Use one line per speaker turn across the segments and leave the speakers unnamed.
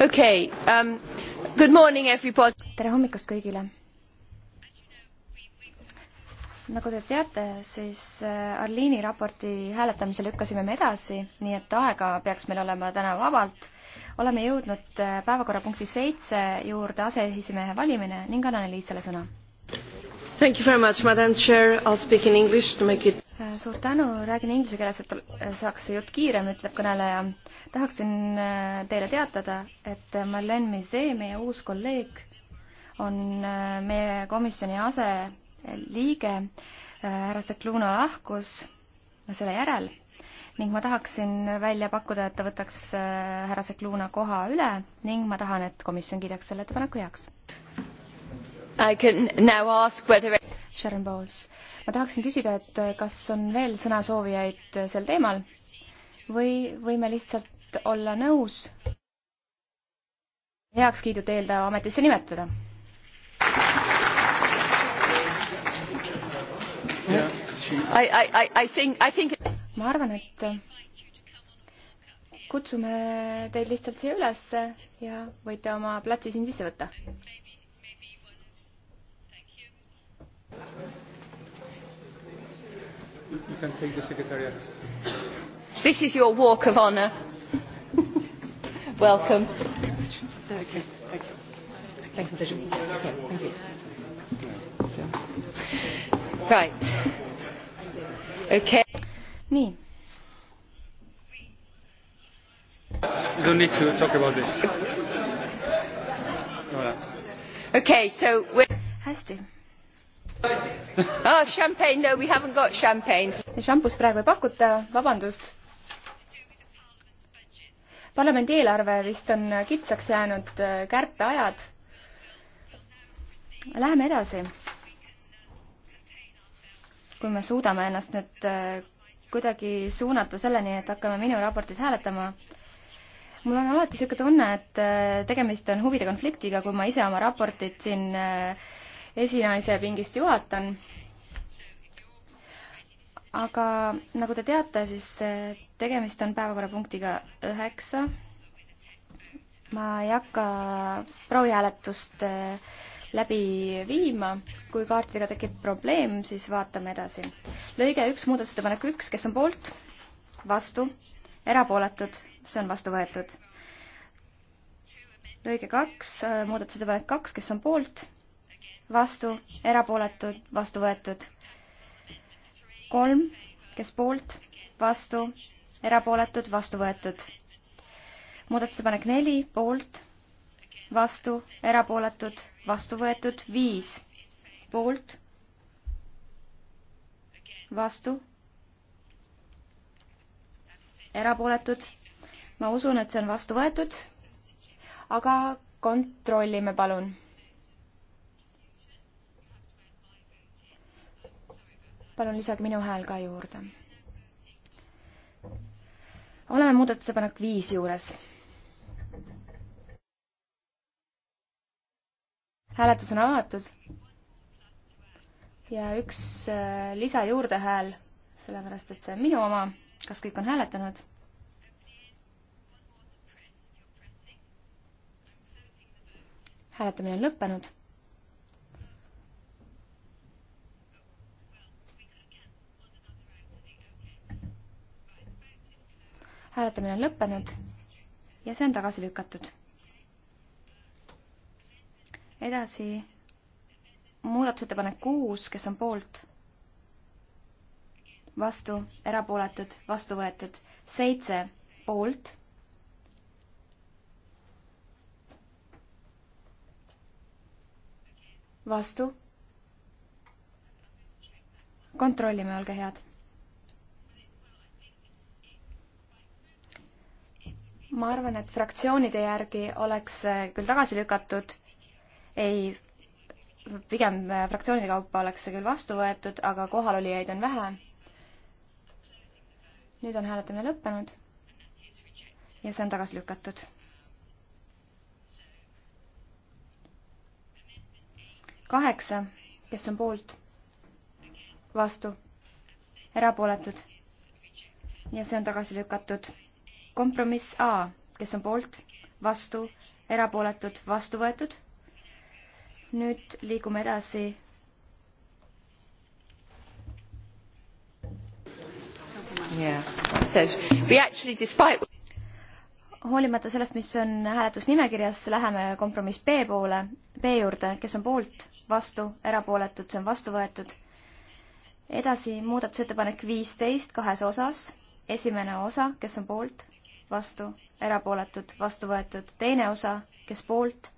Okay, um, good morning everybody. tere hommikust kõigile. nagu te teate, siis äh, Arliini raporti hääletamise lükkasime me edasi, nii et aega peaks meil olema täna vabalt. oleme jõudnud äh, päevakorrapunkti seitse juurde, aseesimehe valimine ning annan Eliisele sõna.
Thank you very much, madam chair, I will speak in english to make it
Äh, suur tänu, räägin inglise keeles, et saaks see jutt kiirem, ütleb kõneleja. tahaksin äh, teile teatada, et Marlene Mizee, meie uus kolleeg, on äh, meie komisjoni aseliige, härra Sekluna lahkus selle järel ning ma tahaksin välja pakkuda, et ta võtaks härra Sekluna koha üle ning ma tahan, et komisjon kiidaks selle ettepaneku heaks. I can now ask whether Sharon Bowles. ma tahaksin küsida, et kas on veel sõnasoovijaid sel teemal või võime lihtsalt olla nõus heakskiidu teelde ametisse nimetada? ma arvan, et kutsume teid lihtsalt siia üles ja võite oma platsi siin sisse võtta.
You can take the secretariat.
This is your walk of honour.
Welcome. Thank you. Thank you. Thank you. Thank you. Thank you. Right. Okay. nii. You don't need to talk about this. Voilà.
Okay, so we're... hästi oh, champagne, no we haven't got champagne. šampust praegu ei pakuta, vabandust. parlamendi eelarve vist on kitsaks jäänud äh, kärpeajad. Läheme edasi. kui me suudame ennast nüüd äh, kuidagi suunata selleni, et hakkame minu raportis hääletama. mul on alati niisugune tunne, et äh, tegemist on huvide konfliktiga, kui ma ise oma raportit siin äh, esinaise pingist juhatan. aga nagu te teate, siis eh, tegemist on päevakorrapunktiga üheksa. ma ei hakka proovihääletust eh, läbi viima, kui kaartidega tekib probleem, siis vaatame edasi. lõige üks, muudatusettepanek üks, kes on poolt, vastu, erapooletud, see on vastu võetud lõige kaks, eh, muudatusettepanek kaks, kes on poolt, vastu, erapooletud, vastu võetud. kolm, kes poolt, vastu, erapooletud, vastu võetud. muudatusepanek neli, poolt, vastu, erapooletud, vastu võetud, viis, poolt, vastu, erapooletud. ma usun, et see on vastu võetud, aga kontrollime palun palun lisage minu hääl ka juurde. oleme muudatusepanek viis juures. hääletus on avatud. ja üks äh, lisa juurdehääl, sellepärast et see on minu oma. kas kõik on hääletanud? hääletamine on lõppenud hääletamine on lõppenud ja see on tagasi lükatud. edasi muudatusettepanek kuus, kes on poolt? vastu, erapooletud, vastu võetud, seitse poolt. vastu. kontrollime, olge head ma arvan, et fraktsioonide järgi oleks äh, küll tagasi lükatud, ei, pigem äh, fraktsioonide kaupa oleks see küll vastu võetud, aga kohalolijaid on vähe. nüüd on hääletamine lõppenud ja see on tagasi lükatud. kaheksa, kes on poolt, vastu, erapooletud ja see on tagasi lükatud kompromiss A, kes on poolt, vastu, erapooletud, vastu võetud. nüüd liigume edasi. hoolimata sellest, mis on hääletusnimekirjas, läheme kompromiss B poole, B juurde, kes on poolt, vastu, erapooletud, see on vastu võetud. edasi muudatusettepanek viisteist kahes osas, esimene osa, kes on poolt, vastu, erapooletud, vastu võetud, teine osa, kes poolt,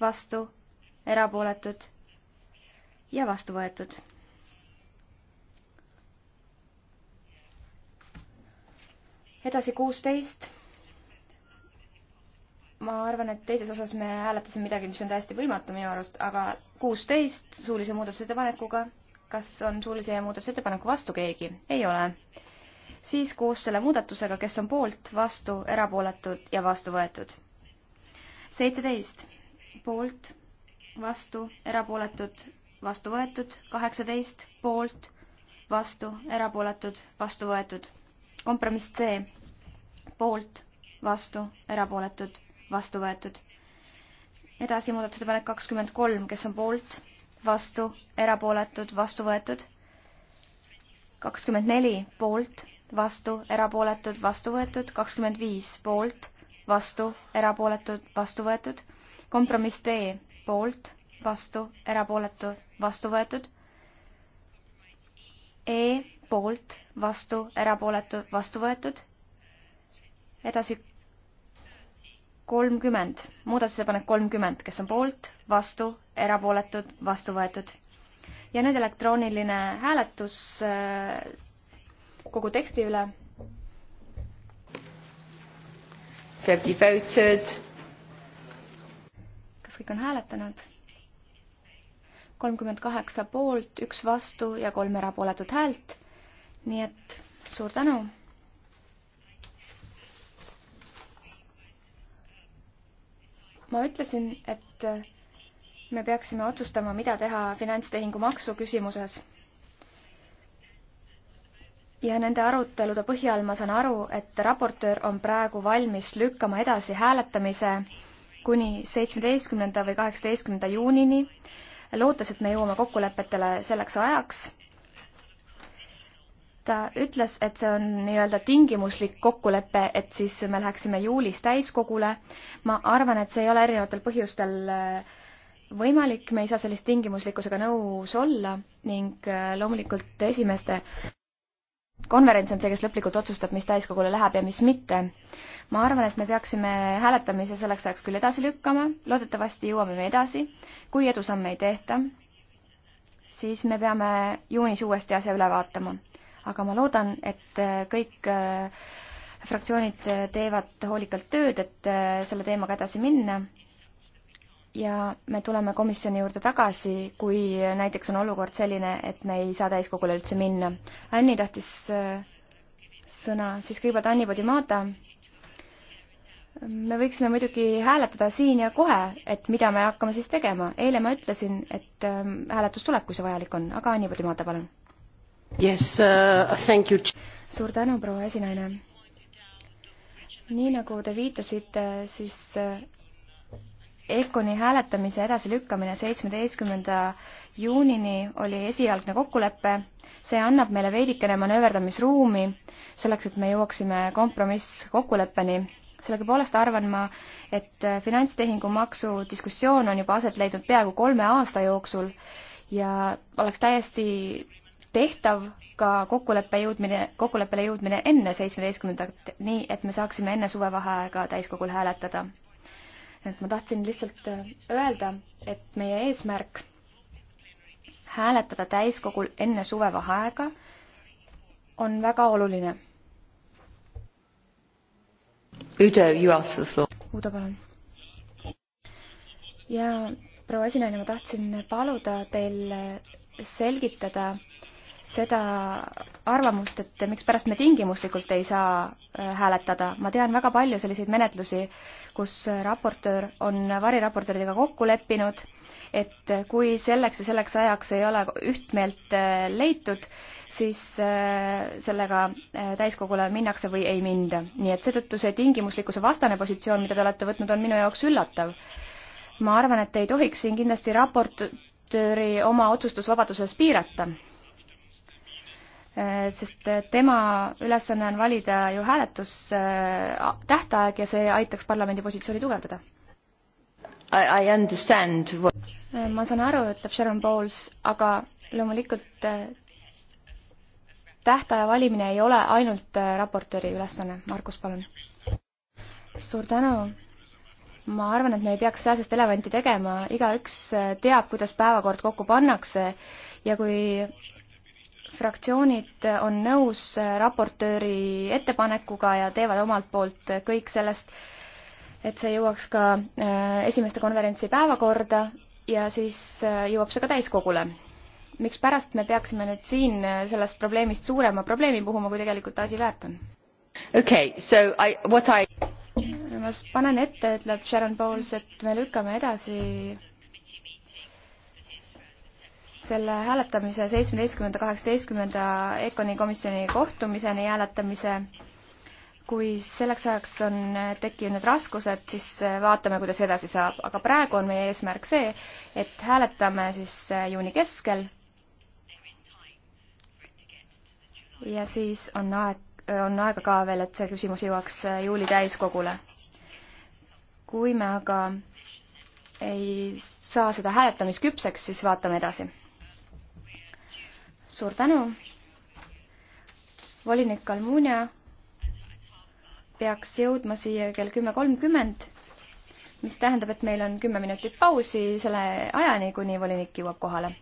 vastu, erapooletud ja vastu võetud. edasi kuusteist. ma arvan, et teises osas me hääletasime midagi, mis on täiesti võimatu minu arust, aga kuusteist suulise muudatusettepanekuga. kas on suulise muudatusettepaneku vastu keegi? ei ole siis koos selle muudatusega, kes on poolt, vastu, erapooletud ja vastu võetud. seitseteist poolt, vastu, erapooletud, vastu võetud, kaheksateist poolt, vastu, erapooletud, vastu võetud. kompromiss C poolt, vastu, erapooletud, vastu võetud. edasi muudatusettepanek kakskümmend kolm, kes on poolt, vastu, erapooletud, vastu võetud. kakskümmend neli poolt, vastu, erapooletud, vastu võetud, kakskümmend viis poolt, vastu, erapooletud, vastu võetud, kompromiss D poolt, vastu, erapooletu, vastu võetud, E poolt, vastu, erapooletu, vastu võetud, edasi kolmkümmend, muudatusepanek kolmkümmend, kes on poolt, vastu, erapooletud, vastu võetud. ja nüüd elektrooniline hääletus kogu teksti üle. kas kõik on hääletanud? kolmkümmend kaheksa poolt, üks vastu ja kolm erapooletut häält. nii et suur tänu. ma ütlesin, et me peaksime otsustama, mida teha finantstehingu maksu küsimuses ja nende arutelude põhjal ma saan aru, et raportöör on praegu valmis lükkama edasi hääletamise kuni seitsmeteistkümnenda või kaheksateistkümnenda juunini, lootes, et me jõuame kokkulepetele selleks ajaks. ta ütles, et see on nii-öelda tingimuslik kokkulepe, et siis me läheksime juulis täiskogule. ma arvan, et see ei ole erinevatel põhjustel eh, võimalik, me ei saa sellist tingimuslikkusega nõus olla ning eh, loomulikult esimeste konverents on see, kes lõplikult otsustab, mis täiskogule läheb ja mis mitte. ma arvan, et me peaksime hääletamise selleks ajaks küll edasi lükkama, loodetavasti jõuame me edasi. kui edusamme ei tehta, siis me peame juunis uuesti asja üle vaatama. aga ma loodan, et äh, kõik äh, fraktsioonid äh, teevad hoolikalt tööd, et selle teemaga edasi minna ja me tuleme komisjoni juurde tagasi, kui näiteks on olukord selline, et me ei saa täiskogule üldse minna. Anni tahtis äh, sõna, siis kõigepealt Anni Podimata. me võiksime muidugi hääletada siin ja kohe, et mida me hakkame siis tegema. eile ma ütlesin, et ähm, hääletus tuleb, kui see vajalik on, aga Anni Podimata, palun.
Yes uh,, thank you.
suur tänu, proua esinaine. nii nagu te viitasite, siis äh, EKONi hääletamise edasilükkamine seitsmeteistkümnenda juunini oli esialgne kokkulepe. see annab meile veidikene manööverdamisruumi selleks, et me jõuaksime kompromisskokkuleppeni. sellegipoolest arvan ma, et finantstehingumaksu diskussioon on juba aset leidnud peaaegu kolme aasta jooksul ja oleks täiesti tehtav ka kokkuleppe jõudmine, kokkuleppele jõudmine enne seitsmeteistkümnendat, nii et me saaksime enne suvevaheaega täiskogul hääletada et ma tahtsin lihtsalt äh, öelda, et meie eesmärk hääletada täiskogul enne suvevaheaega on väga oluline. Udo, you ask the floor. Udo, palun. ja proua esinaine, ma tahtsin paluda teil selgitada seda arvamust, et mikspärast me tingimuslikult ei saa äh, hääletada. ma tean väga palju selliseid menetlusi, kus raportöör on variraportööridega kokku leppinud, et kui selleks ja selleks ajaks ei ole ühtmeelt äh, leitud, siis äh, sellega täiskogule minnakse või ei minda. nii et seetõttu see tingimuslikkuse vastane positsioon, mida te olete võtnud, on minu jaoks üllatav. ma arvan, et ei tohiks siin kindlasti raport tööri oma otsustusvabaduses piirata. Äh, sest äh, tema ülesanne on valida ju hääletustähtaeg äh, ja see aitaks parlamendi positsiooni tugevdada.
I understand what
ma saan aru, ütleb Sharon Bowles, aga loomulikult tähtaja valimine ei ole ainult raportööri ülesanne. Markus, palun. suur tänu. ma arvan, et me ei peaks sääsest elevanti tegema, igaüks teab, kuidas päevakord kokku pannakse ja kui fraktsioonid on nõus raportööri ettepanekuga ja teevad omalt poolt kõik sellest, et see jõuaks ka äh, esimeste konverentsi päevakorda ja siis äh, jõuab see ka täiskogule. mikspärast me peaksime nüüd siin äh, sellest probleemist suurema probleemi puhuma, kui tegelikult asi väärt on?
Okay, so I, what I
ma panen ette, ütleb Sharon Bowles, et me lükkame edasi selle hääletamise seitsmeteistkümnenda, kaheksateistkümnenda EKONi komisjoni kohtumiseni hääletamise. kui selleks ajaks on tekkinud raskused, siis vaatame, kuidas edasi saab, aga praegu on meie eesmärk see, et hääletame siis juuni keskel. ja siis on aeg, on aega ka veel, et see küsimus jõuaks juuli täiskogule. kui me aga ei saa seda hääletamisküpseks, siis vaatame edasi suur tänu. volinik Almunia peaks jõudma siia kell kümme kolmkümmend, mis tähendab, et meil on kümme minutit pausi selle ajani, kuni volinik jõuab kohale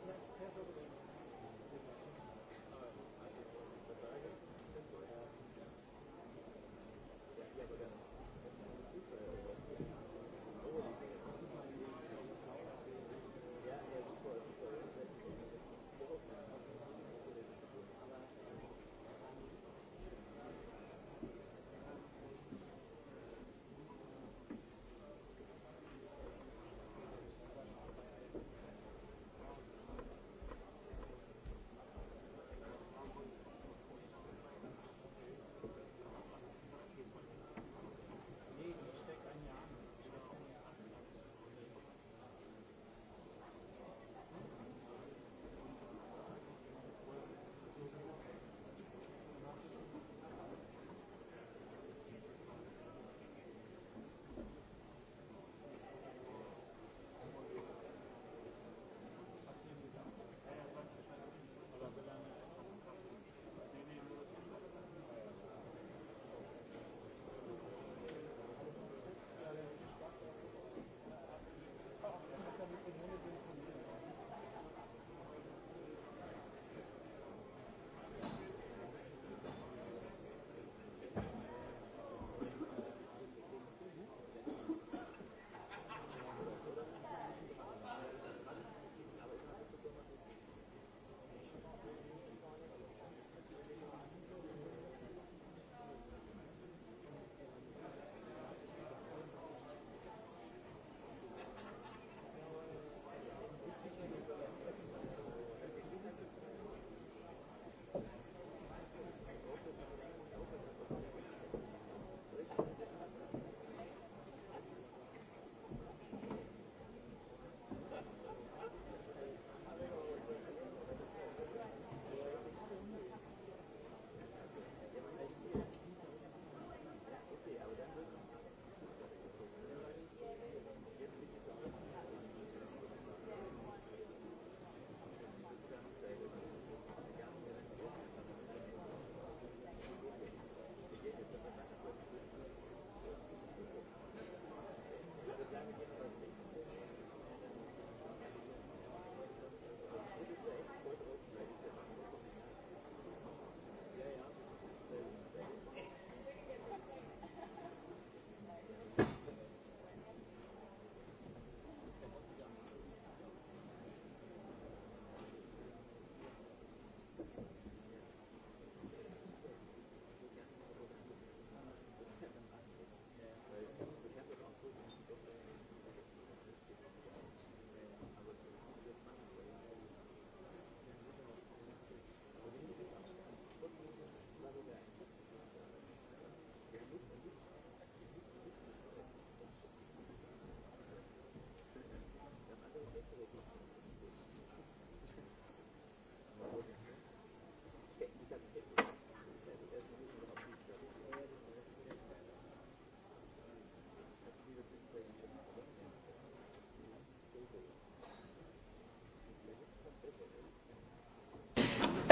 President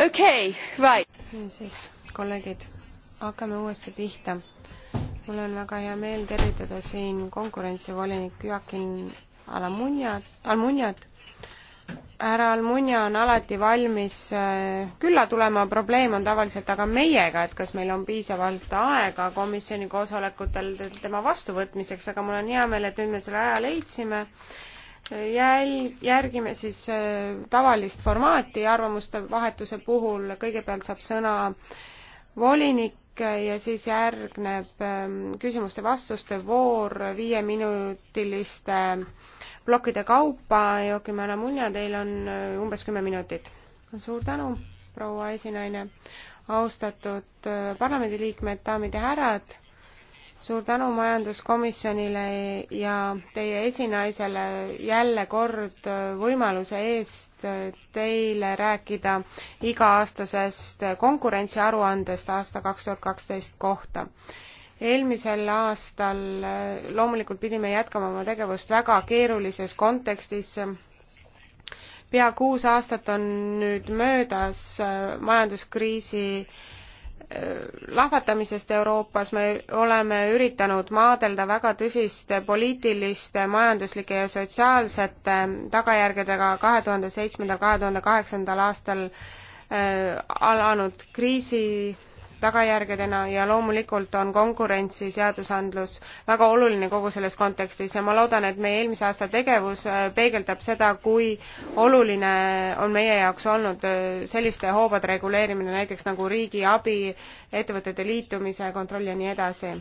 okei okay,, right. niisiis, kolleegid, hakkame uuesti pihta. mul on väga hea meel tervitada siin konkurentsivolinik Joakim Alamunjat, Almunjat. härra Almunja on alati valmis äh, külla tulema, probleem on tavaliselt aga meiega, et kas meil on piisavalt aega komisjoni koosolekutel tema vastuvõtmiseks, aga mul on hea meel, et nüüd me selle aja leidsime jäl-, järgime siis äh, tavalist formaati arvamuste vahetuse puhul, kõigepealt saab sõna volinik ja siis järgneb ähm, küsimuste-vastuste voor viieminutiliste plokkide kaupa. Joakim Anamunja, teil on äh, umbes kümme minutit. suur tänu, proua esinaine, austatud äh, parlamendiliikmed, daamid ja härrad suur tänu majanduskomisjonile ja teie esinaisele jälle kord äh, võimaluse eest äh, teile rääkida iga-aastasest äh, konkurentsiaruandest aasta kaks tuhat kaksteist kohta. eelmisel aastal loomulikult pidime jätkama oma tegevust väga keerulises kontekstis pea kuus aastat on nüüd möödas majanduskriisi äh, lahvatamisest Euroopas, me oleme üritanud maadelda väga tõsiste poliitiliste, majanduslike ja sotsiaalsete tagajärgedega kahe tuhande seitsmendal, kahe tuhande kaheksandal aastal äh, alanud kriisi tagajärgedena ja loomulikult on konkurentsiseadusandlus väga oluline kogu selles kontekstis ja ma loodan, et meie eelmise aasta tegevus äh, peegeldab seda, kui oluline on meie jaoks olnud äh, selliste hoobade reguleerimine, näiteks nagu riigiabi, ettevõtete liitumise kontroll ja nii edasi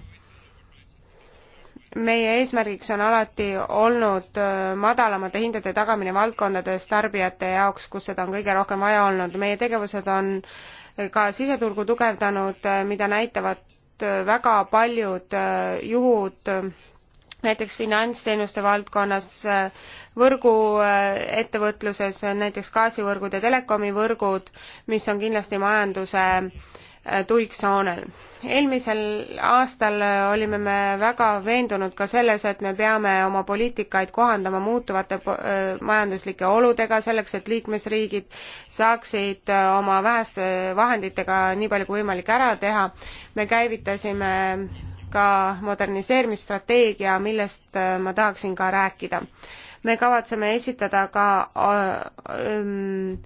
meie eesmärgiks on alati olnud äh, madalamate hindade tagamine valdkondades tarbijate jaoks, kus seda on kõige rohkem vaja olnud. meie tegevused on äh, ka siseturgu tugevdanud, äh, mida näitavad äh, väga paljud äh, juhud näiteks finantsteenuste valdkonnas, võrguettevõtluses, näiteks gaasivõrgud ja telekomi võrgud, mis on kindlasti majanduse Äh, tuiksoonel. eelmisel aastal äh, olime me väga veendunud ka selles, et me peame oma poliitikaid kohandama muutuvate äh, majanduslike oludega, selleks et liikmesriigid saaksid oma väheste vahenditega nii palju kui võimalik ära teha. me käivitasime ka moderniseerimisstrateegia, millest ma tahaksin ka rääkida. me kavatseme esitada ka äh, äh, mm,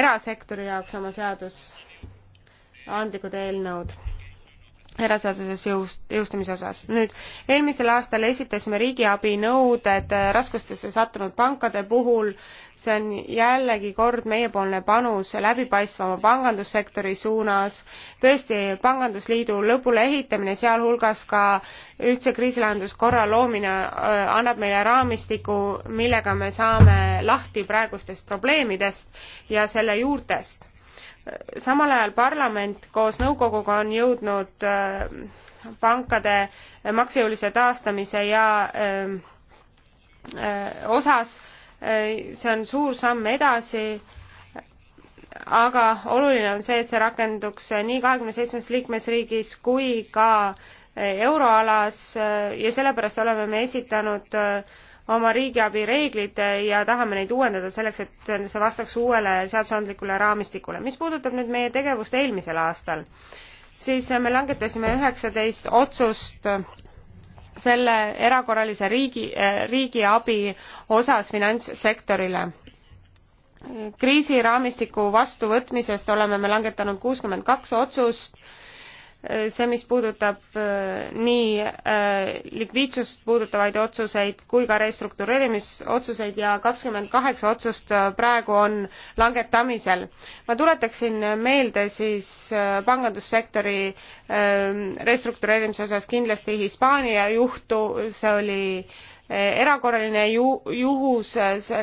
erasektori jaoks oma seadus andlikud eelnõud eraseaduses jõust, jõustamise osas. nüüd, eelmisel aastal esitasime riigiabi nõuded äh, raskustesse sattunud pankade puhul, see on jällegi kord meiepoolne panus läbipaistvama pangandussektori suunas, tõesti, Pangandusliidu lõpule ehitamine, sealhulgas ka ühtse kriisilahenduskorra loomine äh, annab meile raamistiku, millega me saame lahti praegustest probleemidest ja selle juurtest samal ajal parlament koos nõukoguga on jõudnud äh, pankade äh, maksejõulise taastamise ja öö, äh, öö, osas öö, see on suur samm edasi aga oluline on see et see rakenduks nii kahekümne seitsmes liikmesriigis kui ka euroalas ja sellepärast oleme me esitanud öö, oma riigiabi reeglid ja tahame neid uuendada selleks, et see vastaks uuele seadusandlikule raamistikule. mis puudutab nüüd meie tegevust eelmisel aastal, siis me langetasime üheksateist otsust selle erakorralise riigi, riigiabi osas finantssektorile. kriisiraamistiku vastuvõtmisest oleme me langetanud kuuskümmend kaks otsust see, mis puudutab äh, nii äh, likviidsust puudutavaid otsuseid kui ka restruktureerimisotsuseid ja kakskümmend kaheksa otsust äh, praegu on langetamisel. ma tuletaksin meelde siis pangandussektori restruktureerimise osas kindlasti Hispaania juhtu, see oli erakorraline ju-, juhus,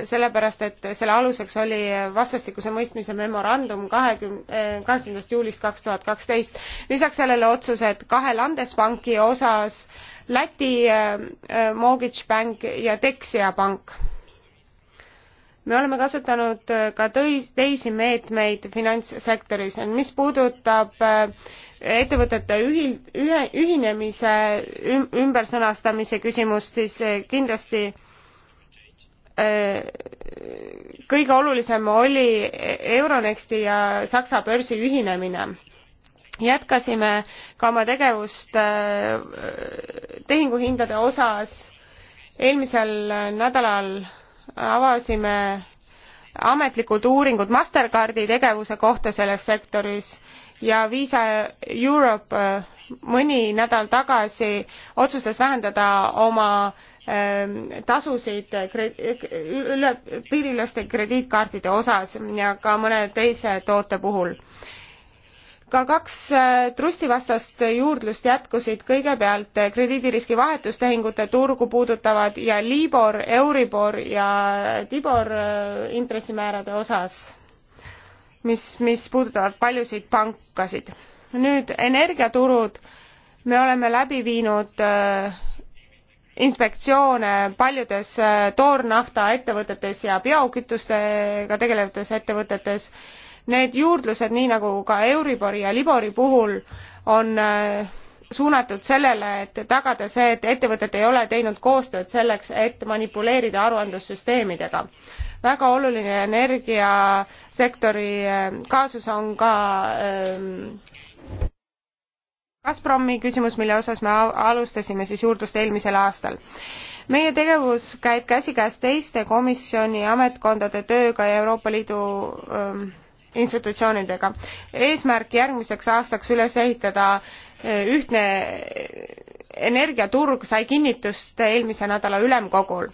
sellepärast et selle aluseks oli vastastikuse mõistmise memorandum kahekümne, eh, kaheksandast juulist kaks tuhat kaksteist. lisaks sellele otsused kahe Landespanki osas Läti eh, eh, Mortgage Bank ja Dexia Pank. me oleme kasutanud ka tõi-, teisi meetmeid finantssektoris, mis puudutab äh, ettevõtete ühil-, ühe, ühinemise üm, ümbersõnastamise küsimust, siis eh, kindlasti eh, kõige olulisem oli e-, Euronexti ja Saksa börsi ühinemine. jätkasime ka oma tegevust eh, tehinguhindade osas. eelmisel nädalal avasime ametlikud uuringud Mastercardi tegevuse kohta selles sektoris ja Visa Europe äh, mõni nädal tagasi otsustas vähendada oma ähm, tasusid üle piiriüleste krediitkaartide osas ja ka mõne teise toote puhul. ka kaks äh, trustivastast juurdlust jätkusid kõigepealt äh, krediidiriski vahetustehingute turgu puudutavad ja Libor, Euribor ja Tibor intressimäärade osas mis, mis puudutavad paljusid pankasid. nüüd energiaturud, me oleme läbi viinud äh, inspektsioone paljudes äh, toornafta ettevõtetes ja biokütustega tegelevates ettevõtetes. Need juurdlused, nii nagu ka Euribori ja Libori puhul, on äh, suunatud sellele, et tagada see, et ettevõtted ei ole teinud koostööd selleks, et manipuleerida aruandlussüsteemidega väga oluline energiasektori äh, kaasus on ka ähm, Gazpromi küsimus, mille osas me alustasime siis juurdlust eelmisel aastal. meie tegevus käib käsikäes teiste komisjoni ametkondade tööga ja Euroopa Liidu ähm, institutsioonidega. eesmärk järgmiseks aastaks üles ehitada äh, ühtne äh, energiaturg sai kinnitust eelmise nädala ülemkogul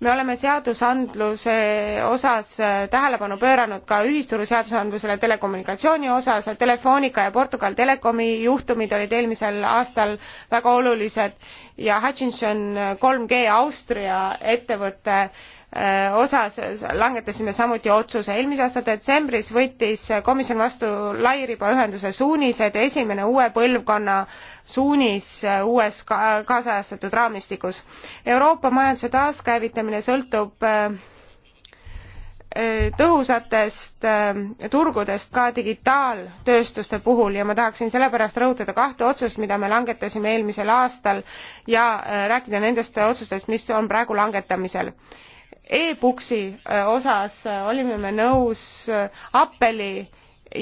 me oleme seadusandluse osas äh, tähelepanu pööranud ka ühisturu seadusandlusele telekommunikatsiooni osas telefonica ja portugal telekomi juhtumid olid eelmisel aastal väga olulised ja hutchinson 3 g austria ettevõte Äh, osas langetasime samuti otsuse. eelmise aasta detsembris võttis komisjon vastu lairibaühenduse suunised, esimene uue põlvkonna suunis uues kaasajastatud raamistikus. Euroopa majanduse taaskäivitamine sõltub äh, äh, tõhusatest turgudest ka digitaaltööstuste puhul ja ma tahaksin sellepärast rõhutada kahte otsust mida me langetasime eelmisel aastal ja rääkida nendest otsustest mis on praegu langetamisel e-puksi äh, osas äh, olime me nõus äh, Apple'i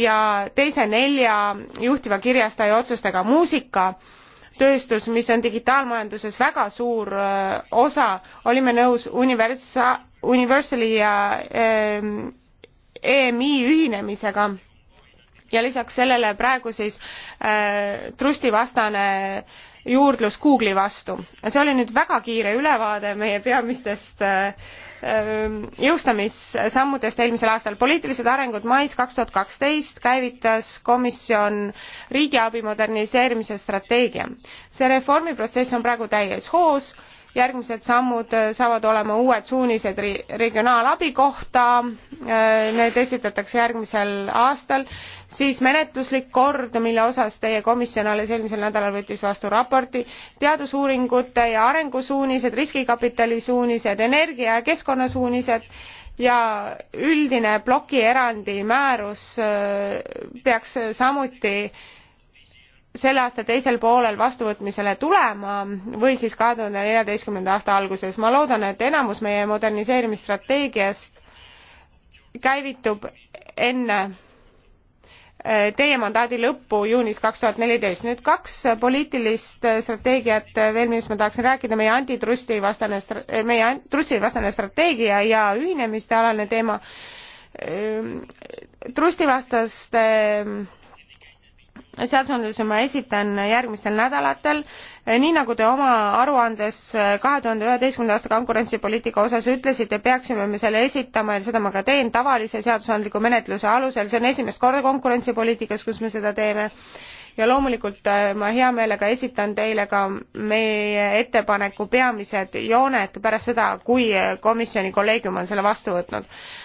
ja teise nelja juhtiva kirjastaja otsustega muusikatööstus, mis on digitaalmajanduses väga suur osa, olime nõus Universa-, Universali ja ähm, EMI ühinemisega ja lisaks sellele praegu siis trustivastane äh, juurdlus Google'i vastu. see oli nüüd väga kiire ülevaade meie peamistest äh, äh, jõustamissammudest eelmisel aastal. poliitilised arengud mais kaks tuhat kaksteist käivitas komisjon riigiabi moderniseerimise strateegia. see reformiprotsess on praegu täies hoos järgmised sammud äh, saavad olema uued suunised regionaalabi kohta, äh, need esitatakse järgmisel aastal, siis menetluslik kord, mille osas teie komisjon alles eelmisel nädalal võttis vastu raporti, teadusuuringute ja arengusuunised, riskikapitali suunised, energia ja keskkonnasuunised ja üldine plokierandi määrus äh, peaks samuti selle aasta teisel poolel vastuvõtmisele tulema või siis kahe tuhande neljateistkümnenda aasta alguses. ma loodan, et enamus meie moderniseerimisstrateegiast käivitub enne eh, teie mandaadi lõppu juunis kaks tuhat neliteist. nüüd kaks poliitilist eh, strateegiat veel, millest ma tahaksin rääkida, meie antitrusti vastane, eh, meie trusti vastane strateegia ja ühinemiste alane teema. trustivastaste äh, seadusandluse ma esitan järgmistel nädalatel. nii nagu te oma aruandes äh, kahe tuhande üheteistkümnenda aasta konkurentsipoliitika osas ütlesite, peaksime me selle esitama ja seda ma ka teen tavalise seadusandliku menetluse alusel, see on esimest korda konkurentsipoliitikas, kus me seda teeme ja loomulikult äh, ma hea meelega esitan teile ka meie ettepaneku peamised jooned pärast seda, kui äh, komisjoni kolleegium on selle vastu võtnud.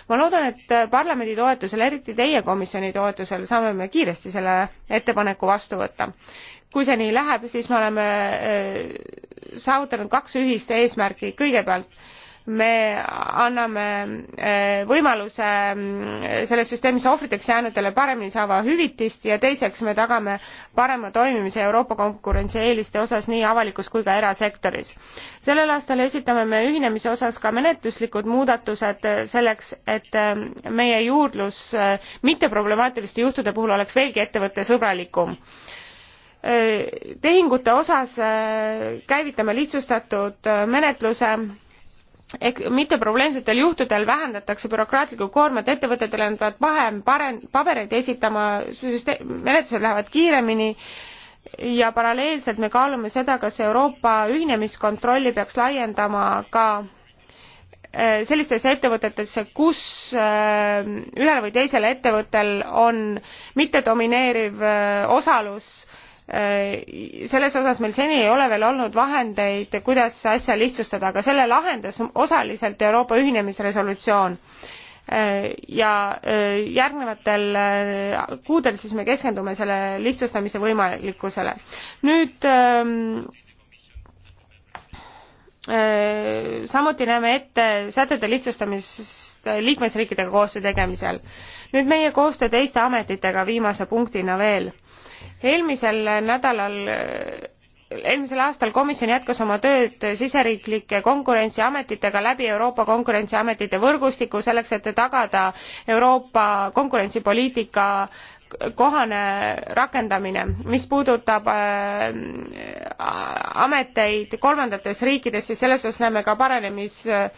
ma loodan, et äh, parlamendi toetusel, eriti teie komisjoni toetusel, saame me kiiresti selle ettepaneku vastu võtta kui see nii läheb, siis me oleme saavutanud kaks ühist eesmärki. kõigepealt me anname eh, võimaluse mm, selles süsteemis ohvriteks jäänutele paremini saada hüvitist ja teiseks me tagame parema toimimise Euroopa konkurentsieeliste osas nii avalikus kui ka erasektoris. sellel aastal esitame me ühinemise osas ka menetluslikud muudatused selleks, et eh, meie juurdlus eh, mitteproblemaatiliste juhtude puhul oleks veelgi ettevõttesõbralikum tehingute osas käivitame lihtsustatud menetluse mitteprobleemsetel juhtudel vähendatakse bürokraatlikku koormat ettevõtetele, nad peavad vahem parem, pabereid esitama, menetlused lähevad kiiremini ja paralleelselt me kaalume seda, kas Euroopa ühinemiskontrolli peaks laiendama ka äh, sellistesse ettevõtetesse, kus äh, ühel või teisel ettevõttel on mittedomineeriv äh, osalus Äh, selles osas meil seni ei ole veel olnud vahendeid, kuidas asja lihtsustada, aga selle lahendas osaliselt Euroopa ühinemisresolutsioon. Äh, ja äh, järgnevatel kuudel siis me keskendume selle lihtsustamise võimalikkusele. nüüd ähm, samuti näeme ette sätete lihtsustamist liikmesriikidega koostöö tegemisel. nüüd meie koostöö teiste ametitega viimase punktina veel eelmisel nädalal eelmisel aastal komisjon jätkas oma tööd siseriiklike konkurentsiametitega läbi euroopa konkurentsiametite võrgustiku selleks et tagada euroopa konkurentsipoliitika kohane rakendamine mis puudutab äh, ameteid kolmandates riikides siis selles osas näeme ka paranemismärke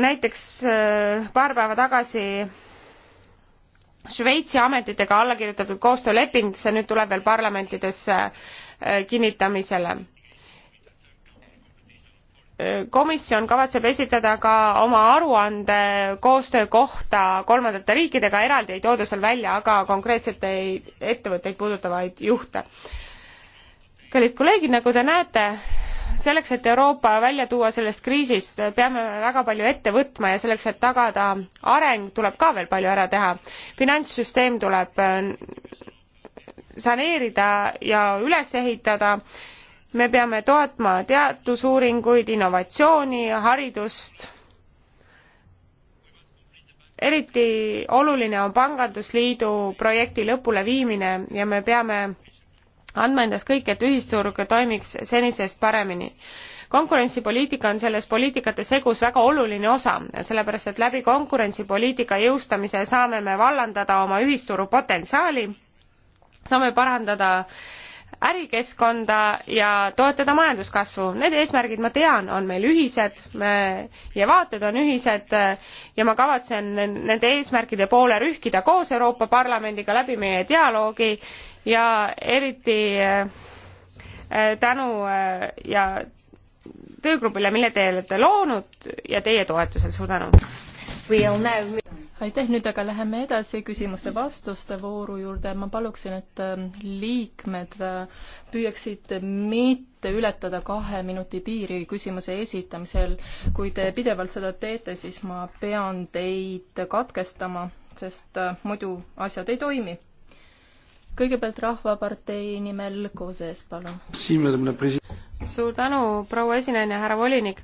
näiteks äh, paar päeva tagasi Šveitsi ametitega alla kirjutatud koostööleping, see nüüd tuleb veel parlamentidesse äh, kinnitamisele. Äh, komisjon kavatseb esitada ka oma aruande koostöö kohta kolmandate riikidega, eraldi ei tooda seal välja aga konkreetsete ettevõtteid puudutavaid juhte. kallid kolleegid, nagu te näete, selleks et euroopa välja tuua sellest kriisist peame väga palju ette võtma ja selleks et tagada areng tuleb ka veel palju ära teha finantssüsteem tuleb äh, saneerida ja üles ehitada me peame toetma teadusuuringuid innovatsiooni haridust eriti oluline on pangandusliidu projekti lõpuleviimine ja me peame andma endast kõik, et ühisturg toimiks senisest paremini. konkurentsipoliitika on selles poliitikate segus väga oluline osa, sellepärast et läbi konkurentsipoliitika jõustamise saame me vallandada oma ühisturu potentsiaali, saame parandada ärikeskkonda ja toetada majanduskasvu. Need eesmärgid, ma tean, on meil ühised me, ja vaated on ühised ja ma kavatsen nende eesmärkide poole rühkida koos Euroopa Parlamendiga läbi meie dialoogi ja eriti äh, tänu äh, ja töögrupile, mille te olete loonud ja teie toetusel, suur tänu!
aitäh, nüüd aga läheme edasi küsimuste-vastuste vooru juurde, ma paluksin, et ähm, liikmed äh, püüaksid mitte ületada kahe minuti piiri küsimuse esitamisel. kui te pidevalt seda teete, siis ma pean teid katkestama, sest muidu asjad ei toimi kõigepealt Rahvapartei nimel Kooses, palun. suur tänu, proua esinaine, härra volinik.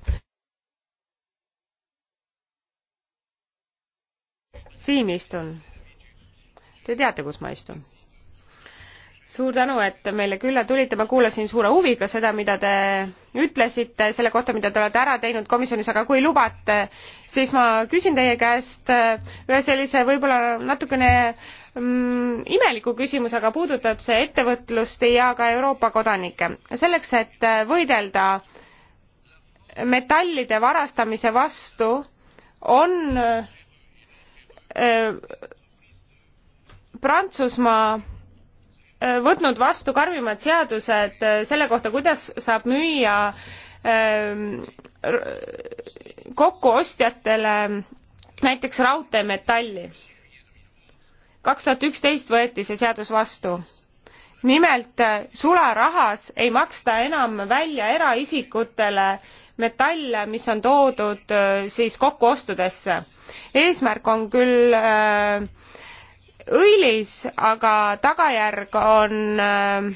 siin istun. Te teate, kus ma istun? suur tänu, et meile külla tulite, ma kuulasin suure huviga seda, mida te ütlesite selle kohta, mida te olete ära teinud komisjonis, aga kui lubate, siis ma küsin teie käest ühe sellise võib-olla natukene Mm, imeliku küsimus, aga puudutab see ettevõtlust ja ka Euroopa kodanikke. selleks, et äh, võidelda metallide varastamise vastu, on äh, Prantsusmaa äh, võtnud vastu karmimad seadused selle kohta, kuidas saab müüa ähm, kokkuostjatele näiteks raudteemetalli kaks tuhat üksteist võeti see seadus vastu. nimelt äh, sularahas ei maksta enam välja eraisikutele metalle, mis on toodud äh, siis kokkuostudesse. eesmärk on küll äh, õilis, aga tagajärg on äh,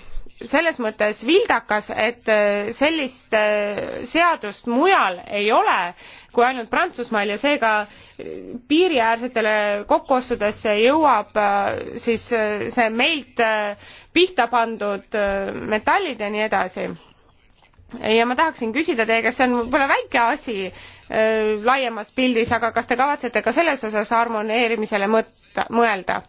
selles mõttes vildakas, et äh, sellist äh, seadust mujal ei ole kui ainult Prantsusmaal ja seega äh, piiriäärsetele kokkuostudesse jõuab siis see meilt pihta pandud metallid ja nii edasi. ja ma tahaksin küsida teie käest, see on võib-olla väike asi laiemas pildis, aga kas te kavatsete ka selles osas harmoneerimisele mõtta, mõelda?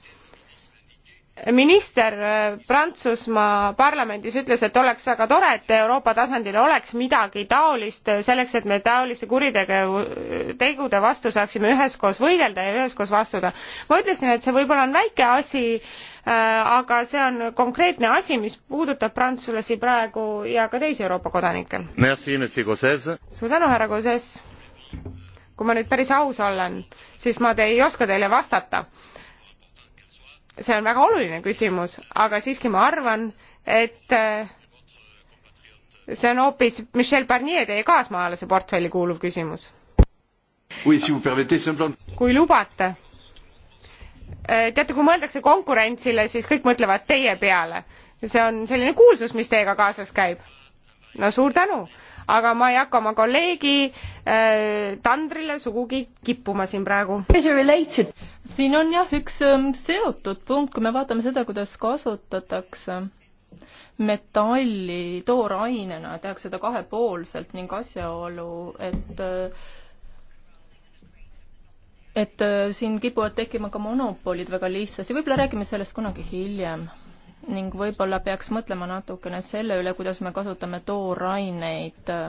minister äh, prantsusmaa parlamendis ütles et oleks väga tore et euroopa tasandil oleks midagi taolist selleks et me taoliste kuritegude vastu saaksime üheskoos võidelda ja üheskoos vastuda ma ütlesin et see võibolla on väike asi äh, aga see on konkreetne asi mis puudutab prantslasi praegu ja ka teisi euroopa kodanikke suur tänu härra gauzs kui ma nüüd päris aus olen siis ma te ei oska teile vastata see on väga oluline küsimus, aga siiski ma arvan, et äh, see on hoopis Michel Barnier, teie kaasmaalase portfelli kuuluv küsimus.
kui
lubate. Äh, teate, kui mõeldakse konkurentsile, siis kõik mõtlevad teie peale. see on selline kuulsus, mis teiega kaasas käib. no suur tänu aga ma ei hakka oma kolleegi äh,
tandrile sugugi kippuma siin praegu. siin on jah üks ähm, seotud punkt, kui me vaatame seda, kuidas kasutatakse metalli toorainena, tehakse seda kahepoolselt ning asjaolu, et äh, et äh, siin kipuvad tekkima ka monopolid väga lihtsasti, võib-olla räägime sellest kunagi hiljem ning võib-olla peaks mõtlema natukene selle üle, kuidas me kasutame tooraineid äh,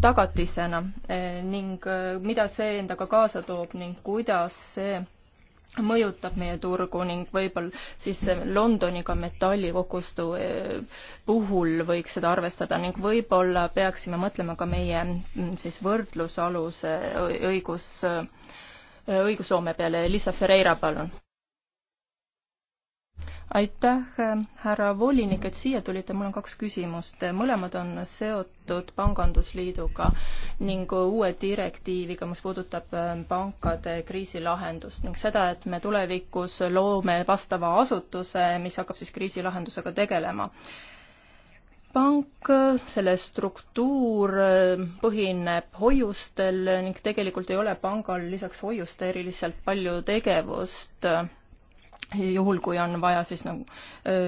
tagatisena äh, ning äh, mida see endaga kaasa toob ning kuidas see mõjutab meie turgu ning võib-olla siis Londoniga metallikogustu puhul võiks seda arvestada ning võib-olla peaksime mõtlema ka meie mm, siis võrdlusaluse õigus, õigusloome peale. Liisa Ferreira, palun aitäh, härra volinik, et siia tulite, mul on kaks küsimust, mõlemad on seotud Pangandusliiduga ning uue direktiiviga, mis puudutab ähm, pankade kriisilahendust ning seda, et me tulevikus loome vastava asutuse, mis hakkab siis kriisilahendusega tegelema pank, äh, selle struktuur äh, põhineb hoiustel ning tegelikult ei ole pangal lisaks hoiuste eriliselt palju tegevust juhul, kui on vaja siis nagu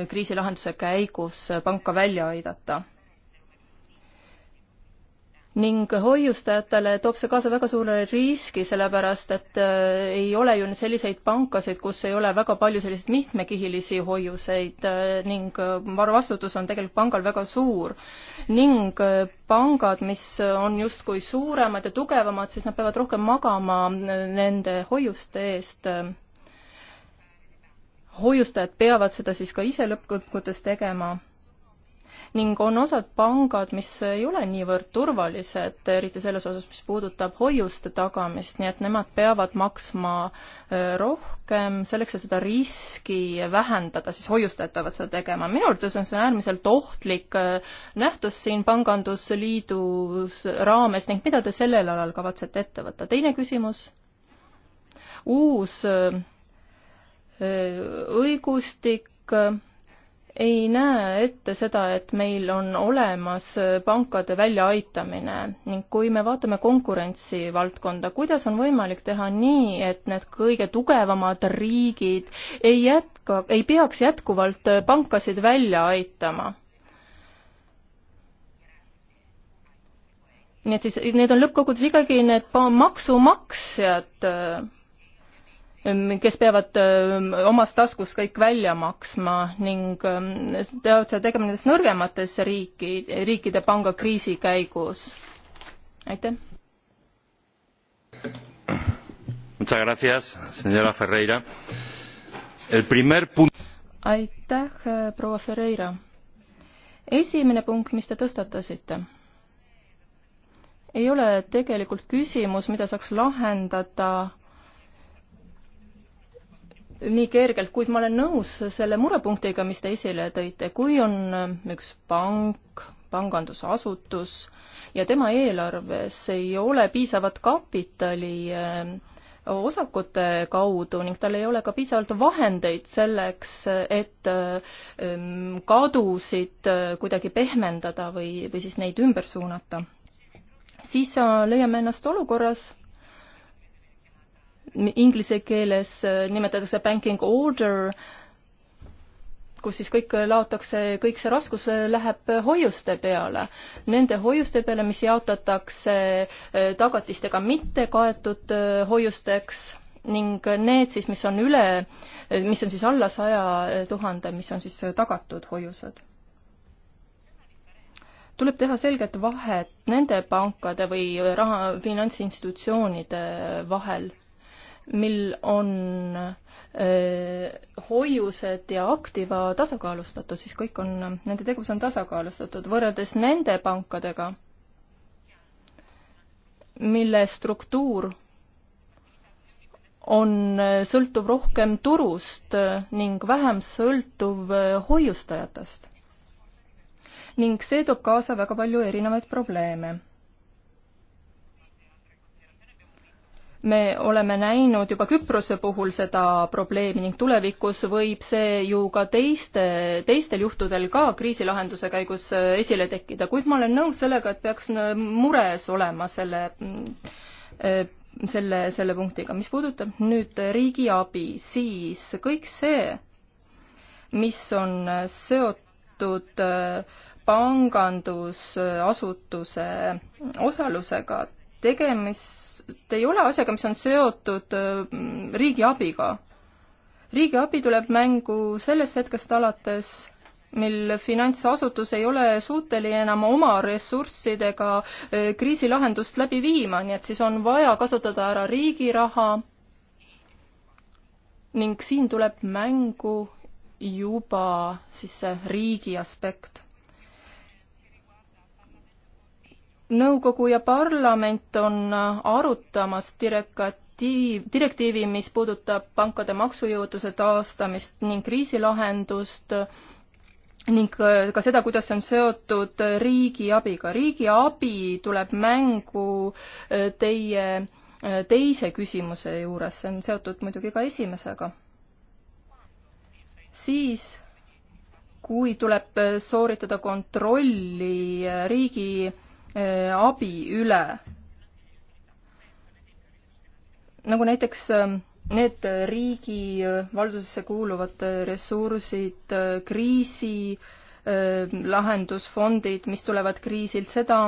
kriisilahenduse käigus panka välja aidata. ning hoiustajatele toob see kaasa väga suure riski, sellepärast et ei ole ju selliseid pankasid, kus ei ole väga palju selliseid mitmekihilisi hoiuseid ning vastutus on tegelikult pangal väga suur. ning pangad, mis on justkui suuremad ja tugevamad, siis nad peavad rohkem magama nende hoiuste eest hoiustajad peavad seda siis ka ise lõppkokkuvõttes tegema. ning on osad pangad, mis ei ole niivõrd turvalised, eriti selles osas, mis puudutab hoiuste tagamist, nii et nemad peavad maksma rohkem selleks, et seda riski vähendada, siis hoiustajad peavad seda tegema. minu arvates on see äärmiselt ohtlik nähtus siin Pangandusliidu raames ning mida te sellel alal kavatsete ette võtta? teine küsimus, uus õigustik ei näe ette seda, et meil on olemas pankade väljaaitamine ning kui me vaatame konkurentsivaldkonda, kuidas on võimalik teha nii, et need kõige tugevamad riigid ei jätka, ei peaks jätkuvalt pankasid välja aitama? nii et siis need on lõppkokkuvõttes ikkagi need maksumaksjad kes peavad ähm, omast taskust kõik välja maksma ning peavad ähm, seda tegema nendes nõrgemates riiki, riikide pangakriisi käigus. aitäh. Muchas gracias, señora Ferreira. El primer punto. aitäh, äh, proua Ferreira. esimene punkt, mis te tõstatasite ei ole tegelikult küsimus, mida saaks lahendada nii kergelt, kuid ma olen nõus selle murepunktiga, mis te esile tõite, kui on äh, üks pank, pangandusasutus ja tema eelarves ei ole piisavat kapitali äh, osakute kaudu ning tal ei ole ka piisavalt vahendeid selleks, et äh, ähm, kadusid kuidagi pehmendada või, või siis neid ümber suunata, siis leiame ennast olukorras, inglise keeles äh, nimetatakse banking order, kus siis kõik äh, laotakse, kõik see raskus äh, läheb hoiuste peale. Nende hoiuste peale, mis jaotatakse tagatistega mitte kaetud hoiusteks ning need siis, mis on üle, mis on siis alla saja tuhande, mis on siis tagatud hoiused. tuleb teha selget vahet nende pankade või raha, finantsinstitutsioonide vahel mil on äh, hoiused ja aktiva tasakaalustatud, siis kõik on, nende tegevus on tasakaalustatud, võrreldes nende pankadega, mille struktuur on, äh, sõltub rohkem turust äh, ning vähem sõltuv hoiustajatest. ning see toob kaasa väga palju erinevaid probleeme me oleme näinud juba Küprose puhul seda probleemi ning tulevikus võib see ju ka teiste, teistel juhtudel ka kriisilahenduse käigus äh, esile tekkida, kuid ma olen nõus sellega, et peaks äh, mures olema selle, äh, selle, selle punktiga. mis puudutab nüüd riigiabi, siis kõik see, mis on seotud pangandusasutuse osalusega, tegemist ei ole asjaga, mis on seotud mm, riigiabiga. riigiabi tuleb mängu sellest hetkest alates, mil finantsasutus ei ole suuteline enam oma ressurssidega e, kriisilahendust läbi viima, nii et siis on vaja kasutada ära riigi raha ning siin tuleb mängu juba siis see riigi aspekt. nõukogu ja parlament on arutamas direktiiv, direktiivi, mis puudutab pankade maksujõudluse taastamist ning kriisilahendust ning ka seda, kuidas see on seotud riigiabiga. riigiabi tuleb mängu äh, teie äh, teise küsimuse juures, see on seotud muidugi ka esimesega. siis, kui tuleb sooritada kontrolli äh, riigi Äh, abi üle. nagu näiteks ähm, need riigi äh, valdusesse kuuluvad äh, ressursid, kriisi lahendusfondid, mis tulevad kriisilt, seda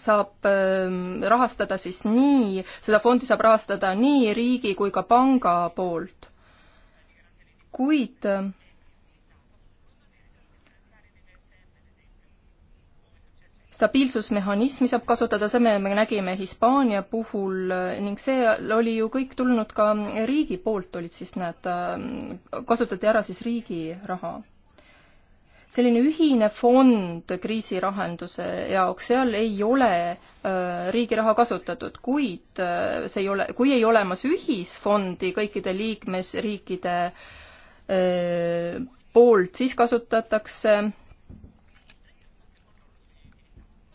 saab ähm, rahastada siis nii, seda fondi saab rahastada nii riigi kui ka panga poolt. kuid ähm, stabiilsusmehhanismi saab kasutada, seda me nägime Hispaania puhul eh, ning see oli ju kõik tulnud ka riigi poolt, olid siis need, eh, kasutati ära siis riigi raha. selline ühine fond kriisirahenduse jaoks, seal ei ole eh, riigi raha kasutatud, kuid see ei ole, kui ei olemas ühisfondi kõikide liikmesriikide poolt, siis kasutatakse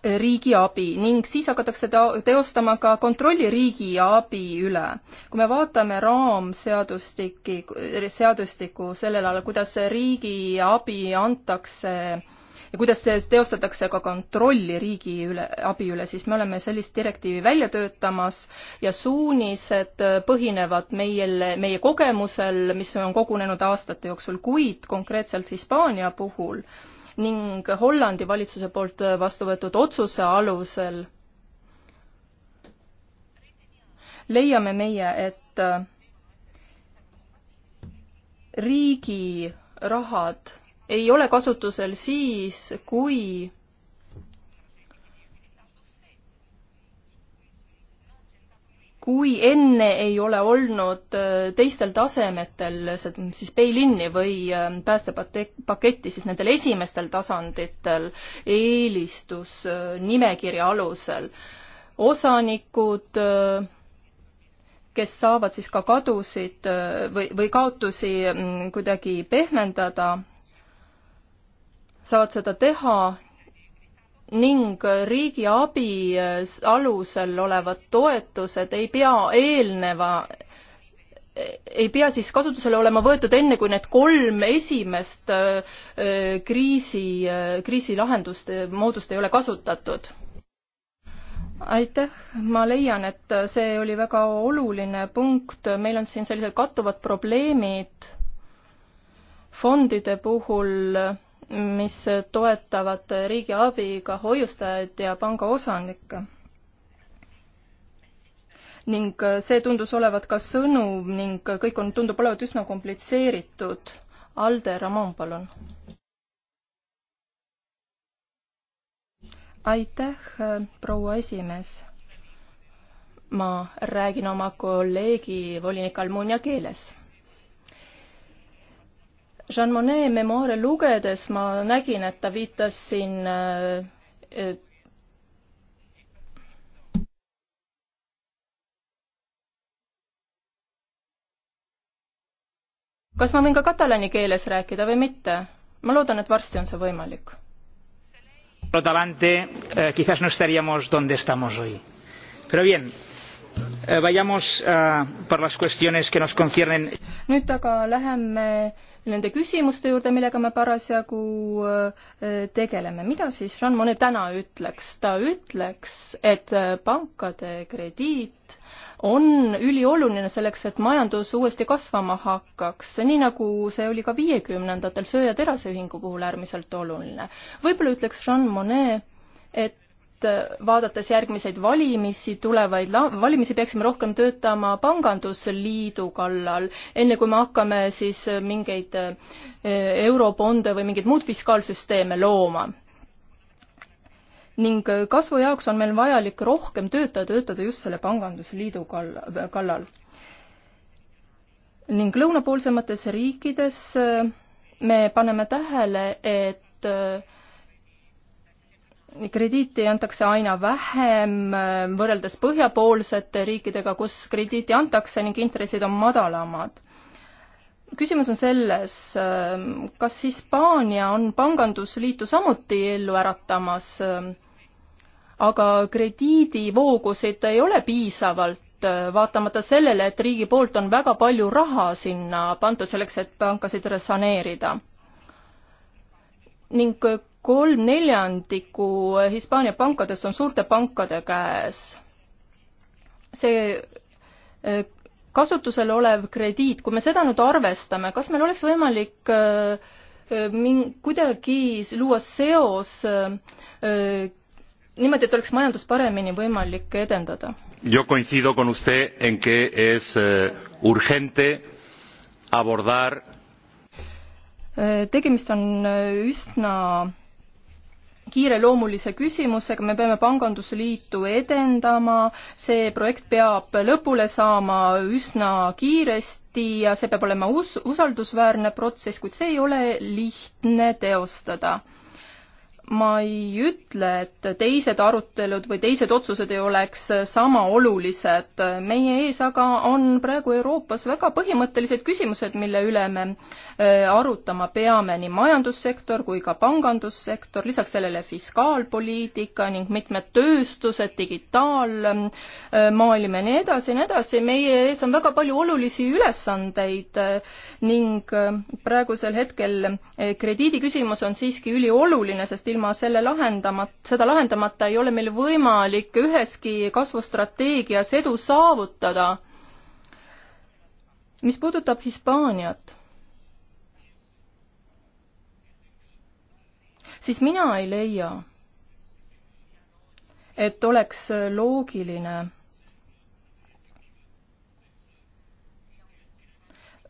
riigi abi ning siis hakatakse teostama ka kontrolli riigi abi üle. kui me vaatame raamseadustiki, seadustikku sellel alal, kuidas riigi abi antakse ja kuidas teostatakse ka kontrolli riigi üle, abi üle, siis me oleme sellist direktiivi välja töötamas ja suunised põhinevad meil, meie kogemusel, mis on kogunenud aastate jooksul, kuid konkreetselt Hispaania puhul äh, ning Hollandi valitsuse poolt vastu võetud otsuse alusel leiame meie, et riigi rahad ei ole kasutusel siis, kui kui enne ei ole olnud äh, teistel tasemetel siis bail-in'i või äh, päästepaketti, siis nendel esimestel tasanditel eelistus äh, nimekirja alusel. osanikud, kes saavad siis ka kadusid või, või kaotusi mm, kuidagi pehmendada, saavad seda teha ning riigi abi äh, alusel olevad toetused ei pea eelneva ei pea siis kasutusele olema võetud enne, kui need kolm esimest äh, äh, kriisi, kriisilahendust, moodust ei ole kasutatud. aitäh, ma leian, et see oli väga oluline punkt, meil on siin sellised kattuvad probleemid fondide puhul mis toetavad riigi abiga hoiustajaid ja panga osanikke. ning see tundus olevat ka sõnum ning kõik on, tundub olevat üsna komplitseeritud. Alde Ramon, palun. aitäh, proua esimees. ma räägin oma kolleegi volinik Almunia keeles Jean Monnet memoaare lugedes ma nägin, et ta viitas siin äh, äh, kas ma võin ka katalaani keeles rääkida või mitte? ma loodan, et varsti on see võimalik.
Eh, quizás no estaríamos donde estamos hoy. Pero bien, eh, vayamos eh, por las cuestiones que nos conciernen.
nüüd aga läheme nende küsimuste juurde, millega me parasjagu äh, tegeleme. mida siis Jean Monnet täna ütleks? ta ütleks, et äh, pankade krediit on ülioluline selleks, et majandus uuesti kasvama hakkaks, nii nagu see oli ka viiekümnendatel söö- ja teraseühingu puhul äärmiselt oluline. võib-olla ütleks Jean Monnet, et Äh, vaadates järgmiseid valimisi, tulevaid la-, valimisi, peaksime rohkem töötama pangandusliidu kallal, enne kui me hakkame siis äh, mingeid äh, eurobonde või mingeid muud fiskaalsüsteeme looma. ning kasvu jaoks on meil vajalik rohkem töötada, töötada just selle pangandusliidu kall-, kallal. ning lõunapoolsemates riikides me paneme tähele, et krediiti antakse aina vähem äh, võrreldes põhjapoolsete riikidega, kus krediiti antakse ning intressid on madalamad. küsimus on selles, äh, kas Hispaania on pangandusliitu samuti ellu äratamas, äh, aga krediidivoogusid ei ole piisavalt, vaatamata sellele, et riigi poolt on väga palju raha sinna pandud selleks, et pankasid saneerida ning kolm neljandikku Hispaania pankadest on suurte pankade käes. see eh, kasutusel olev krediit, kui me seda nüüd arvestame, kas meil oleks võimalik eh, eh, min-, kuidagi luua seos niimoodi, et oleks majandust paremini võimalik edendada? Yo coincido con usted en que es urgente abordar tegemist on üsna kiireloomulise küsimusega, me peame Pangandusliitu edendama, see projekt peab lõpule saama üsna kiiresti ja see peab olema us-, usaldusväärne protsess, kuid see ei ole lihtne teostada ma ei ütle, et teised arutelud või teised otsused ei oleks sama olulised. meie ees aga on praegu Euroopas väga põhimõttelised küsimused, mille üle me äh, arutama peame, nii majandussektor kui ka pangandussektor, lisaks sellele fiskaalpoliitika ning mitmed tööstused, digitaalmaailm äh, ja nii edasi ja nii edasi. meie ees on väga palju olulisi ülesandeid äh, ning praegusel hetkel krediidiküsimus on siiski ülioluline, sest ilma ilma selle lahendamat-, seda lahendamata ei ole meil võimalik üheski kasvustrateegias edu saavutada. mis puudutab Hispaaniat, siis mina ei leia, et oleks loogiline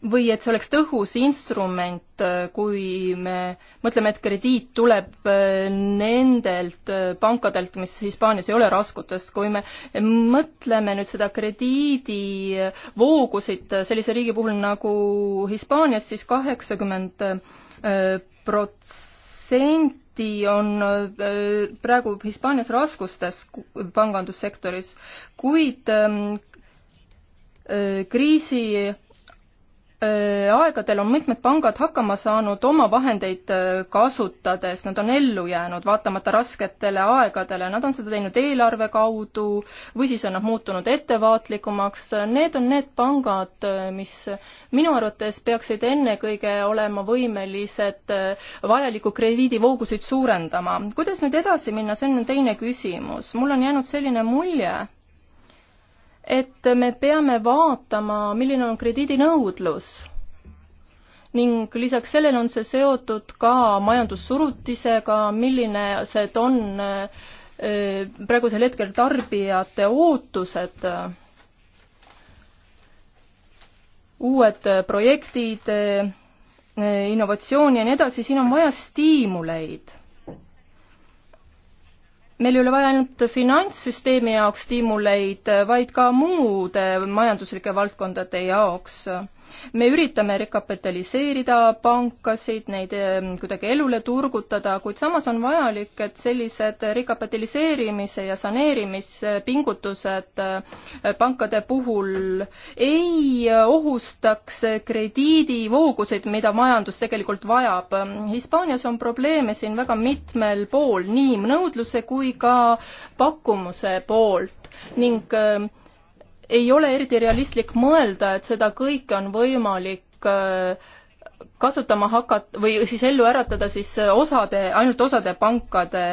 või et see oleks tõhus instrument, äh, kui me mõtleme, et krediit tuleb äh, nendelt äh, pankadelt, mis Hispaanias ei ole raskutes, kui me mõtleme nüüd seda krediidivoogusid sellise riigi puhul nagu Hispaanias siis, siis kaheksakümmend protsenti on praegu Hispaanias raskustes pangandussektoris, kuid ähm, kriisi aegadel on mitmed pangad hakkama saanud oma vahendeid kasutades, nad on ellu jäänud vaatamata rasketele aegadele, nad on seda teinud eelarve kaudu või siis on nad muutunud ettevaatlikumaks, need on need pangad, mis minu arvates peaksid ennekõige olema võimelised vajaliku krediidivooguseid suurendama. kuidas nüüd edasi minna, see on teine küsimus, mul on jäänud selline mulje, et me peame vaatama, milline on krediidinõudlus. ning lisaks sellele on see seotud ka majandussurutisega, milline see on äh, praegusel hetkel tarbijate ootused, uued projektid, äh, innovatsioon ja nii edasi, siin on vaja stiimuleid meil ei ole vaja ainult finantssüsteemi jaoks stiimuleid, vaid ka muude majanduslike valdkondade jaoks me üritame rekapitaliseerida pankasid, neid ehm, kuidagi elule turgutada, kuid samas on vajalik, et sellised rekapitaliseerimise ja saneerimispingutused eh, pankade puhul ei ohustaks krediidivooguseid, mida majandus tegelikult vajab. Hispaanias on probleeme siin väga mitmel pool, nii nõudluse kui ka pakkumuse poolt ning äh, ei ole eriti realistlik mõelda, et seda kõike on võimalik äh, kasutama hakata või siis ellu äratada siis osade, ainult osade pankade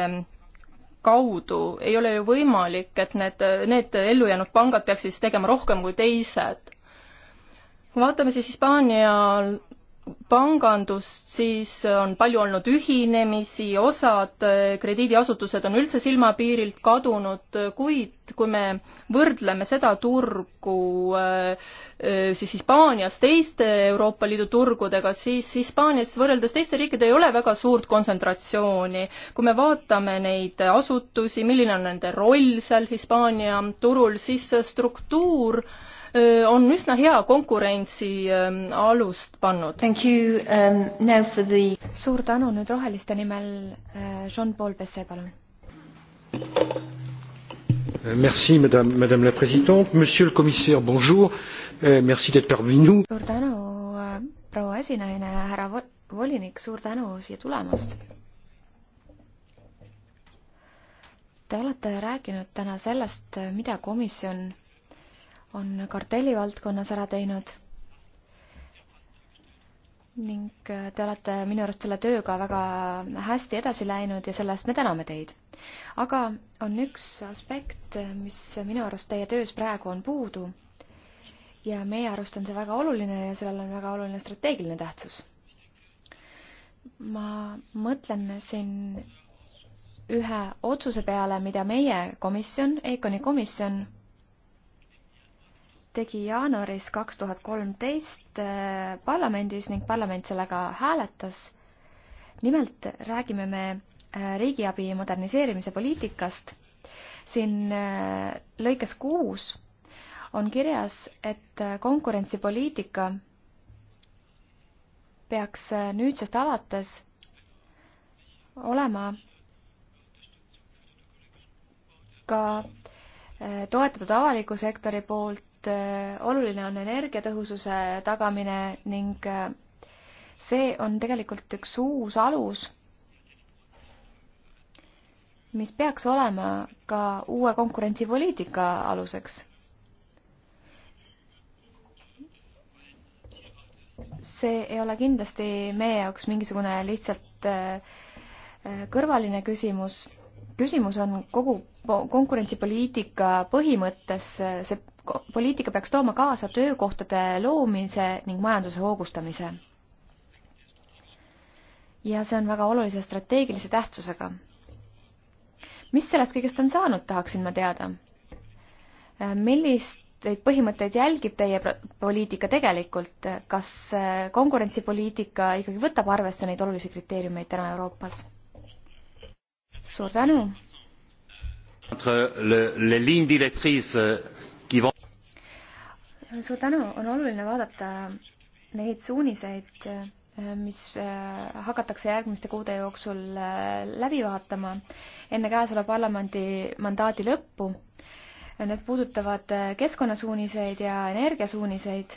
kaudu, ei ole ju võimalik, et need, need ellujäänud pangad peaks siis tegema rohkem kui teised. vaatame siis Hispaania pangandust, siis on palju olnud ühinemisi, osad eh, krediidiasutused on üldse silmapiirilt kadunud, kuid kui me võrdleme seda turgu eh, eh, siis Hispaanias teiste Euroopa Liidu turgudega, siis Hispaanias võrreldes teiste riikidega ei ole väga suurt kontsentratsiooni. kui me vaatame neid asutusi, milline on nende roll seal Hispaania turul, siis struktuur äh, on üsna hea konkurentsi alust pannud. Um, no the... suur tänu nüüd Roheliste nimel,
Jean-Paul Besset, palun.
Euh, merci madame, madame la présidente, monsieur le commissaire, bonjour, euh, merci d'être parmi nous.
suur tänu, proua esinaine, härra volinik, suur tänu siia tulemast. Te olete rääkinud täna sellest, mida komisjon on kartelli valdkonnas ära teinud. ning äh, te olete minu arust selle tööga väga hästi edasi läinud ja selle eest me täname teid. aga on üks aspekt, mis minu arust teie töös praegu on puudu ja meie arust on see väga oluline ja sellel on väga oluline strateegiline tähtsus. ma mõtlen siin ühe otsuse peale, mida meie komisjon, EKONi komisjon tegi jaanuaris kaks tuhat kolmteist äh, parlamendis ning parlament sellega hääletas. nimelt räägime me äh, riigiabi moderniseerimise poliitikast. siin äh, lõikes kuus on kirjas, et konkurentsipoliitika peaks nüüdsest alates olema ka toetatud avaliku sektori poolt et äh, oluline on energiatõhususe tagamine ning äh, see on tegelikult üks uus alus, mis peaks olema ka uue konkurentsipoliitika aluseks see ei ole kindlasti meie jaoks mingisugune lihtsalt äh, kõrvaline küsimus. küsimus on kogu konkurentsipoliitika põhimõttes, see poliitika peaks tooma kaasa töökohtade loomise ning majanduse hoogustamise. ja see on väga olulise strateegilise tähtsusega. mis sellest kõigest on saanud, tahaksin ma teada. milliseid põhimõtteid jälgib teie poliitika tegelikult, kas äh, konkurentsipoliitika ikkagi võtab arvesse neid olulisi kriteeriumeid täna Euroopas? suur tänu!
entre le, les lignes directrices
suur tänu, on oluline vaadata neid suuniseid, mis äh, hakatakse järgmiste kuude jooksul äh, läbi vaatama enne käesoleva parlamendi mandaadi lõppu. Need puudutavad äh, keskkonnasuuniseid ja energiasuuniseid.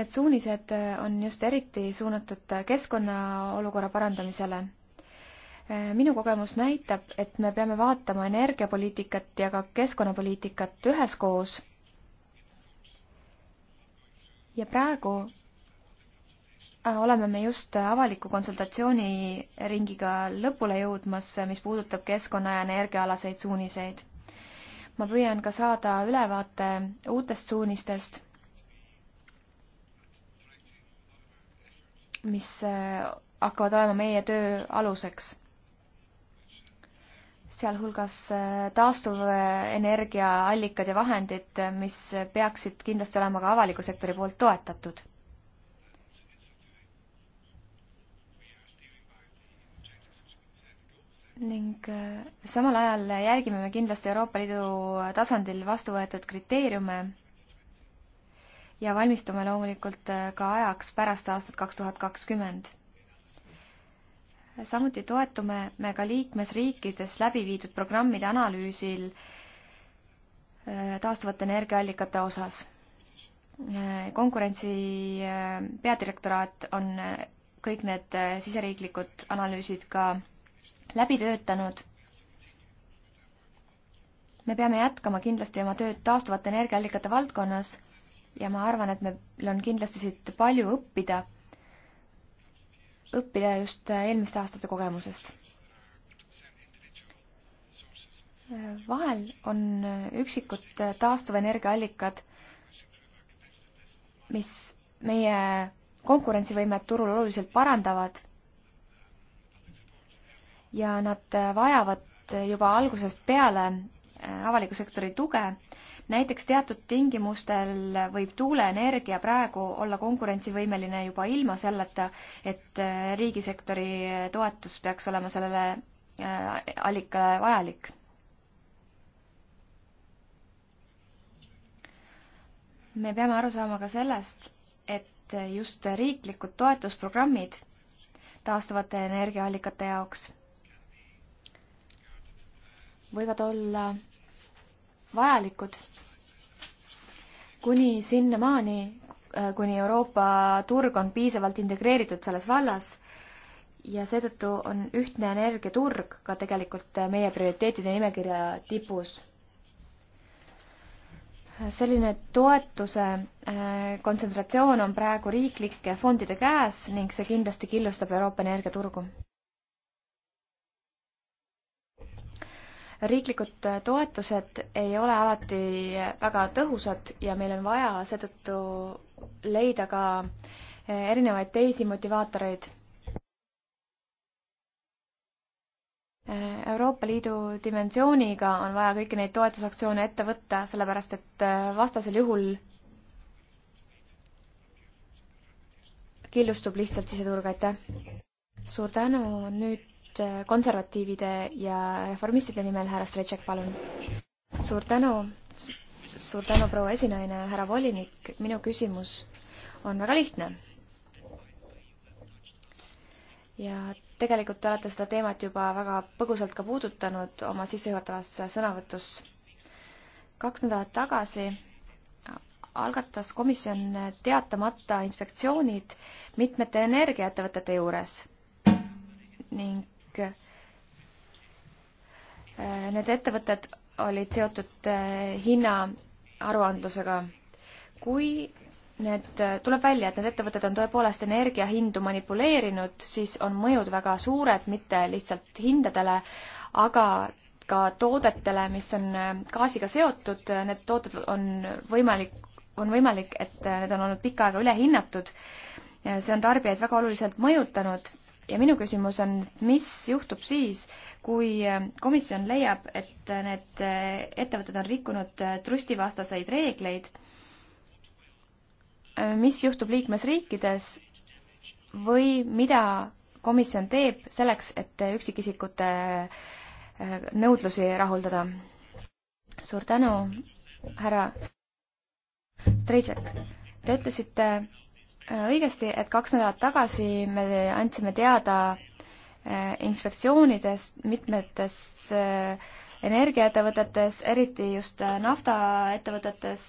Need suunised on just eriti suunatud keskkonnaolukorra parandamisele minu kogemus näitab, et me peame vaatama energiapoliitikat ja ka keskkonnapoliitikat üheskoos. ja praegu äh, oleme me just avaliku konsultatsiooniringiga lõpule jõudmas, mis puudutab keskkonna ja energiaalaseid suuniseid. ma püüan ka saada ülevaate uutest suunistest, mis äh, hakkavad olema meie töö aluseks sealhulgas äh, taastuvenergiaallikad ja vahendid, äh, mis peaksid kindlasti olema ka avaliku sektori poolt toetatud. ning äh, samal ajal järgime me kindlasti Euroopa Liidu tasandil vastu võetud kriteeriume ja valmistume loomulikult ka ajaks pärast aastat kaks tuhat kakskümmend samuti toetume me ka liikmesriikides läbi viidud programmide analüüsil äh, taastuvate energiaallikate osas. Äh, konkurentsi äh, peadirektoraat on kõik need siseriiklikud analüüsid ka läbi töötanud. me peame jätkama kindlasti oma tööd taastuvate energiaallikate valdkonnas ja ma arvan, et meil on kindlasti siit palju õppida õppida just eelmiste aastate kogemusest. vahel on üksikud taastuvenergiaallikad, mis meie konkurentsivõimet turul oluliselt parandavad ja nad vajavad juba algusest peale avaliku sektori tuge näiteks teatud tingimustel võib tuuleenergia praegu olla konkurentsivõimeline juba ilma selleta, et äh, riigisektori äh, toetus peaks olema sellele äh, allikale vajalik. me peame aru saama ka sellest, et just riiklikud toetusprogrammid taastuvate energiaallikate jaoks võivad olla vajalikud kuni sinnamaani, äh, kuni Euroopa turg on piisavalt integreeritud selles vallas ja seetõttu on ühtne energiaturg ka tegelikult äh, meie prioriteetide nimekirja tipus. selline toetuse äh, kontsentratsioon on praegu riiklike fondide käes ning see kindlasti killustab Euroopa energiaturgu. riiklikud äh, toetused ei ole alati väga tõhusad ja meil on vaja seetõttu leida ka äh, erinevaid teisi motivaatoreid. Äh, Euroopa Liidu dimensiooniga on vaja kõiki neid toetusaktsioone ette võtta, sellepärast et vastasel juhul killustub lihtsalt siseturg, aitäh! suur tänu, nüüd nüüd äh, konservatiivide ja reformistide nimel härra Strejček, palun. suur tänu, suur tänu, proua esinaine, härra volinik, minu küsimus on väga lihtne. ja tegelikult te olete seda teemat juba väga põgusalt ka puudutanud oma sissejuhatavas sõnavõtus. kaks nädalat tagasi algatas komisjon teatamata inspektsioonid mitmete energiaettevõtete juures ning ning äh, need ettevõtted olid seotud äh, hinnaaruandlusega. kui need, äh, tuleb välja, et need ettevõtted on tõepoolest energiahindu manipuleerinud, siis on mõjud väga suured, mitte lihtsalt hindadele, aga ka toodetele, mis on gaasiga seotud, need tooted on võimalik, on võimalik, et need on olnud pikka aega ülehinnatud. see on tarbijaid väga oluliselt mõjutanud ja minu küsimus on, mis juhtub siis, kui äh, komisjon leiab, et äh, need äh, ettevõtted on rikkunud trustivastaseid reegleid, mis juhtub liikmesriikides või mida komisjon teeb selleks, et üksikisikute nõudlusi rahuldada? suur tänu, härra Strejček. Te ütlesite, Äh, õigesti, et kaks nädalat tagasi me andsime teada äh, inspektsioonides mitmetes äh, energiaettevõtetes, eriti just naftaettevõtetes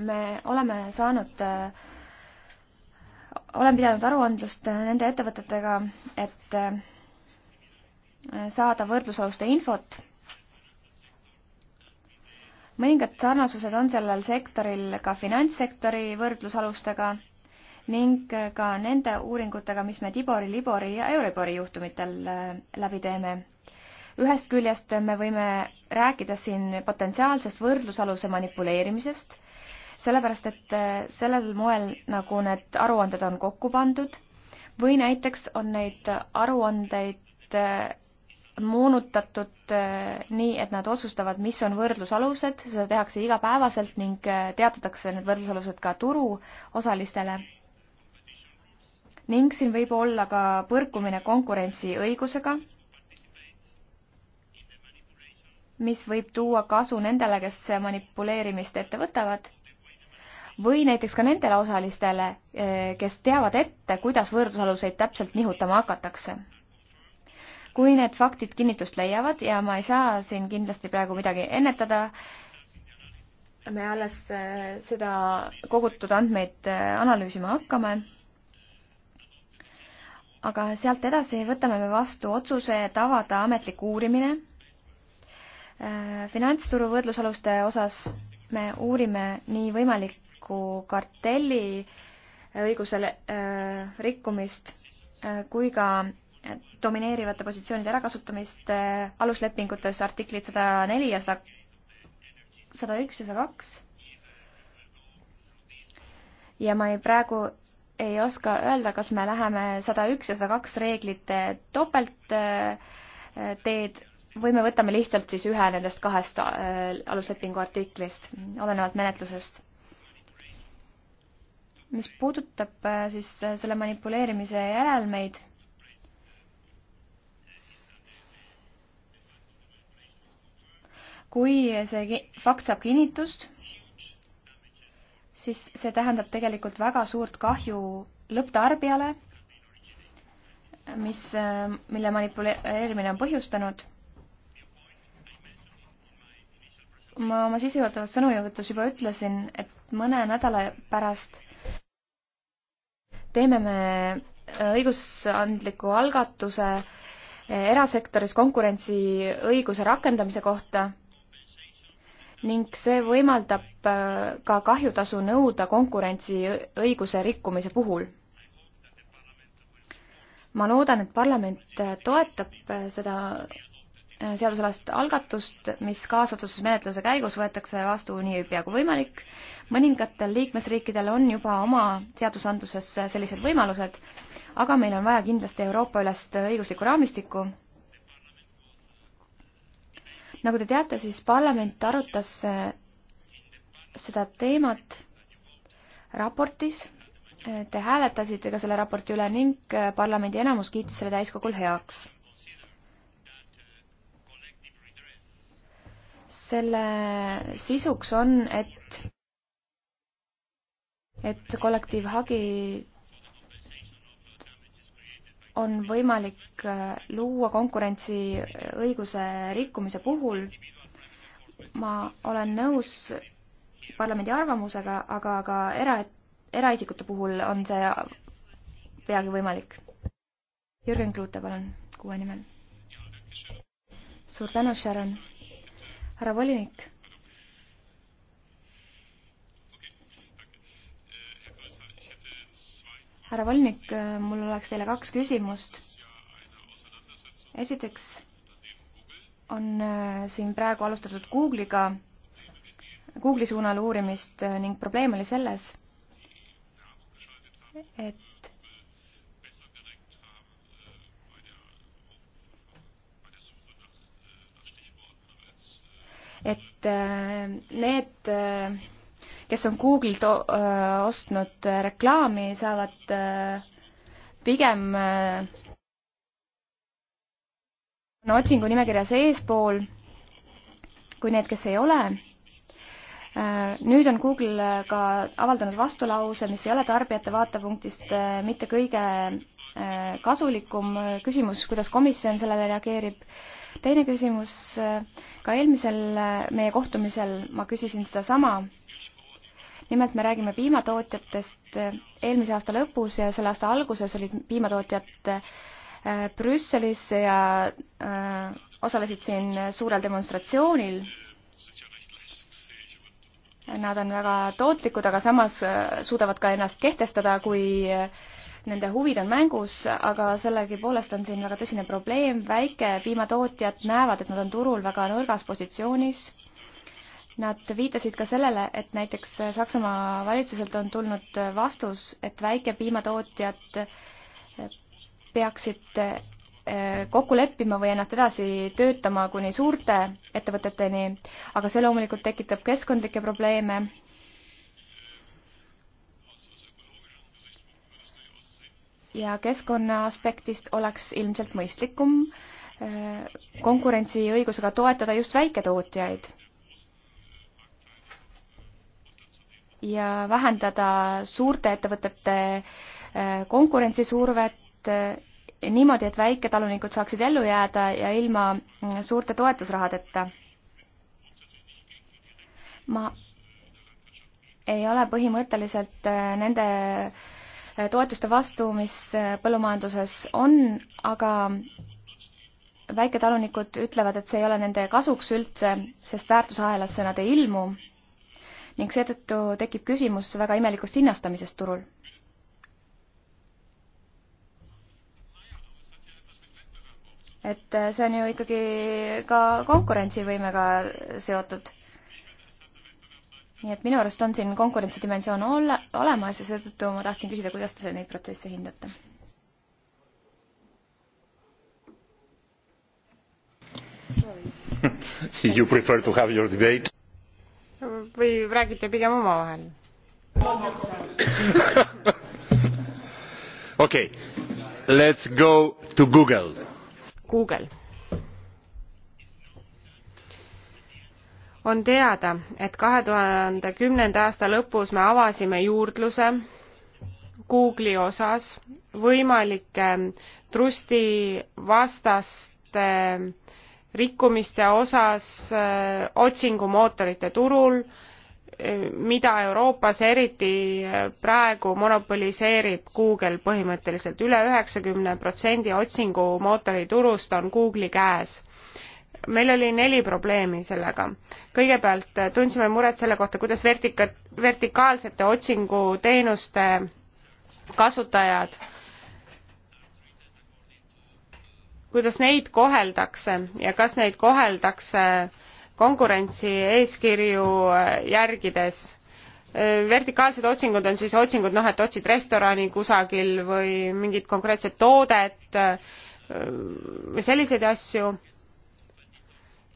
me oleme saanud, olen pidanud aruandlust nende ettevõtetega, et saada võrdlusaluste infot mõningad sarnasused on sellel sektoril ka finantssektori võrdlusalustega ning ka nende uuringutega, mis me Tibori, Libori ja Euribori juhtumitel äh, läbi teeme. ühest küljest me võime rääkida siin potentsiaalsest võrdlusaluse manipuleerimisest, sellepärast et äh, sellel moel, nagu need aruanded on kokku pandud, või näiteks on neid aruandeid äh, moonutatud eh, nii, et nad otsustavad, mis on võrdlusalused, seda tehakse igapäevaselt ning eh, teatatakse need võrdlusalused ka turuosalistele. ning siin võib olla ka põrkumine konkurentsiõigusega, mis võib tuua kasu nendele, kes manipuleerimist ette võtavad, või näiteks ka nendele osalistele, eh, kes teavad ette, kuidas võrdlusaluseid täpselt nihutama hakatakse kui need faktid kinnitust leiavad ja ma ei saa siin kindlasti praegu midagi ennetada, me alles äh, seda kogutud andmeid äh, analüüsima hakkame. aga sealt edasi võtame me vastu otsuse, et avada ametlik uurimine äh, finantsturu võrdlusaluste osas me uurime nii võimalikku kartelli õigusele äh, rikkumist äh, kui ka domineerivate positsioonide ärakasutamist äh, aluslepingutes artiklid sada neli ja sada, sada üks ja sada kaks. ja ma ei, praegu ei oska öelda, kas me läheme sada üks ja sada kaks reeglite topeltteed äh, või me võtame lihtsalt siis ühe nendest kahest äh, aluslepingu artiklist, olenevalt menetlusest mis puudutab siis selle manipuleerimise järelmeid, kui see fakt saab kinnitust, siis see tähendab tegelikult väga suurt kahju lõpptarbijale, mis, mille manipuleerimine on põhjustanud. ma oma sissejuhatavas sõnujutus juba ütlesin, et mõne nädala pärast teeme me õigusandliku algatuse erasektoris konkurentsiõiguse rakendamise kohta ning see võimaldab äh, ka kahjutasu nõuda konkurentsiõiguse rikkumise puhul. ma loodan, et parlament äh, toetab äh, seda seadusalast algatust, mis kaasotsustusmenetluse käigus võetakse vastu niipea kui võimalik. mõningatel liikmesriikidel on juba oma seadusandluses sellised võimalused, aga meil on vaja kindlasti Euroopa-ülest õiguslikku raamistikku nagu te teate, siis parlament arutas äh, seda teemat raportis. Äh, te hääletasite ka selle raporti üle ning äh, parlamendi enamus kiitis selle täiskogul heaks. selle sisuks on, et et kollektiivhagi on võimalik äh, luua konkurentsiõiguse rikkumise puhul. ma olen nõus parlamendi arvamusega, aga ka era, eraisikute puhul on see peagi võimalik. Jürgen Kruute, palun, kuue nimel. suur tänu, Sharon. härra volinik, härra volinik, mul oleks teile kaks küsimust. esiteks on äh, siin praegu alustatud Google'iga, Google'i suunal uurimist äh, ning probleem oli selles, et et äh, need kes on Google'ilt ostnud äh, reklaami, saavad äh, pigem äh, on otsingu nimekirjas eespool kui need, kes ei ole. Nüüd on Google ka avaldanud vastulause, mis ei ole tarbijate vaatepunktist mitte kõige kasulikum küsimus, kuidas komisjon sellele reageerib. teine küsimus, ka eelmisel meie kohtumisel ma küsisin sedasama nimelt me räägime piimatootjatest. eelmise aasta lõpus ja selle aasta alguses olid piimatootjad äh, Brüsselis ja äh, osalesid siin suurel demonstratsioonil. Nad on väga tootlikud, aga samas äh, suudavad ka ennast kehtestada, kui nende huvid on mängus, aga sellegipoolest on siin väga tõsine probleem. väikepiimatootjad näevad, et nad on turul väga nõrgas positsioonis Nad viitasid ka sellele, et näiteks Saksamaa valitsuselt on tulnud vastus, et väikepiimatootjad peaksid eh, kokku leppima või ennast edasi töötama kuni suurte ettevõteteni, aga see loomulikult tekitab keskkondlikke probleeme. ja keskkonna aspektist oleks ilmselt mõistlikum eh, konkurentsiõigusega toetada just väiketootjaid ja vähendada suurte ettevõtete äh, konkurentsisurvet äh, niimoodi, et väiketalunikud saaksid ellu jääda ja ilma mm, suurte toetusrahadeta. ma ei ole põhimõtteliselt äh, nende toetuste vastu, mis põllumajanduses on, aga väiketalunikud ütlevad, et see ei ole nende kasuks üldse, sest väärtusahelasse nad ei ilmu ning seetõttu tekib küsimus väga imelikust hinnastamisest turul et eh, see on ju ikkagi ka konkurentsivõimega seotud. nii et minu arust on siin konkurentsidimensioon ole, olemas ja seetõttu ma tahtsin küsida, kuidas te neid protsesse hindate?
You prefer to have your debate?
või räägite pigem omavahel?
okei, let's go to Google.
Google. on teada, et kahe tuhande kümnenda aasta lõpus me avasime juurdluse Google'i osas võimalike trusti vastaste äh, rikkumiste osas öö, äh, otsingumootorite turul, äh, mida Euroopas eriti äh, praegu monopoliseerib Google põhimõtteliselt üle. üle üheksakümne protsendi otsingumootori turust on Google'i käes meil oli neli probleemi sellega. kõigepealt tundsime muret selle kohta, kuidas vertika-, vertikaalsete otsinguteenuste kasutajad äh, kuidas neid koheldakse ja kas neid koheldakse konkurentsi eeskirju järgides. vertikaalsed otsingud on siis otsingud, noh, et otsid restorani kusagil või mingit konkreetset toodet äh, või selliseid asju.